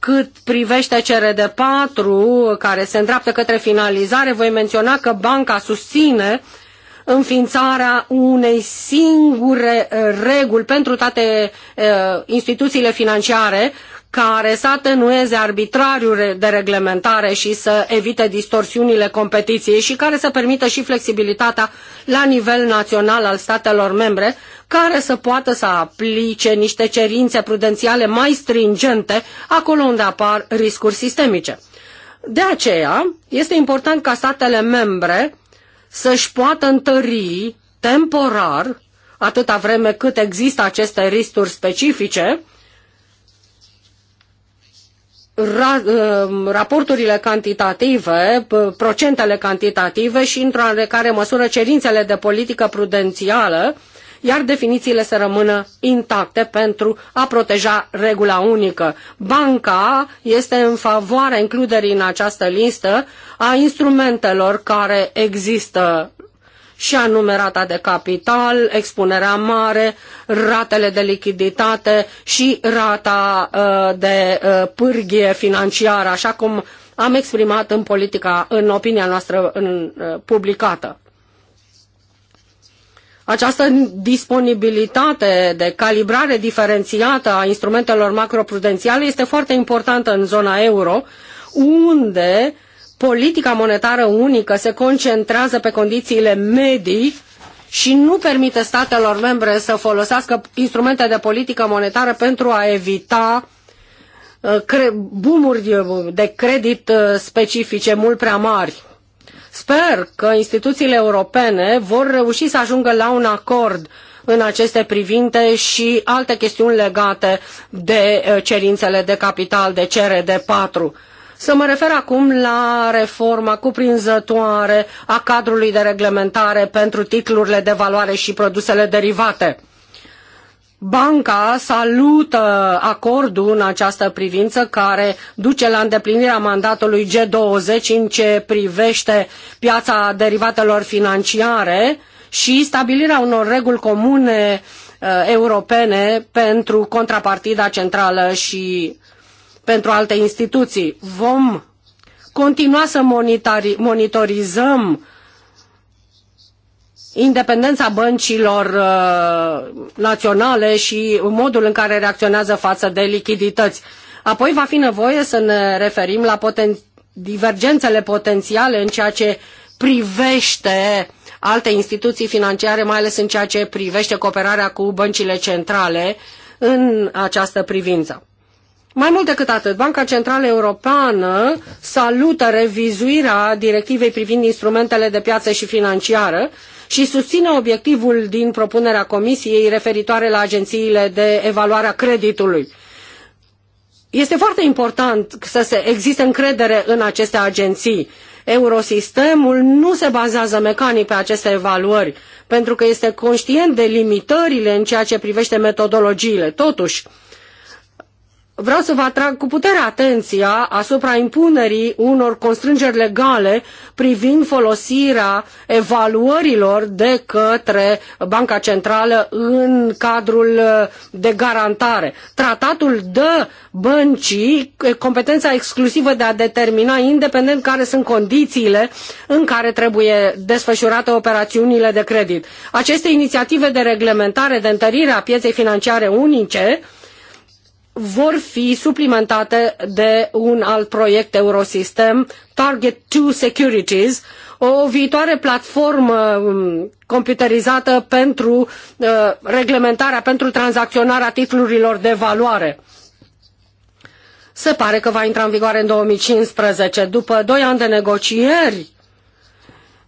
Cât privește CRD 4, care se îndreaptă către finalizare, voi menționa că banca susține uh, înființarea unei singure uh, reguli pentru toate uh, instituțiile financiare care să atenueze arbitrariul de reglementare și să evite distorsiunile competiției și care să permită și flexibilitatea la nivel național al statelor membre, care să poată să aplice niște cerințe prudențiale mai stringente acolo unde apar riscuri sistemice. De aceea, este important ca statele membre să-și poată întări temporar, atâta vreme cât există aceste riscuri specifice, ra, uh, raporturile cantitative, procentele cantitative și, într-o care măsură, cerințele de politică prudențială iar definițiile să rămână intacte pentru a proteja regula unică. Banca este în favoarea includerii în această listă a instrumentelor care există și anume rata de capital, expunerea mare, ratele de lichiditate și rata uh, de uh, pârghie financiară, așa cum am exprimat în politica, în opinia noastră în, uh, publicată această disponibilitate de calibrare diferențiată a instrumentelor macroprudențiale este foarte importantă în zona euro, unde politica monetară unică se concentrează pe condițiile medii și nu permite statelor membre să folosească instrumente de politică monetară pentru a evita uh, bumuri de credit uh, specifice mult prea mari. Sper că instituțiile europene vor reuși să ajungă la un acord în aceste privinte și alte chestiuni legate de eh, cerințele de capital, de crd patru. Să mă refer acum la reforma cuprinzătoare a cadrului de reglementare pentru titlurile de valoare și produsele derivate. Banca salută acordul în această privință care duce la îndeplinirea mandatului G20 în ce privește piața derivatelor financiare și stabilirea unor reguli comune uh, europene pentru contrapartida centrală și pentru alte instituții. Vom continua să monitorizăm independența băncilor uh, naționale și modul în care reacționează față de lichidități. Apoi va fi nevoie să ne referim la poten- divergențele potențiale în ceea ce privește alte instituții financiare, mai ales în ceea ce privește cooperarea cu băncile centrale în această privință. Mai mult decât atât, Banca Centrală Europeană salută revizuirea directivei privind instrumentele de piață și financiară și susține obiectivul din propunerea Comisiei referitoare la agențiile de evaluare a creditului. Este foarte important să se existe încredere în aceste agenții. Eurosistemul nu se bazează mecanic pe aceste evaluări, pentru că este conștient de limitările în ceea ce privește metodologiile. Totuși, Vreau să vă atrag cu putere atenția asupra impunerii unor constrângeri legale privind folosirea evaluărilor de către Banca Centrală în cadrul de garantare. Tratatul dă băncii competența exclusivă de a determina independent care sunt condițiile în care trebuie desfășurate operațiunile de credit. Aceste inițiative de reglementare, de întărire a pieței financiare unice, vor fi suplimentate de un alt proiect Eurosystem, Target 2 Securities, o viitoare platformă um, computerizată pentru uh, reglementarea, pentru tranzacționarea titlurilor de valoare. Se pare că va intra în vigoare în 2015, după doi ani de negocieri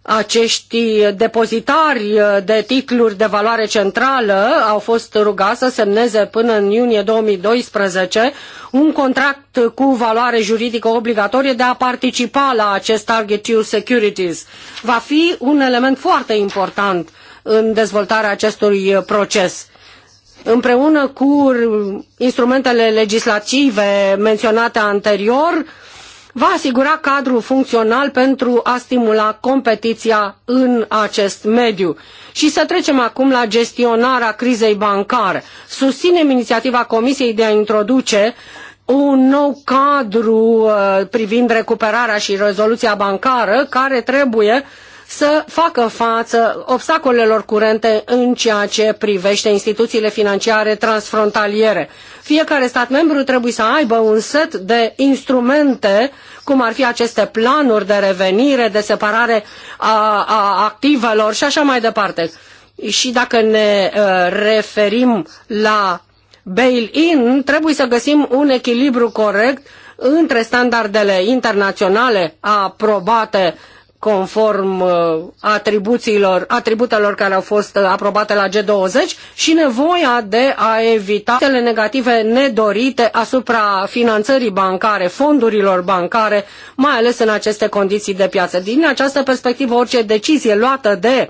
acești depozitari de titluri de valoare centrală au fost rugați să semneze până în iunie 2012 un contract cu valoare juridică obligatorie de a participa la acest Target Two Securities. Va fi un element foarte important în dezvoltarea acestui proces împreună cu instrumentele legislative menționate anterior, va asigura cadrul funcțional pentru a stimula competiția în acest mediu. Și să trecem acum la gestionarea crizei bancare. Susținem inițiativa Comisiei de a introduce un nou cadru uh, privind recuperarea și rezoluția bancară care trebuie uh, să facă față obstacolelor curente în ceea ce privește instituțiile financiare transfrontaliere. Fiecare stat membru trebuie să aibă un set de instrumente, cum ar fi aceste planuri de revenire, de separare a, a activelor și așa mai departe. Și dacă ne uh, referim la bail-in, trebuie să găsim un echilibru corect între standardele internaționale aprobate conform uh, atribuțiilor, atributelor care au fost uh, aprobate la G20 și nevoia de a evita cele negative nedorite asupra finanțării bancare, fondurilor bancare, mai ales în aceste condiții de piață. Din această perspectivă, orice decizie luată de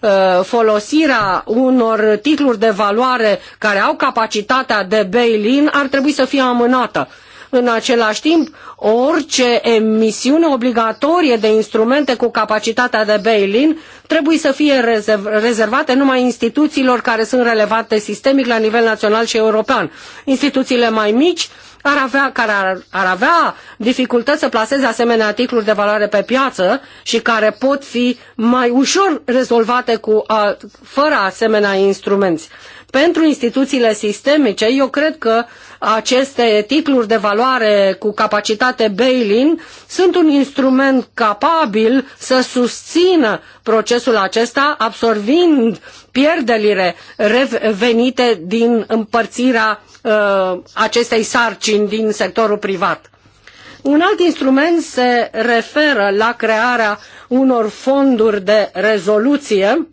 uh, folosirea unor titluri de valoare care au capacitatea de bail-in ar trebui să fie amânată în același timp, orice emisiune obligatorie de instrumente cu capacitatea de bail-in trebuie să fie rezervate numai instituțiilor care sunt relevante sistemic la nivel național și european. Instituțiile mai mici ar avea, care ar, ar avea dificultăți să placeze asemenea titluri de valoare pe piață și care pot fi mai ușor rezolvate cu, a, fără asemenea instrumente. Pentru instituțiile sistemice, eu cred că aceste titluri de valoare cu capacitate bail-in sunt un instrument capabil să susțină procesul acesta, absorbind pierderile revenite din împărțirea uh, acestei sarcini din sectorul privat. Un alt instrument se referă la crearea unor fonduri de rezoluție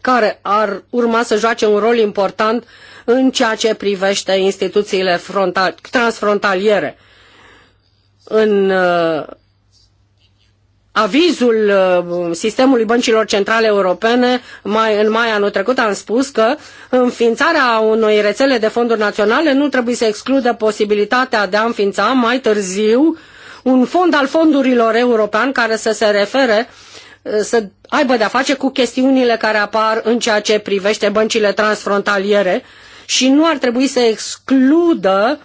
care ar urma să joace un rol important în ceea ce privește instituțiile transfrontaliere. În uh, avizul uh, sistemului băncilor centrale europene mai, în mai anul trecut am spus că înființarea unei rețele de fonduri naționale nu trebuie să excludă posibilitatea de a înființa mai târziu un fond al fondurilor european care să se refere să aibă de-a face cu chestiunile care apar în ceea ce privește băncile transfrontaliere și nu ar trebui să excludă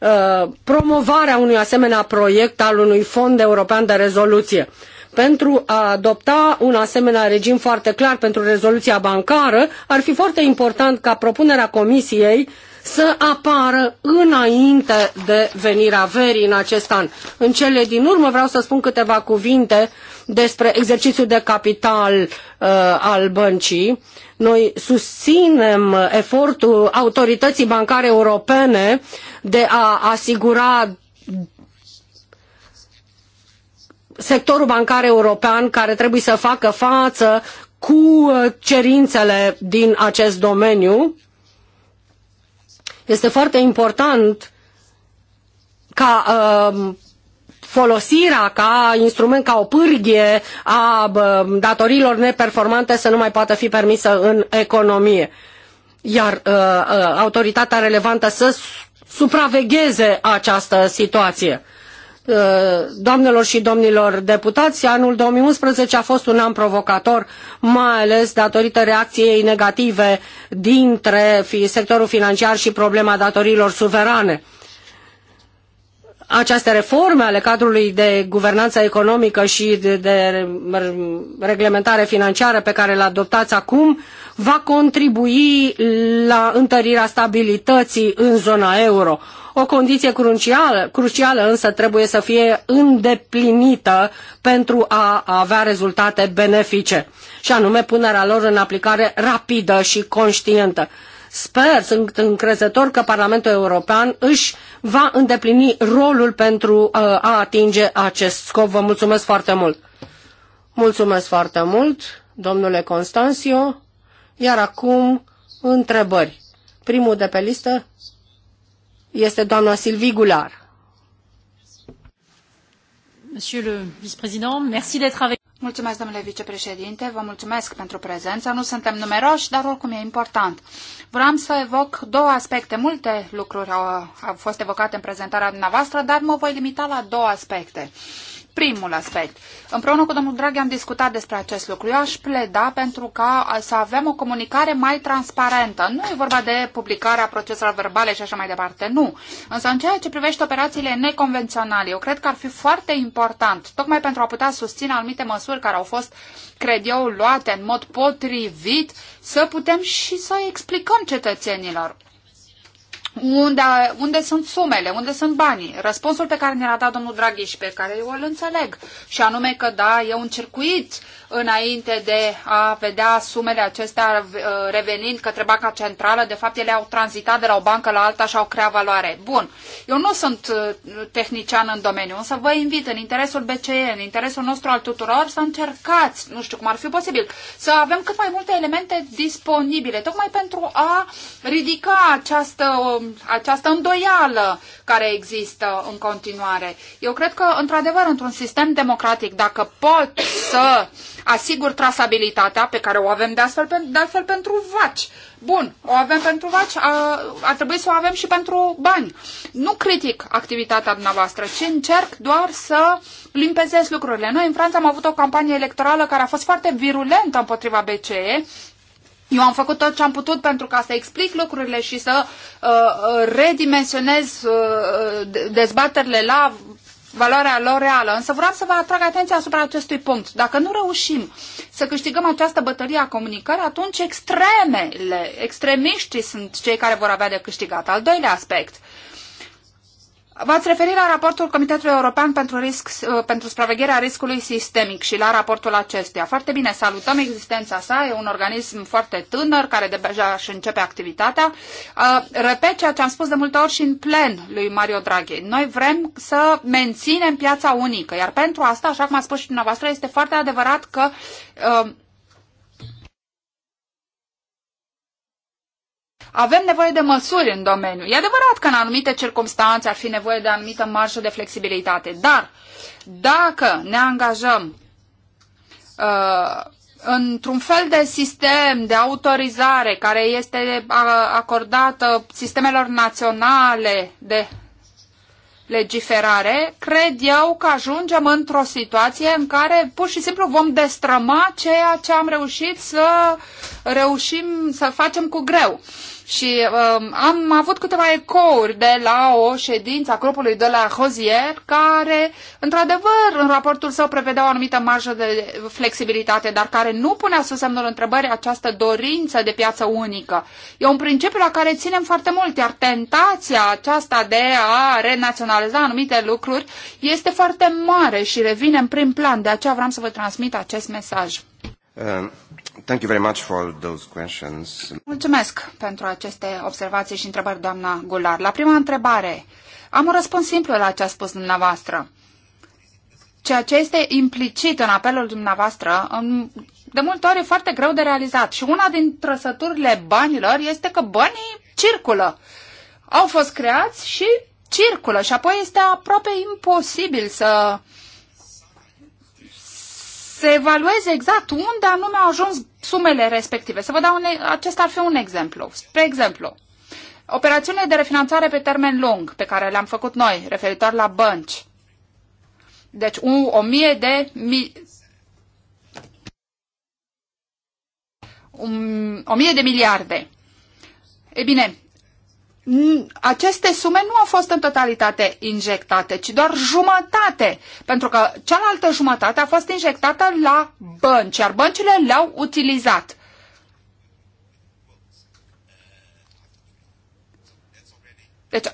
uh, promovarea unui asemenea proiect al unui fond european de rezoluție. Pentru a adopta un asemenea regim foarte clar pentru rezoluția bancară, ar fi foarte important ca propunerea Comisiei uh, să apară înainte de venirea verii în acest an. În cele din urmă vreau să spun câteva cuvinte despre exercițiul de capital uh, al băncii. Noi susținem efortul autorității bancare europene de a asigura sectorul bancar european care trebuie să facă față cu cerințele din acest domeniu este foarte important ca uh, folosirea ca instrument, ca o pârghie a uh, datoriilor neperformante să nu mai poată fi permisă în economie. Iar uh, autoritatea relevantă să supravegheze această situație Uh, doamnelor și domnilor deputați, anul 2011 a fost un an provocator, mai ales datorită reacției negative dintre sectorul financiar și problema datoriilor suverane aceste reforme ale cadrului de guvernanță economică și de, de, reglementare financiară pe care le adoptați acum va contribui la întărirea stabilității în zona euro, o condiție crucială, crucială însă trebuie să fie îndeplinită pentru a avea rezultate benefice, și anume punerea lor în aplicare rapidă și conștientă. Sper, sunt încrezător că Parlamentul European își va îndeplini rolul pentru uh, a atinge acest scop. Vă mulțumesc foarte mult! Mulțumesc foarte mult, domnule Constanțiu. Iar acum, întrebări. Primul de pe listă, este doamna Silvi Gular. Monsieur le vice-président, merci d'être avec Mulțumesc, domnule vicepreședinte, vă mulțumesc pentru prezență. Nu suntem numeroși, dar oricum e important. Vreau să evoc două aspecte. Multe lucruri au, au fost evocate în prezentarea dumneavoastră, dar mă voi limita la două aspecte. Uh, primul aspect. Împreună cu domnul Draghi am discutat despre acest lucru. Eu aș pleda pentru ca să avem o comunicare mai transparentă. Nu e vorba de publicarea proceselor verbale și așa mai departe, nu. Însă în ceea ce privește operațiile neconvenționale, eu cred că ar fi foarte important, tocmai pentru a putea susține anumite măsuri care au fost, cred eu, luate în mod potrivit, să putem și să explicăm cetățenilor unde, unde sunt sumele, unde sunt banii. Răspunsul pe care ne l-a dat domnul Draghi și pe care eu îl înțeleg, și anume că da, e un circuit înainte de a vedea sumele acestea uh, revenind către banca centrală, de fapt ele au tranzitat de la o bancă la alta și au creat valoare. Bun, eu nu sunt uh, tehnician în domeniu, însă vă invit în interesul BCE, în interesul nostru al tuturor, să încercați, nu știu cum ar fi posibil, să avem cât mai multe elemente disponibile, tocmai pentru a ridica această um, această îndoială care există în continuare. Eu cred că, într-adevăr, într-un sistem democratic, dacă pot să asigur trasabilitatea pe care o avem de, astfel, de altfel pentru vaci, bun, o avem pentru vaci, ar trebui să o avem și pentru bani. Nu critic activitatea dumneavoastră, ci încerc doar să limpezez lucrurile. Noi în Franța am avut o campanie electorală care a fost foarte virulentă împotriva BCE, eu am făcut tot ce am putut pentru ca să explic lucrurile și să uh, uh redimensionez uh, dezbaterile la valoarea lor reală. Însă vreau să vă atrag atenția asupra acestui punct. Dacă nu reușim să câștigăm această bătălie a comunicării, atunci extremele, extremiștii sunt cei care vor avea de câștigat. Al doilea aspect. Uh, V-ați referit la raportul Comitetului European pentru, risc, uh, pentru supravegherea riscului sistemic și la raportul acestuia. Foarte bine, salutăm existența sa, e un organism foarte tânăr care deja își începe activitatea. Uh, repet ceea ce am spus de multe ori și în plen lui Mario Draghi. Noi vrem să menținem piața unică, iar pentru asta, așa cum a spus și dumneavoastră, este foarte adevărat că uh, Avem nevoie de măsuri în domeniu. E adevărat că în anumite circunstanțe ar fi nevoie de anumită marjă de flexibilitate, dar dacă ne angajăm uh, într-un fel de sistem de autorizare care este uh, acordată uh, sistemelor naționale de legiferare, cred eu că ajungem într-o situație în care pur și simplu vom destrăma ceea ce am reușit să reușim să facem cu greu și um, am avut câteva ecouri de la o ședință a grupului de la Hozier, care, într-adevăr, în raportul său prevedea o anumită marjă de flexibilitate, dar care nu punea sub semnul întrebării această dorință de piață unică. E un principiu la care ținem foarte mult, iar tentația aceasta de a renaționaliza anumite lucruri este foarte mare și revine în prim plan. De aceea vreau să vă transmit acest mesaj. Uh, Thank you very much for those questions. Mulțumesc pentru aceste observații și întrebări, doamna Gular. La prima întrebare, am un răspuns simplu la ce a spus dumneavoastră. Ceea ce este implicit în apelul dumneavoastră, de multe ori e foarte greu de realizat. Și una din trăsăturile banilor este că banii circulă. Au fost creați și circulă și apoi este aproape imposibil să uh, se evalueze exact unde anume au ajuns sumele respective. Să vă dau un, acesta ar fi un exemplu. Spre exemplu, operațiunile de refinanțare pe termen lung pe care le-am făcut noi, referitor la bănci. Deci, un, o mie de mi, um, o mie de miliarde. E bine, aceste sume nu au fost în totalitate injectate, ci doar jumătate, pentru că cealaltă jumătate a fost injectată la bănci, iar băncile le-au utilizat. Deci,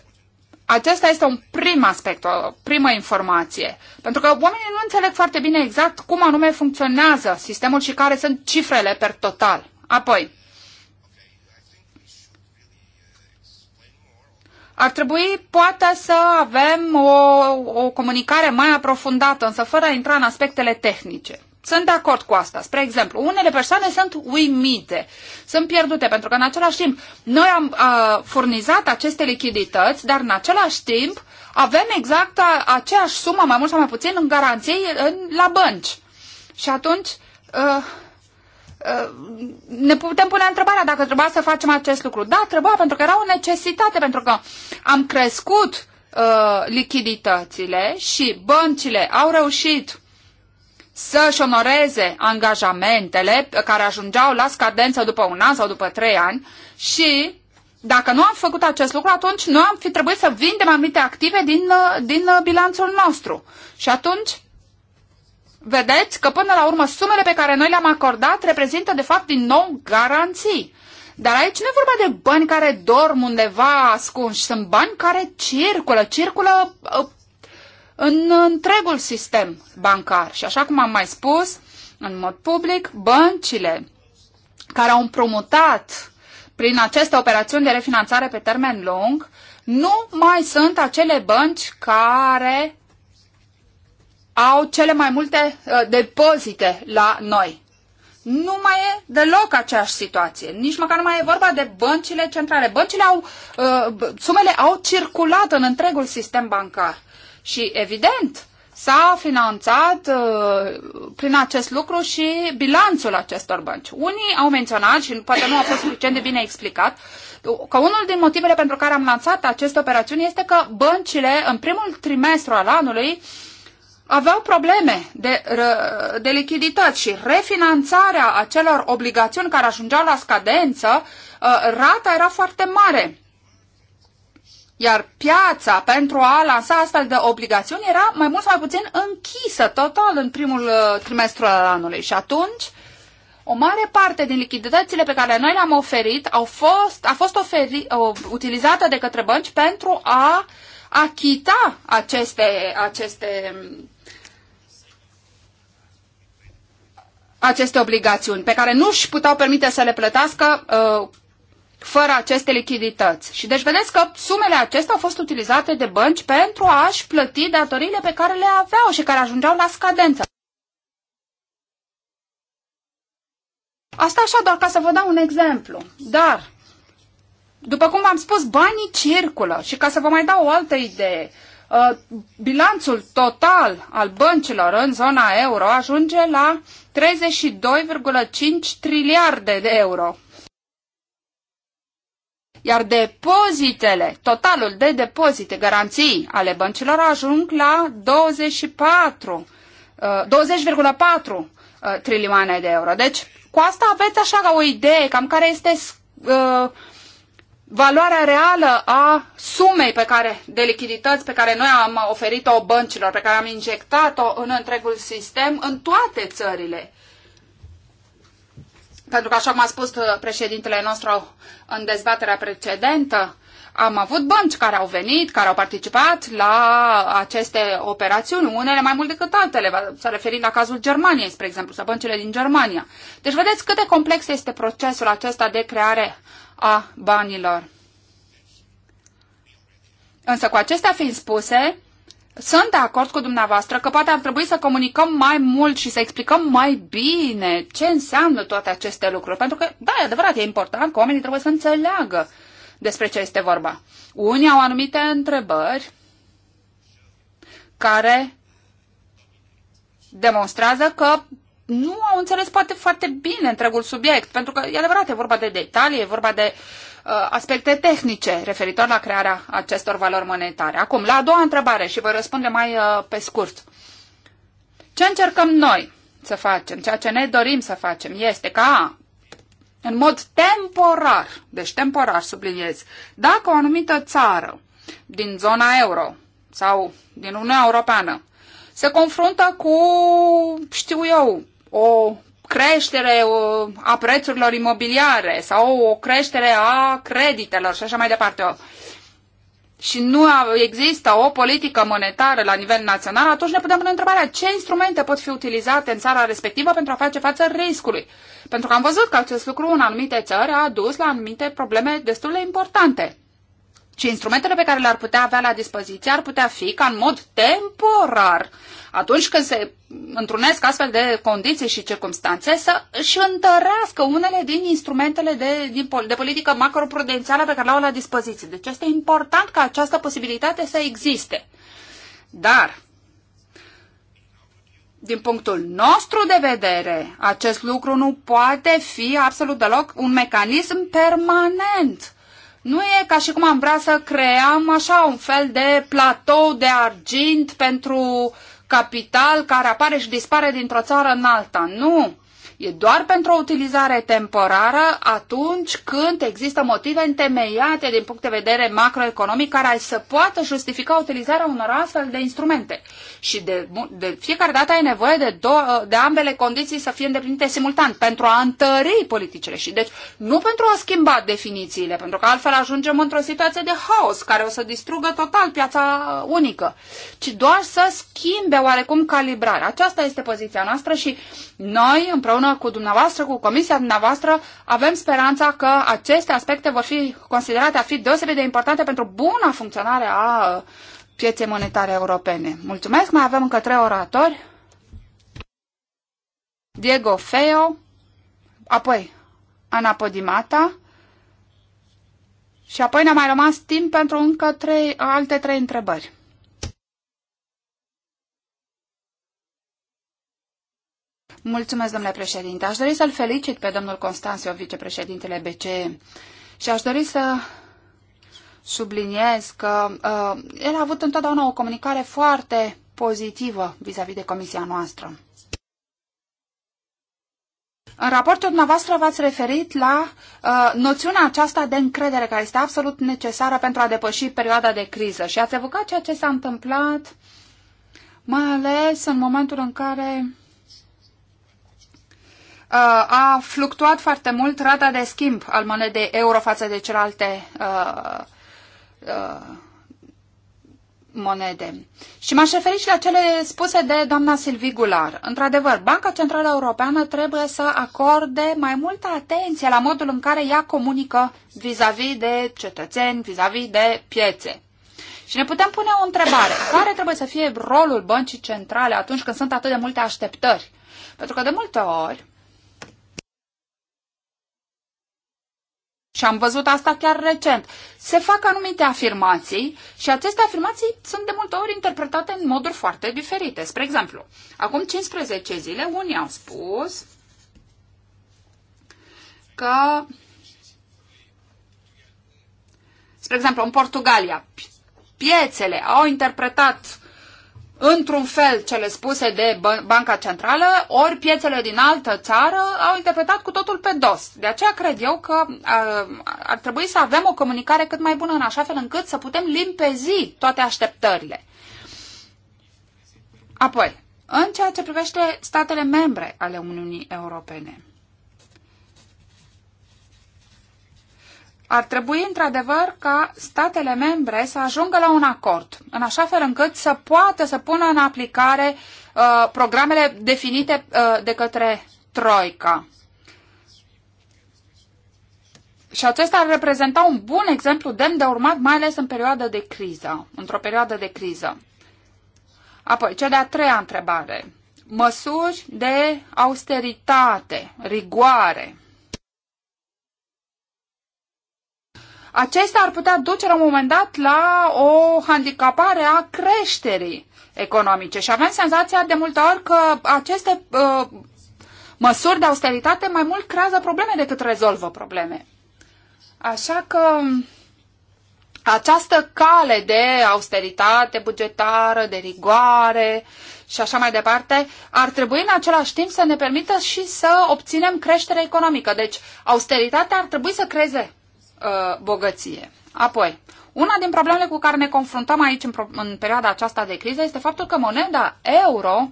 acesta este un prim aspect, o primă informație. Pentru că oamenii nu înțeleg foarte bine exact cum anume funcționează sistemul și care sunt cifrele per total. Apoi, Ar trebui poate să avem o, o comunicare mai aprofundată, însă fără a intra în aspectele tehnice. Sunt de acord cu asta. Spre exemplu, unele persoane sunt uimite, sunt pierdute, pentru că în același timp noi am a, furnizat aceste lichidități, dar în același timp avem exact a, aceeași sumă, mai mult sau mai puțin, în garanții în, la bănci. Și atunci, a, ne putem pune întrebarea dacă trebuia să facem acest lucru. Da, trebuia, pentru că era o necesitate, pentru că am crescut uh, lichiditățile și băncile au reușit să-și onoreze angajamentele care ajungeau la scadență după un an sau după trei ani și dacă nu am făcut acest lucru, atunci nu am fi trebuit să vindem anumite active din, uh, din uh, bilanțul nostru. Și atunci vedeți că până la urmă sumele pe care noi le-am acordat reprezintă de fapt din nou garanții. Dar aici nu e vorba de bani care dorm undeva ascunși, sunt bani care circulă, circulă uh, în întregul sistem bancar. Și așa cum am mai spus, în mod public, băncile care au împrumutat prin aceste operațiuni de refinanțare pe termen lung, nu mai sunt acele bănci care au cele mai multe uh, depozite la noi. Nu mai e deloc aceeași situație. Nici măcar nu mai e vorba de băncile centrale. Băncile au, uh, sumele au circulat în întregul sistem bancar. Și evident, s-a finanțat uh, prin acest lucru și bilanțul acestor bănci. Unii au menționat, și poate nu a fost suficient de bine explicat, că unul din motivele pentru care am lansat aceste operațiuni este că băncile, în primul trimestru al anului, uh, aveau probleme de, de lichidități și refinanțarea acelor obligațiuni care ajungeau la scadență, uh, rata era foarte mare. Iar piața pentru a lansa astfel de obligațiuni era mai mult sau mai puțin închisă total în primul uh, trimestru al anului. Și atunci, o mare parte din lichiditățile pe care noi le-am oferit au fost, a fost oferi, utilizată de către bănci pentru a achita aceste, aceste aceste obligațiuni, pe care nu își puteau permite să le plătească uh, fără aceste lichidități. Și deci vedeți că sumele acestea au fost utilizate de bănci pentru a-și plăti datoriile pe care le aveau și care ajungeau la scadență. Asta așa doar ca să vă dau un exemplu. Dar, după cum v-am spus, banii circulă. Și ca să vă mai dau o altă idee, Uh, bilanțul total al băncilor în zona euro ajunge la 32,5 triliarde de euro. Iar depozitele, totalul de depozite, garanții ale băncilor ajung la 24, 20,4 uh, uh, trilioane de euro. Deci, cu asta aveți așa o idee cam care este uh, valoarea reală a sumei pe care, de lichidități pe care noi am oferit-o băncilor, pe care am injectat-o în întregul sistem, în toate țările. Pentru că, așa cum a spus uh, președintele nostru în dezbaterea precedentă, am avut bănci care au venit, care au participat la aceste operațiuni, unele mai mult decât altele. S-a referit la cazul Germaniei, spre exemplu, sau băncile din Germania. Deci vedeți cât de complex este procesul acesta de creare a banilor. Însă cu acestea fiind spuse, sunt de acord cu dumneavoastră că poate ar trebui să comunicăm mai mult și să explicăm mai bine ce înseamnă toate aceste lucruri. Pentru că, da, e adevărat, e important că oamenii trebuie să înțeleagă despre ce este vorba. Unii au anumite întrebări care demonstrează că nu au înțeles poate foarte bine întregul subiect, pentru că e adevărat, e vorba de detalii, e vorba de uh, aspecte tehnice referitor la crearea acestor valori monetare. Acum, la a doua întrebare și voi răspunde mai uh, pe scurt. Ce încercăm noi să facem, ceea ce ne dorim să facem, este ca în mod temporar, deci temporar subliniez, dacă o anumită țară din zona euro sau din Uniunea Europeană se confruntă cu, știu eu, o creștere a prețurilor imobiliare sau o creștere a creditelor și așa mai departe și nu există o politică monetară la nivel național, atunci ne putem pune întrebarea ce instrumente pot fi utilizate în țara respectivă pentru a face față riscului. Pentru că am văzut că acest lucru în anumite țări a dus la anumite probleme destul de importante. Și instrumentele pe care le-ar putea avea la dispoziție ar putea fi ca în mod temporar atunci când se întrunesc astfel de condiții și circunstanțe, să își întărească unele din instrumentele de, din, de politică macroprudențială pe care le au la dispoziție. Deci este important ca această posibilitate să existe. Dar, din punctul nostru de vedere, acest lucru nu poate fi absolut deloc un mecanism permanent. Nu e ca și cum am vrea să creăm așa un fel de platou de argint pentru uh, capital care apare și dispare dintr-o țară în alta. Nu! e doar pentru o utilizare temporară atunci când există motive întemeiate din punct de vedere macroeconomic care să poată justifica utilizarea unor astfel de instrumente. Și de, de fiecare dată ai nevoie de, do- de ambele condiții să fie îndeplinite simultan pentru a întări politicile și deci nu pentru a schimba definițiile, pentru că altfel ajungem într-o situație de haos care o să distrugă total piața unică, ci doar să schimbe oarecum calibrarea. Aceasta este poziția noastră și noi împreună împreună cu dumneavoastră, cu comisia dumneavoastră, avem speranța că aceste aspecte vor fi considerate a fi deosebit de importante pentru buna funcționare a uh, pieței monetare europene. Mulțumesc, mai avem încă trei oratori. Diego Feo, apoi Ana Podimata și apoi ne-a mai rămas timp pentru încă trei, alte trei întrebări. Mulțumesc, domnule președinte. Aș dori să-l felicit pe domnul Constanțiu, vicepreședintele BCE. Și aș dori să subliniez că uh, el a avut întotdeauna o comunicare foarte pozitivă vis-a-vis -vis de comisia noastră. În raportul dumneavoastră v-ați referit la uh, noțiunea aceasta de încredere care este absolut necesară pentru a depăși perioada de criză și ați evocat ceea ce s-a întâmplat, mai ales în momentul în care Uh, a fluctuat foarte mult rata de schimb al monedei euro față de celelalte uh, uh, monede. Și m-aș referi și la cele spuse de doamna Silvi Gular. Într-adevăr, Banca Centrală Europeană trebuie să acorde mai multă atenție la modul în care ea comunică vis-a-vis -vis de cetățeni, vis-a-vis -vis de piețe. Și ne putem pune o întrebare. Care trebuie să fie rolul băncii centrale atunci când sunt atât de multe așteptări? Pentru că de multe ori, și am văzut asta chiar recent, se fac anumite afirmații și aceste afirmații sunt de multe ori interpretate în moduri foarte diferite. Spre exemplu, acum 15 zile unii au spus că, spre exemplu, în Portugalia, piețele au interpretat într-un fel cele spuse de Banca Centrală, ori piețele din altă țară au interpretat cu totul pe dos. De aceea cred eu că uh, ar trebui să avem o comunicare cât mai bună în așa fel încât să putem limpezi toate așteptările. Apoi, în ceea ce privește statele membre ale Uniunii Europene. ar trebui într-adevăr ca statele membre să ajungă la un acord, în așa fel încât să poată să pună în aplicare uh, programele definite uh, de către Troica. Și acesta ar reprezenta un bun exemplu demn de urmat, mai ales în perioada de criză, într-o perioadă de criză. Apoi, cea de-a treia întrebare. Măsuri de austeritate, rigoare, acestea ar putea duce la un moment dat la o handicapare a creșterii economice. Și avem senzația de multe ori că aceste uh, măsuri de austeritate mai mult creează probleme decât rezolvă probleme. Așa că această cale de austeritate bugetară, de rigoare și așa mai departe, ar trebui în același timp să ne permită și să obținem creștere economică. Deci austeritatea ar trebui să creeze uh, bogăție. Apoi, una din problemele cu care ne confruntăm aici în, în perioada aceasta de criză este faptul că moneda euro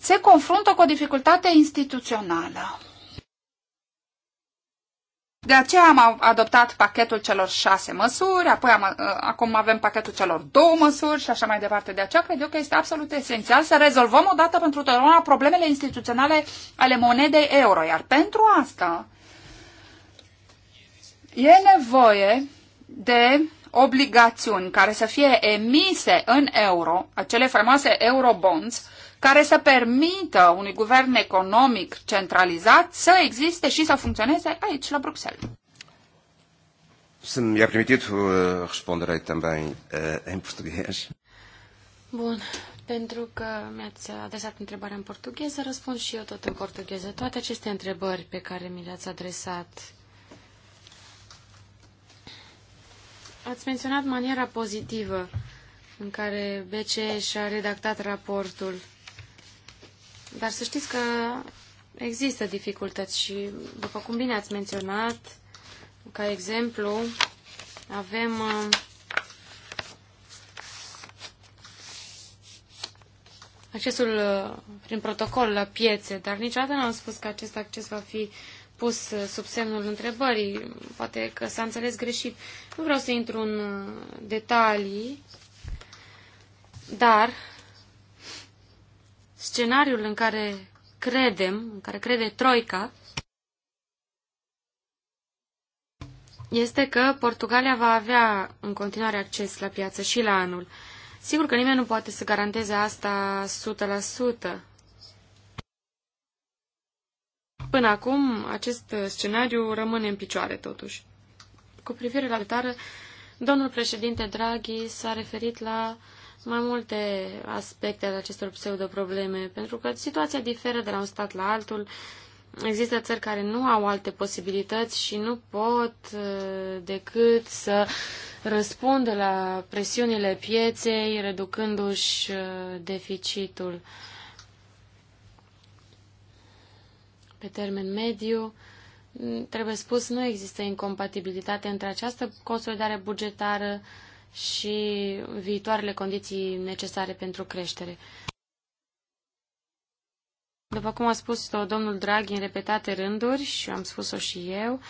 se confruntă cu o dificultate instituțională. De aceea am adoptat pachetul celor șase măsuri, apoi am, uh, acum avem pachetul celor două măsuri și așa mai departe. De aceea cred eu că este absolut esențial să rezolvăm odată pentru totdeauna problemele instituționale ale monedei euro. Iar pentru asta E nevoie de obligațiuni care să fie emise în euro, acele frumoase eurobonds, care să permită unui guvern economic centralizat să existe și să funcționeze aici, la Bruxelles. Se mi-a permitit, uh, răspunderei também uh, în português. Bun, pentru că mi-ați adresat întrebarea în portugheză, răspund și eu tot în portugheză. Toate aceste întrebări pe care mi le-ați adresat Ați menționat maniera pozitivă în care BCE și-a redactat raportul. Dar să știți că există dificultăți și, după cum bine ați menționat, ca exemplu, avem uh, accesul uh, prin protocol la piețe, dar niciodată n-am spus că acest acces va fi uh, pus sub semnul întrebării. Poate că s-a înțeles greșit. Nu vreau să intru în detalii, dar scenariul în care credem, în care crede Troica, este că Portugalia va avea în continuare acces la piață și la anul. Sigur că nimeni nu poate să garanteze asta 100%, Până acum, acest scenariu rămâne în picioare, totuși. Cu privire la altară, domnul președinte Draghi s-a referit la mai multe aspecte ale acestor pseudoprobleme, pentru că situația diferă de la un stat la altul. Există țări care nu au alte posibilități și nu pot uh, decât să răspundă la presiunile pieței, reducându-și uh, deficitul. pe termen mediu, mm, trebuie spus, nu există incompatibilitate între această consolidare bugetară și viitoarele condiții necesare pentru creștere. După cum a spus-o domnul Draghi în repetate rânduri și am spus-o și eu,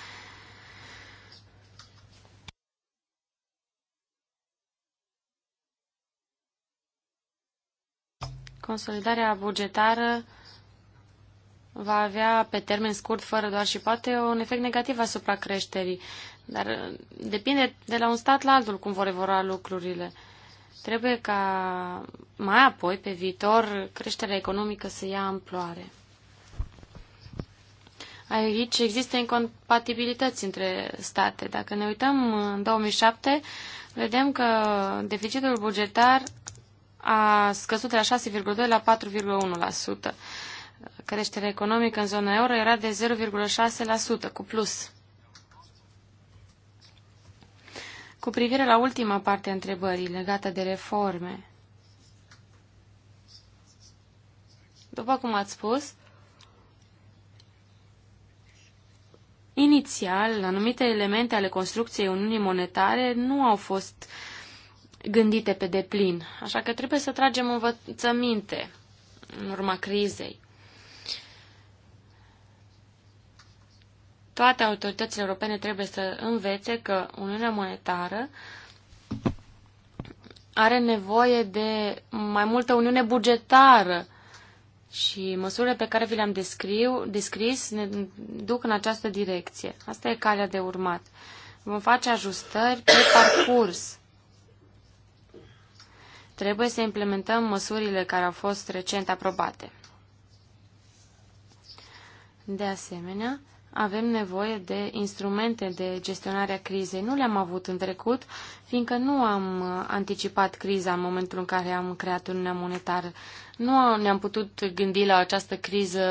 consolidarea bugetară va avea pe termen scurt, fără doar și poate, un efect negativ asupra creșterii. Dar uh, depinde de la un stat la altul cum vor evolua lucrurile. Trebuie ca mai apoi, pe viitor, creșterea economică să ia amploare. Aici există incompatibilități între state. Dacă ne uităm în 2007, vedem că deficitul bugetar a scăzut de la 6,2 la 4,1% creștere economică în zona euro era de 0,6% cu plus. Cu privire la ultima parte a întrebării legată de reforme, după cum ați spus, inițial, anumite elemente ale construcției Uniunii Monetare nu au fost gândite pe deplin, așa că trebuie să tragem învățăminte în urma crizei. Toate autoritățile europene trebuie să învețe că Uniunea Monetară are nevoie de mai multă uniune bugetară și măsurile pe care vi le-am descriu, descris ne duc în această direcție. Asta e calea de urmat. Vom face ajustări pe parcurs. Trebuie să implementăm măsurile care au fost recent aprobate. De asemenea, avem nevoie de instrumente de gestionare a crizei. Nu le-am avut în trecut, fiindcă nu am anticipat criza în momentul în care am creat Uniunea Monetară. Nu ne-am putut gândi la această criză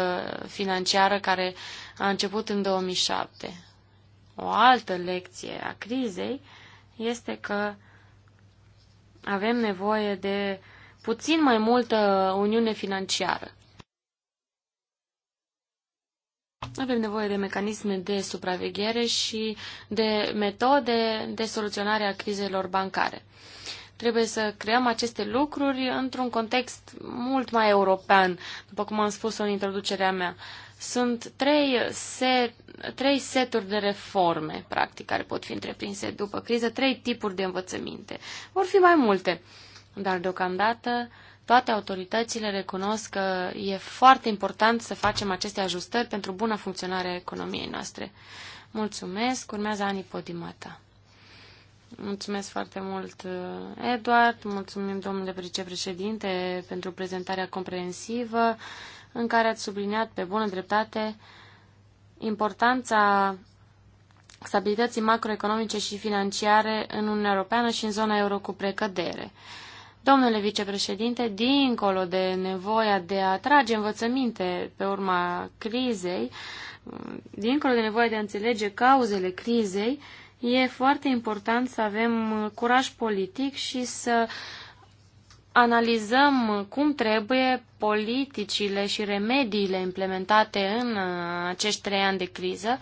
financiară care a început în 2007. O altă lecție a crizei este că avem nevoie de puțin mai multă uniune financiară. Avem nevoie de mecanisme de supraveghere și de metode de soluționare a crizelor bancare. Trebuie să creăm aceste lucruri într-un context mult mai european, după cum am spus în introducerea mea. Sunt trei, set, trei seturi de reforme, practic, care pot fi întreprinse după criză, trei tipuri de învățăminte. Vor fi mai multe, dar deocamdată toate autoritățile recunosc că e foarte important să facem aceste ajustări pentru buna funcționare a economiei noastre. Mulțumesc, urmează Ani Podimata. Mulțumesc foarte mult, uh, Eduard. Mulțumim, domnule vicepreședinte, pentru prezentarea comprehensivă în care ați subliniat pe bună dreptate importanța stabilității macroeconomice și financiare în Uniunea Europeană și în zona euro cu precădere. Domnule vicepreședinte, dincolo de nevoia de a trage învățăminte pe urma crizei, dincolo de nevoia de a înțelege cauzele crizei, e foarte important să avem curaj politic și să analizăm cum trebuie politicile și remediile implementate în acești trei ani de criză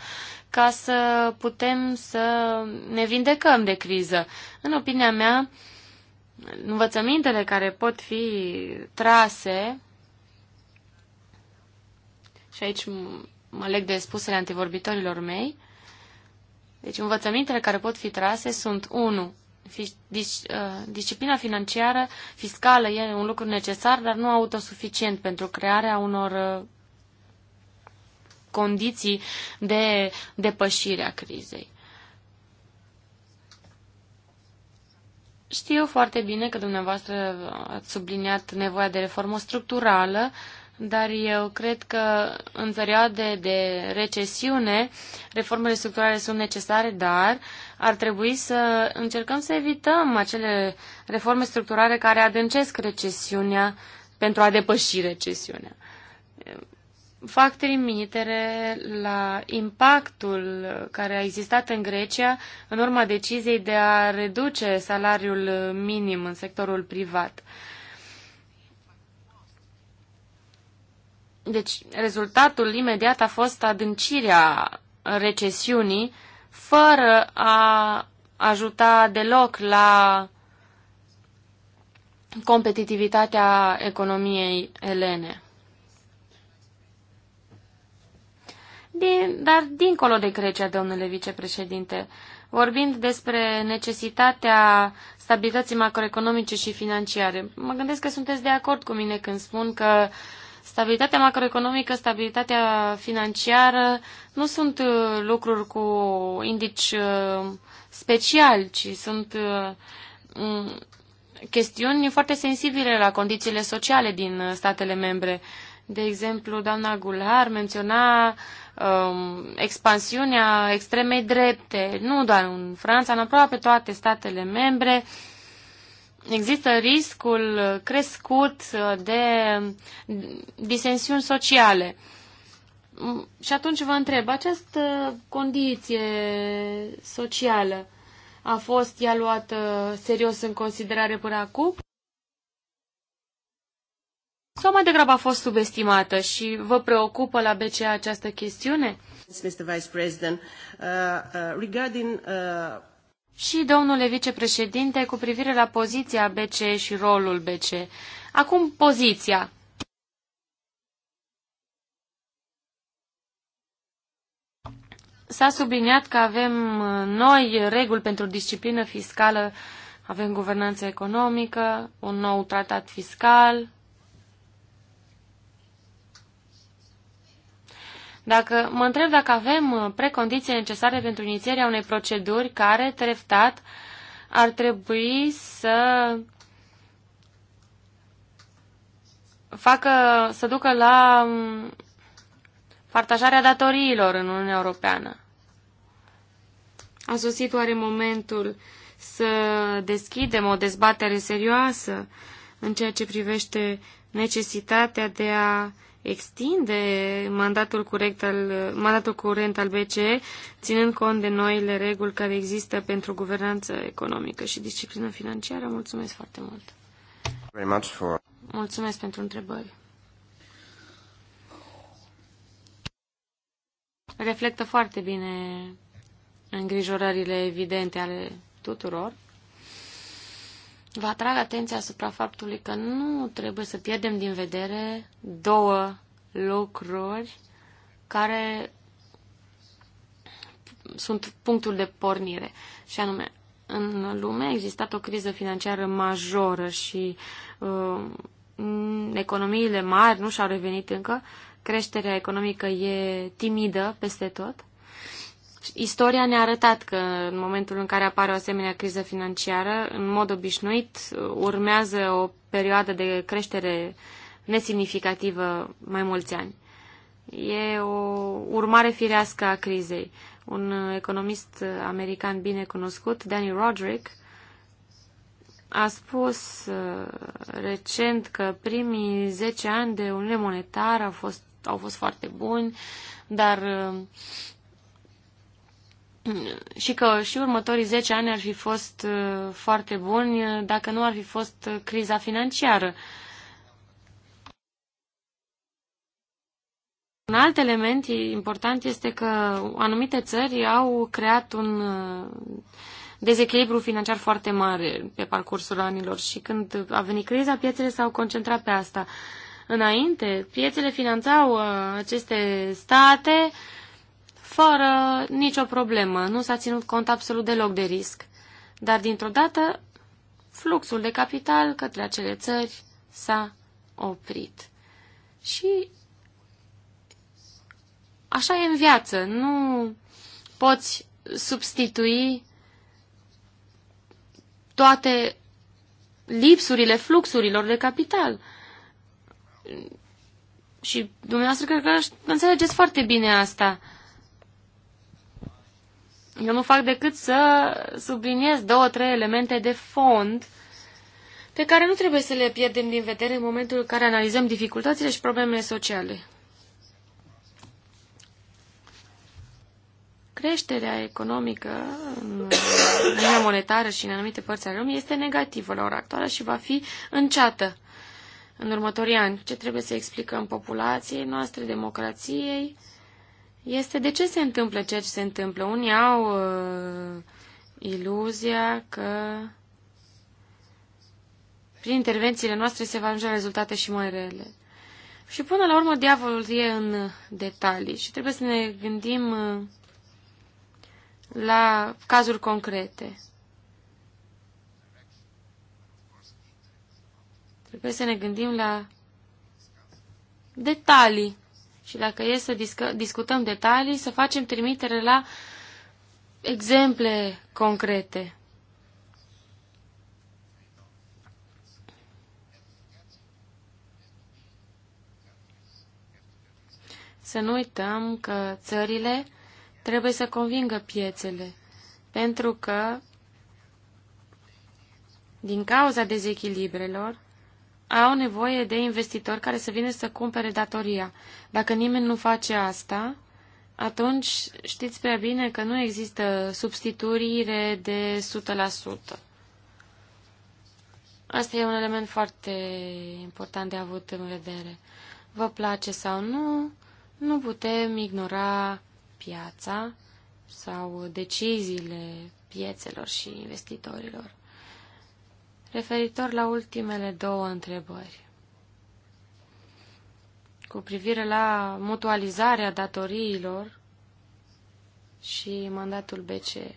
ca să putem să ne vindecăm de criză. În opinia mea, învățămintele care pot fi trase, și aici mă leg de spusele antivorbitorilor mei, deci învățămintele care pot fi trase sunt 1. Uh, disciplina financiară, fiscală e un lucru necesar, dar nu autosuficient pentru crearea unor uh, condiții de depășire a crizei. Știu foarte bine că dumneavoastră ați subliniat nevoia de reformă structurală, dar eu cred că în perioade de recesiune reformele structurale sunt necesare, dar ar trebui să încercăm să evităm acele reforme structurale care adâncesc recesiunea pentru a depăși recesiunea fac trimitere la impactul care a existat în Grecia în urma deciziei de a reduce salariul minim în sectorul privat. Deci, rezultatul imediat a fost adâncirea recesiunii fără a ajuta deloc la competitivitatea economiei elene. Din, dar dincolo de Grecia, domnule vicepreședinte, vorbind despre necesitatea stabilității macroeconomice și financiare, mă gândesc că sunteți de acord cu mine când spun că stabilitatea macroeconomică, stabilitatea financiară nu sunt uh, lucruri cu indici uh, special, ci sunt uh, chestiuni foarte sensibile la condițiile sociale din statele membre. De exemplu, doamna Gular menționa um, expansiunea extremei drepte, nu doar în Franța, în aproape toate statele membre. Există riscul crescut uh, de disensiuni sociale. Mm, și atunci vă întreb, această condiție socială a fost ea luată serios în considerare până acum? Sau mai degrabă a fost subestimată și vă preocupă la BCE această chestiune? Mr. Vice President, uh, uh, regarding, uh... Și, domnule vicepreședinte, cu privire la poziția BCE și rolul BCE. Acum poziția. S-a subliniat că avem uh, noi reguli pentru disciplină fiscală, avem guvernanță economică, un nou tratat fiscal, Dacă mă întreb dacă avem uh, precondiții necesare pentru inițierea unei proceduri care, treptat, ar trebui să facă, să ducă la mm, partajarea datoriilor în Uniunea Europeană. A sosit oare momentul să deschidem o dezbatere serioasă în ceea ce privește necesitatea de a extinde mandatul curent, al, mandatul curent al BCE, ținând cont de noile reguli care există pentru guvernanță economică și disciplină financiară. Mulțumesc foarte mult! Very much for... Mulțumesc pentru întrebări. Reflectă foarte bine îngrijorările evidente ale tuturor. Vă atrag atenția asupra faptului că nu trebuie să pierdem din vedere două lucruri care sunt punctul de pornire. Și anume, în lume a existat o criză financiară majoră și uh, economiile mari nu și-au revenit încă, creșterea economică e timidă peste tot Istoria ne-a arătat că în momentul în care apare o asemenea criză financiară, în mod obișnuit, urmează o perioadă de creștere nesignificativă mai mulți ani. E o urmare firească a crizei. Un economist american bine cunoscut, Danny Roderick, a spus uh, recent că primii 10 ani de Uniune Monetară au fost, au fost foarte buni, dar uh, și că și următorii 10 ani ar fi fost uh, foarte buni uh, dacă nu ar fi fost uh, criza financiară. Un alt element important este că anumite țări au creat un dezechilibru financiar foarte mare pe parcursul anilor și când a venit criza, piețele s-au concentrat pe asta. Înainte, piețele finanțau aceste state fără nicio problemă. Nu s-a ținut cont absolut deloc de risc. Dar dintr-o dată, fluxul de capital către acele țări s-a oprit. Și așa e în viață. Nu poți substitui toate lipsurile fluxurilor de capital. Și dumneavoastră cred că înțelegeți foarte bine asta. Eu nu fac decât să subliniez două, trei elemente de fond pe care nu trebuie să le pierdem din vedere în momentul în care analizăm dificultățile și problemele sociale. Creșterea economică în linia monetară și în anumite părți ale lumii este negativă la ora actuală și va fi înceată în următorii ani. Ce trebuie să explicăm populației noastre, democrației, este de ce se întâmplă ceea ce se întâmplă. Unii au uh, iluzia că prin intervențiile noastre se va ajunge rezultate și mai rele. Și până la urmă diavolul e în detalii și trebuie să ne gândim uh, la cazuri concrete. Trebuie să ne gândim la detalii și dacă e să discutăm detalii, să facem trimitere la exemple concrete. Să nu uităm că țările trebuie să convingă piețele, pentru că, din cauza dezechilibrelor, au nevoie de investitori care să vină să cumpere datoria. Dacă nimeni nu face asta, atunci știți prea bine că nu există substituire de 100%. Asta e un element foarte important de avut în vedere. Vă place sau nu, nu putem ignora piața sau deciziile piețelor și investitorilor. Referitor la ultimele două întrebări, cu privire la mutualizarea datoriilor și mandatul BCE.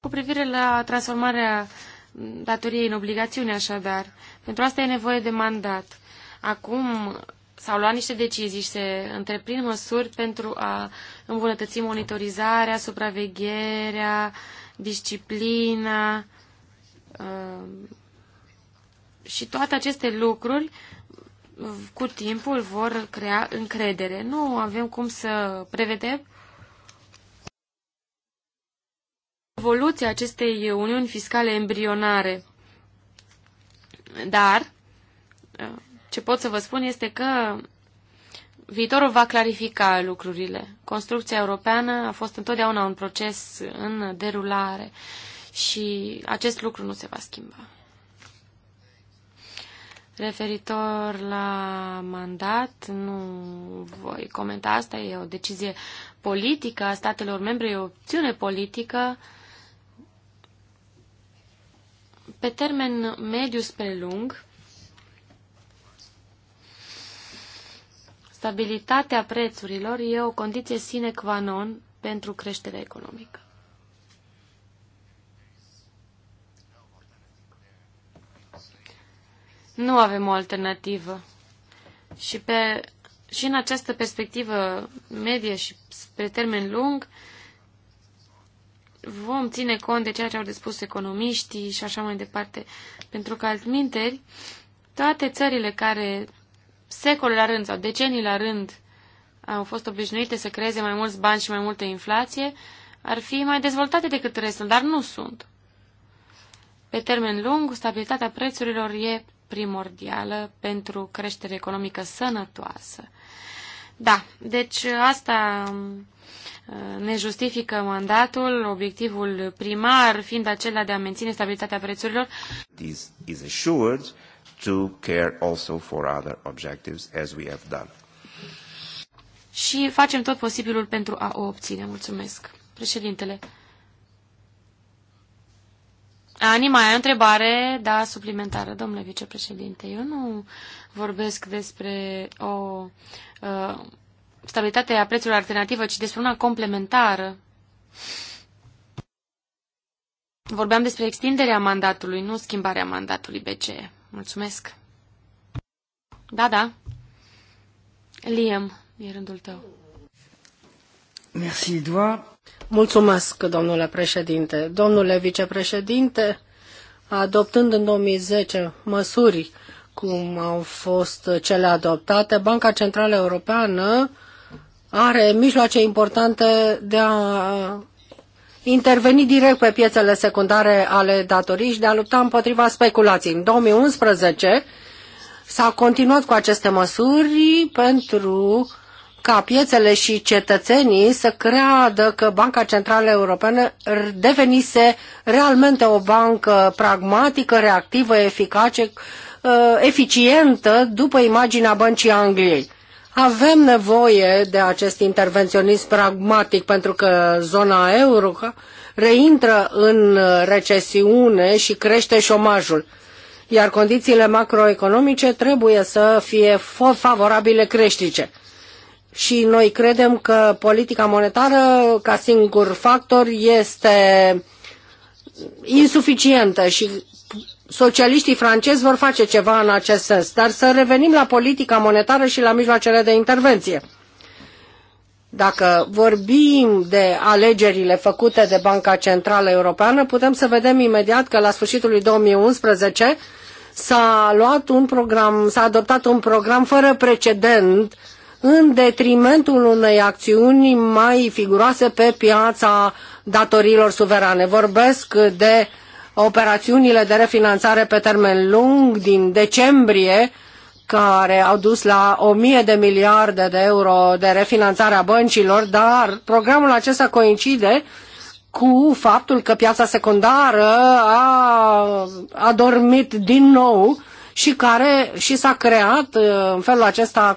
Cu privire la transformarea datoriei în obligațiune, așadar, pentru asta e nevoie de mandat. Acum s-au luat niște decizii și se întreprind măsuri pentru a îmbunătăți monitorizarea, supravegherea, disciplina um, și toate aceste lucruri cu timpul vor crea încredere. Nu avem cum să prevedem evoluția acestei uniuni fiscale embrionare. Dar ce pot să vă spun este că viitorul va clarifica lucrurile. Construcția europeană a fost întotdeauna un proces în derulare și acest lucru nu se va schimba. Referitor la mandat, nu voi comenta asta, e o decizie politică a statelor membre, e o opțiune politică. Pe termen mediu spre lung, Stabilitatea prețurilor e o condiție sine qua non pentru creșterea economică. Nu avem o alternativă. Și, pe, și în această perspectivă medie și pe termen lung, vom ține cont de ceea ce au de spus economiștii și așa mai departe. Pentru că, altminteri, toate țările care secole la rând sau decenii la rând au fost obișnuite să creeze mai mulți bani și mai multă inflație, ar fi mai dezvoltate decât restul, dar nu sunt. Pe termen lung, stabilitatea prețurilor e primordială pentru creștere economică sănătoasă. Da, deci asta um, ne justifică mandatul, obiectivul primar fiind acela de a menține stabilitatea prețurilor. is assured to care also for other objectives as we have done. Și facem tot posibilul pentru a o obține. Mulțumesc, președintele. Ani, mai ai o întrebare? Da, suplimentară, domnule vicepreședinte. Eu nu vorbesc despre o uh, stabilitate a prețurilor alternativă, ci despre una complementară. Vorbeam despre extinderea mandatului, nu schimbarea mandatului BCE. Mulțumesc. Da, da. Liam, e rândul tău. Merci, Edouard. Mulțumesc, domnule președinte. Domnule vicepreședinte, adoptând în 2010 măsuri cum au fost cele adoptate, Banca Centrală Europeană are mijloace importante de a interveni direct pe piețele secundare ale datorii și de a lupta împotriva speculației. În 2011 s-a continuat cu aceste măsuri pentru ca piețele și cetățenii să creadă că Banca Centrală Europeană devenise realmente o bancă pragmatică, reactivă, eficace, uh, eficientă după imaginea băncii Angliei. Avem nevoie de acest intervenționism pragmatic pentru că zona euro reintră în recesiune și crește șomajul, iar condițiile macroeconomice trebuie să fie favorabile creștice. Și noi credem că politica monetară, ca singur factor, este insuficientă și socialiștii francezi vor face ceva în acest sens. Dar să revenim la politica monetară și la mijloacele de intervenție. Dacă vorbim de alegerile făcute de Banca Centrală Europeană, putem să vedem imediat că la sfârșitul lui 2011 s-a luat un program, s-a adoptat un program fără precedent în detrimentul unei acțiuni mai figuroase pe piața datoriilor suverane. Vorbesc de uh, operațiunile de refinanțare pe termen lung din decembrie, care au dus la 1000 de miliarde de euro de refinanțare a băncilor, dar programul acesta coincide cu faptul că piața secundară a, a dormit din nou și care și s-a creat uh, în felul acesta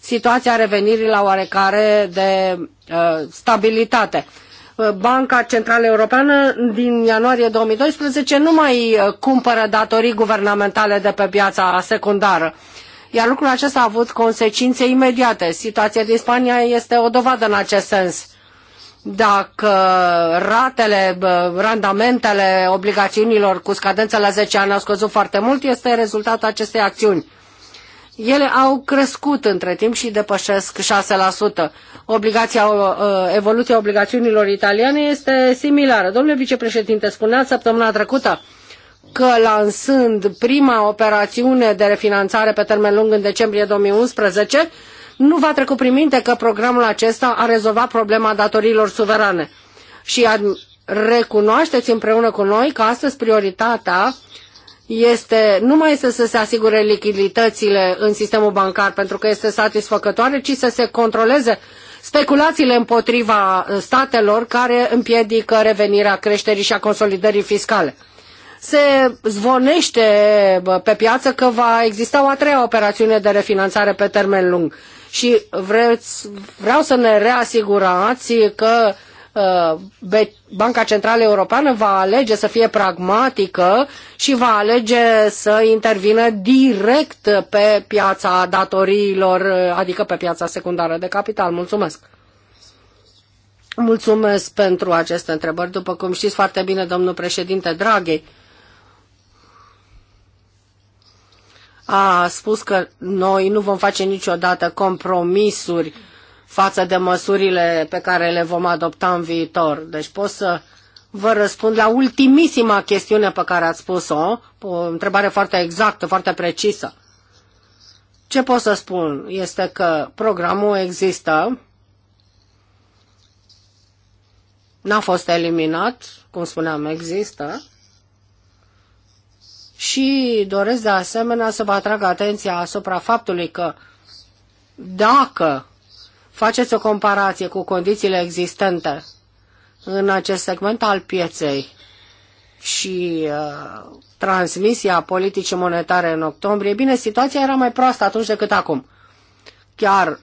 situația revenirii la oarecare de uh, stabilitate. Banca Centrală Europeană din ianuarie 2012 nu mai uh, cumpără datorii guvernamentale de pe piața secundară. Iar lucrul acesta a avut consecințe imediate. Situația din Spania este o dovadă în acest sens dacă ratele, randamentele obligațiunilor cu scadență la 10 ani au scăzut foarte mult, este rezultatul acestei acțiuni ele au crescut între timp și depășesc 6%. Obligația, uh, evoluția obligațiunilor italiene este similară. Domnule vicepreședinte, spunea săptămâna trecută că lansând prima operațiune de refinanțare pe termen lung în decembrie 2011, nu va trecut prin minte că programul acesta a rezolvat problema datoriilor suverane. Și recunoașteți împreună cu noi că astăzi prioritatea este, nu mai să se asigure lichiditățile în sistemul bancar pentru că este satisfăcătoare, ci să se controleze speculațiile împotriva uh, statelor care împiedică revenirea creșterii și a consolidării fiscale. Se zvonește pe piață că va exista o a treia operațiune de refinanțare pe termen lung și vreți, vreau să ne reasigurați că Uh, Banca Centrală Europeană va alege să fie pragmatică și va alege să intervină direct pe piața datoriilor, uh, adică pe piața secundară de capital. Mulțumesc! Mulțumesc pentru aceste întrebări. După cum știți foarte bine, domnul președinte Draghi, a spus că noi nu vom face niciodată compromisuri uh, față de măsurile pe care le vom adopta în viitor. Deci pot să vă răspund la ultimisima chestiune pe care ați spus-o, o întrebare foarte exactă, foarte precisă. Ce pot să spun este că programul există, n-a fost eliminat, cum spuneam, există, și doresc de asemenea să vă atrag atenția asupra faptului că dacă faceți o comparație cu condițiile existente în acest segment al pieței și uh, transmisia politicii monetare în octombrie, bine, situația era mai proastă atunci decât acum. Chiar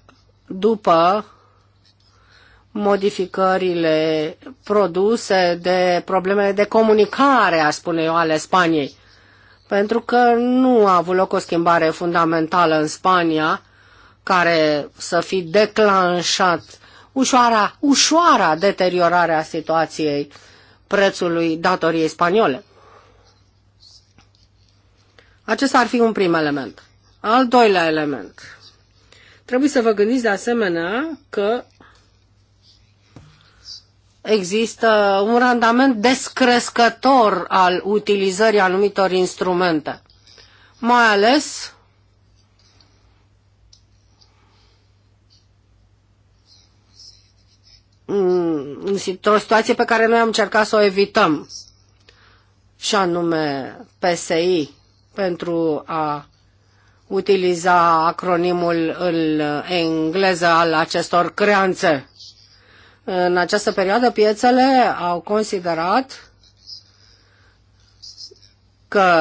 după modificările produse de probleme de comunicare, aș spune eu, ale Spaniei. Pentru că nu a avut loc o schimbare fundamentală în Spania, care să fi declanșat ușoara, ușoara deteriorare a situației prețului datoriei spaniole. Acesta ar fi un prim element. Al doilea element. Trebuie să vă gândiți de asemenea că există un randament descrescător al utilizării anumitor instrumente, mai ales Mm, o situație pe care noi am încercat să o evităm, și anume PSI, pentru a utiliza acronimul în engleză al acestor creanțe. În această perioadă piețele au considerat că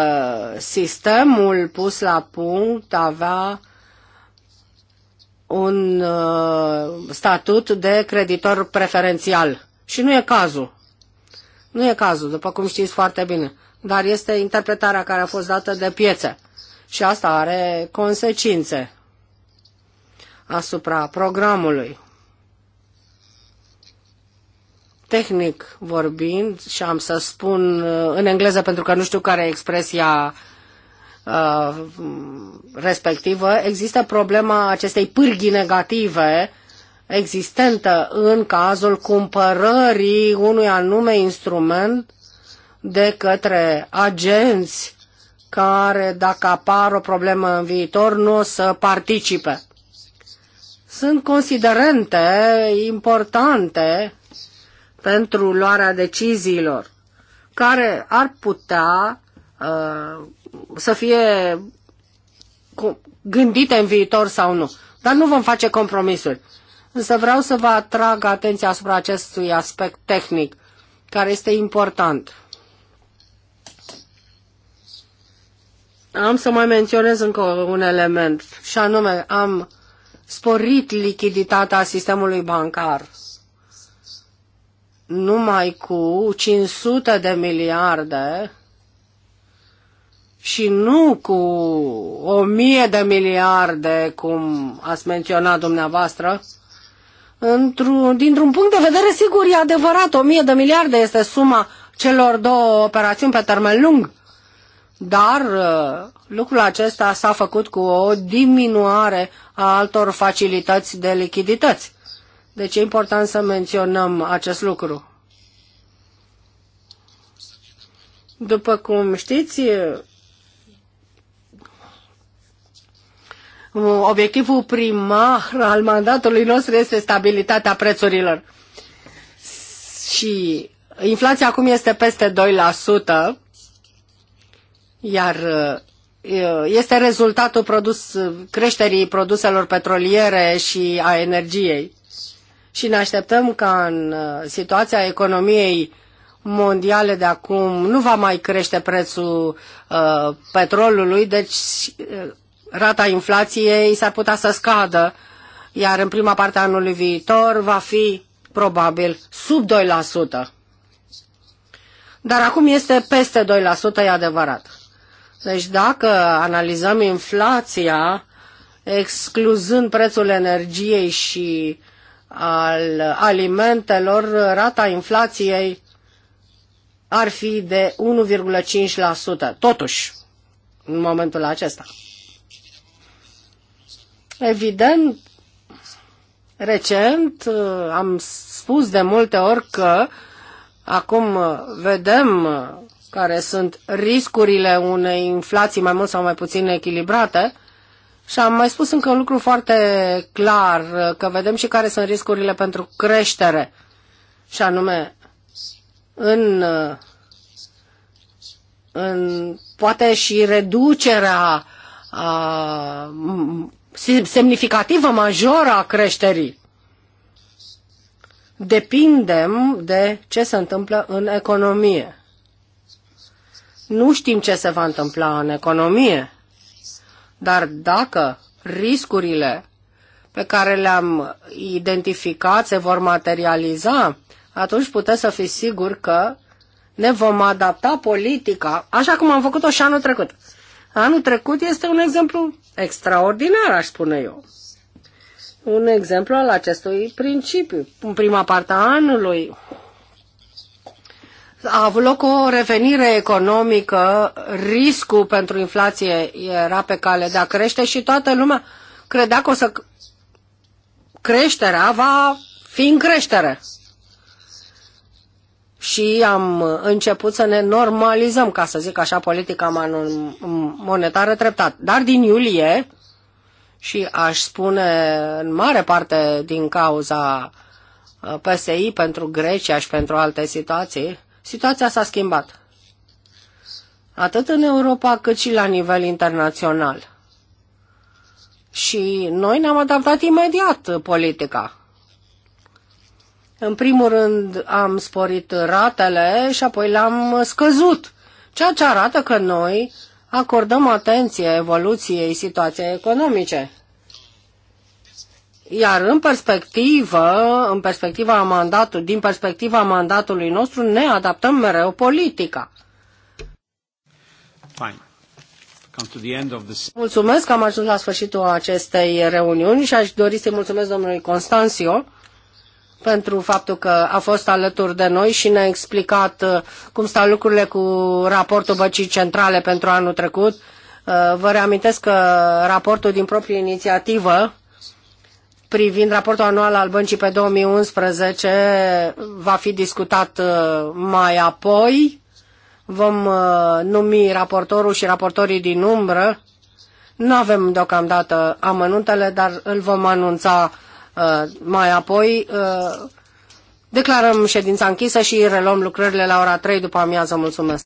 sistemul pus la punct avea un uh, statut de creditor preferențial. Și nu e cazul. Nu e cazul, după cum știți foarte bine. Dar este interpretarea care a fost dată de piețe. Și asta are consecințe asupra programului. Tehnic vorbind, și am să spun uh, în engleză pentru că nu știu care e expresia uh, Uh, respectivă, există problema acestei pârghii negative existentă în cazul cumpărării unui anume instrument de către agenți care, dacă apar o problemă în viitor, nu o să participe. Sunt considerente importante pentru luarea deciziilor, care ar putea uh, să fie gândite în viitor sau nu. Dar nu vom face compromisuri. Însă vreau să vă atrag atenția asupra acestui aspect tehnic, care este important. Am să mai menționez încă un element, și anume am sporit lichiditatea sistemului bancar numai cu 500 de miliarde și nu cu o mie de miliarde, cum ați menționat dumneavoastră, într-un, dintr-un punct de vedere, sigur, e adevărat, o mie de miliarde este suma celor două operațiuni pe termen lung. Dar uh, lucrul acesta s-a făcut cu o diminuare a altor facilități de lichidități. Deci e important să menționăm acest lucru. După cum știți, Mm, obiectivul primar al mandatului nostru este stabilitatea prețurilor. Și inflația acum este peste 2%, iar este rezultatul produs, creșterii produselor petroliere și a energiei. Și ne așteptăm ca în uh, situația economiei mondiale de acum nu va mai crește prețul uh, petrolului, deci uh, rata inflației s-ar putea să scadă, iar în prima parte a anului viitor va fi probabil sub 2%. Dar acum este peste 2%, e adevărat. Deci dacă analizăm inflația, excluzând prețul energiei și al alimentelor, rata inflației ar fi de 1,5%, totuși, în momentul acesta. Evident, recent uh, am spus de multe ori că acum uh, vedem uh, care sunt riscurile unei inflații mai mult sau mai puțin echilibrate și am mai spus încă un lucru foarte clar, că vedem și care sunt riscurile pentru creștere și anume în, în poate și reducerea a, semnificativă, majoră a creșterii. Depindem de ce se întâmplă în economie. Nu știm ce se va întâmpla în economie, dar dacă riscurile pe care le-am identificat se vor materializa, atunci puteți să fiți siguri că ne vom adapta politica, așa cum am făcut-o și anul trecut. Anul trecut este un exemplu extraordinar, aș spune eu. Un exemplu al acestui principiu. În prima parte a anului a avut loc o revenire economică, riscul pentru inflație era pe cale de a crește și toată lumea credea că o să creșterea va fi în creștere și am început să ne normalizăm, ca să zic așa, politica monetară treptat. Dar din iulie, și aș spune în mare parte din cauza uh, PSI pentru Grecia și pentru alte situații, situația s-a schimbat. Atât în Europa cât și la nivel internațional. Și noi ne-am adaptat imediat uh, politica în primul rând am sporit ratele și apoi le-am scăzut, ceea ce arată că noi acordăm atenție evoluției situației economice. Iar în perspectivă, în perspectiva mandatului, din perspectiva mandatului nostru, ne adaptăm mereu politica. Fine. Mulțumesc că am ajuns la sfârșitul acestei reuniuni și aș dori să-i mulțumesc domnului Constanțio pentru faptul că a fost alături de noi și ne-a explicat uh, cum stau lucrurile cu raportul Băcii Centrale pentru anul trecut. Uh, vă reamintesc că raportul din proprie inițiativă privind raportul anual al băncii pe 2011 va fi discutat uh, mai apoi. Vom numi raportorul și raportorii din umbră. Nu avem deocamdată amănuntele, dar îl vom anunța Uh, mai apoi uh, declarăm ședința închisă și reluăm lucrările la ora 3 după amiază. Mulțumesc!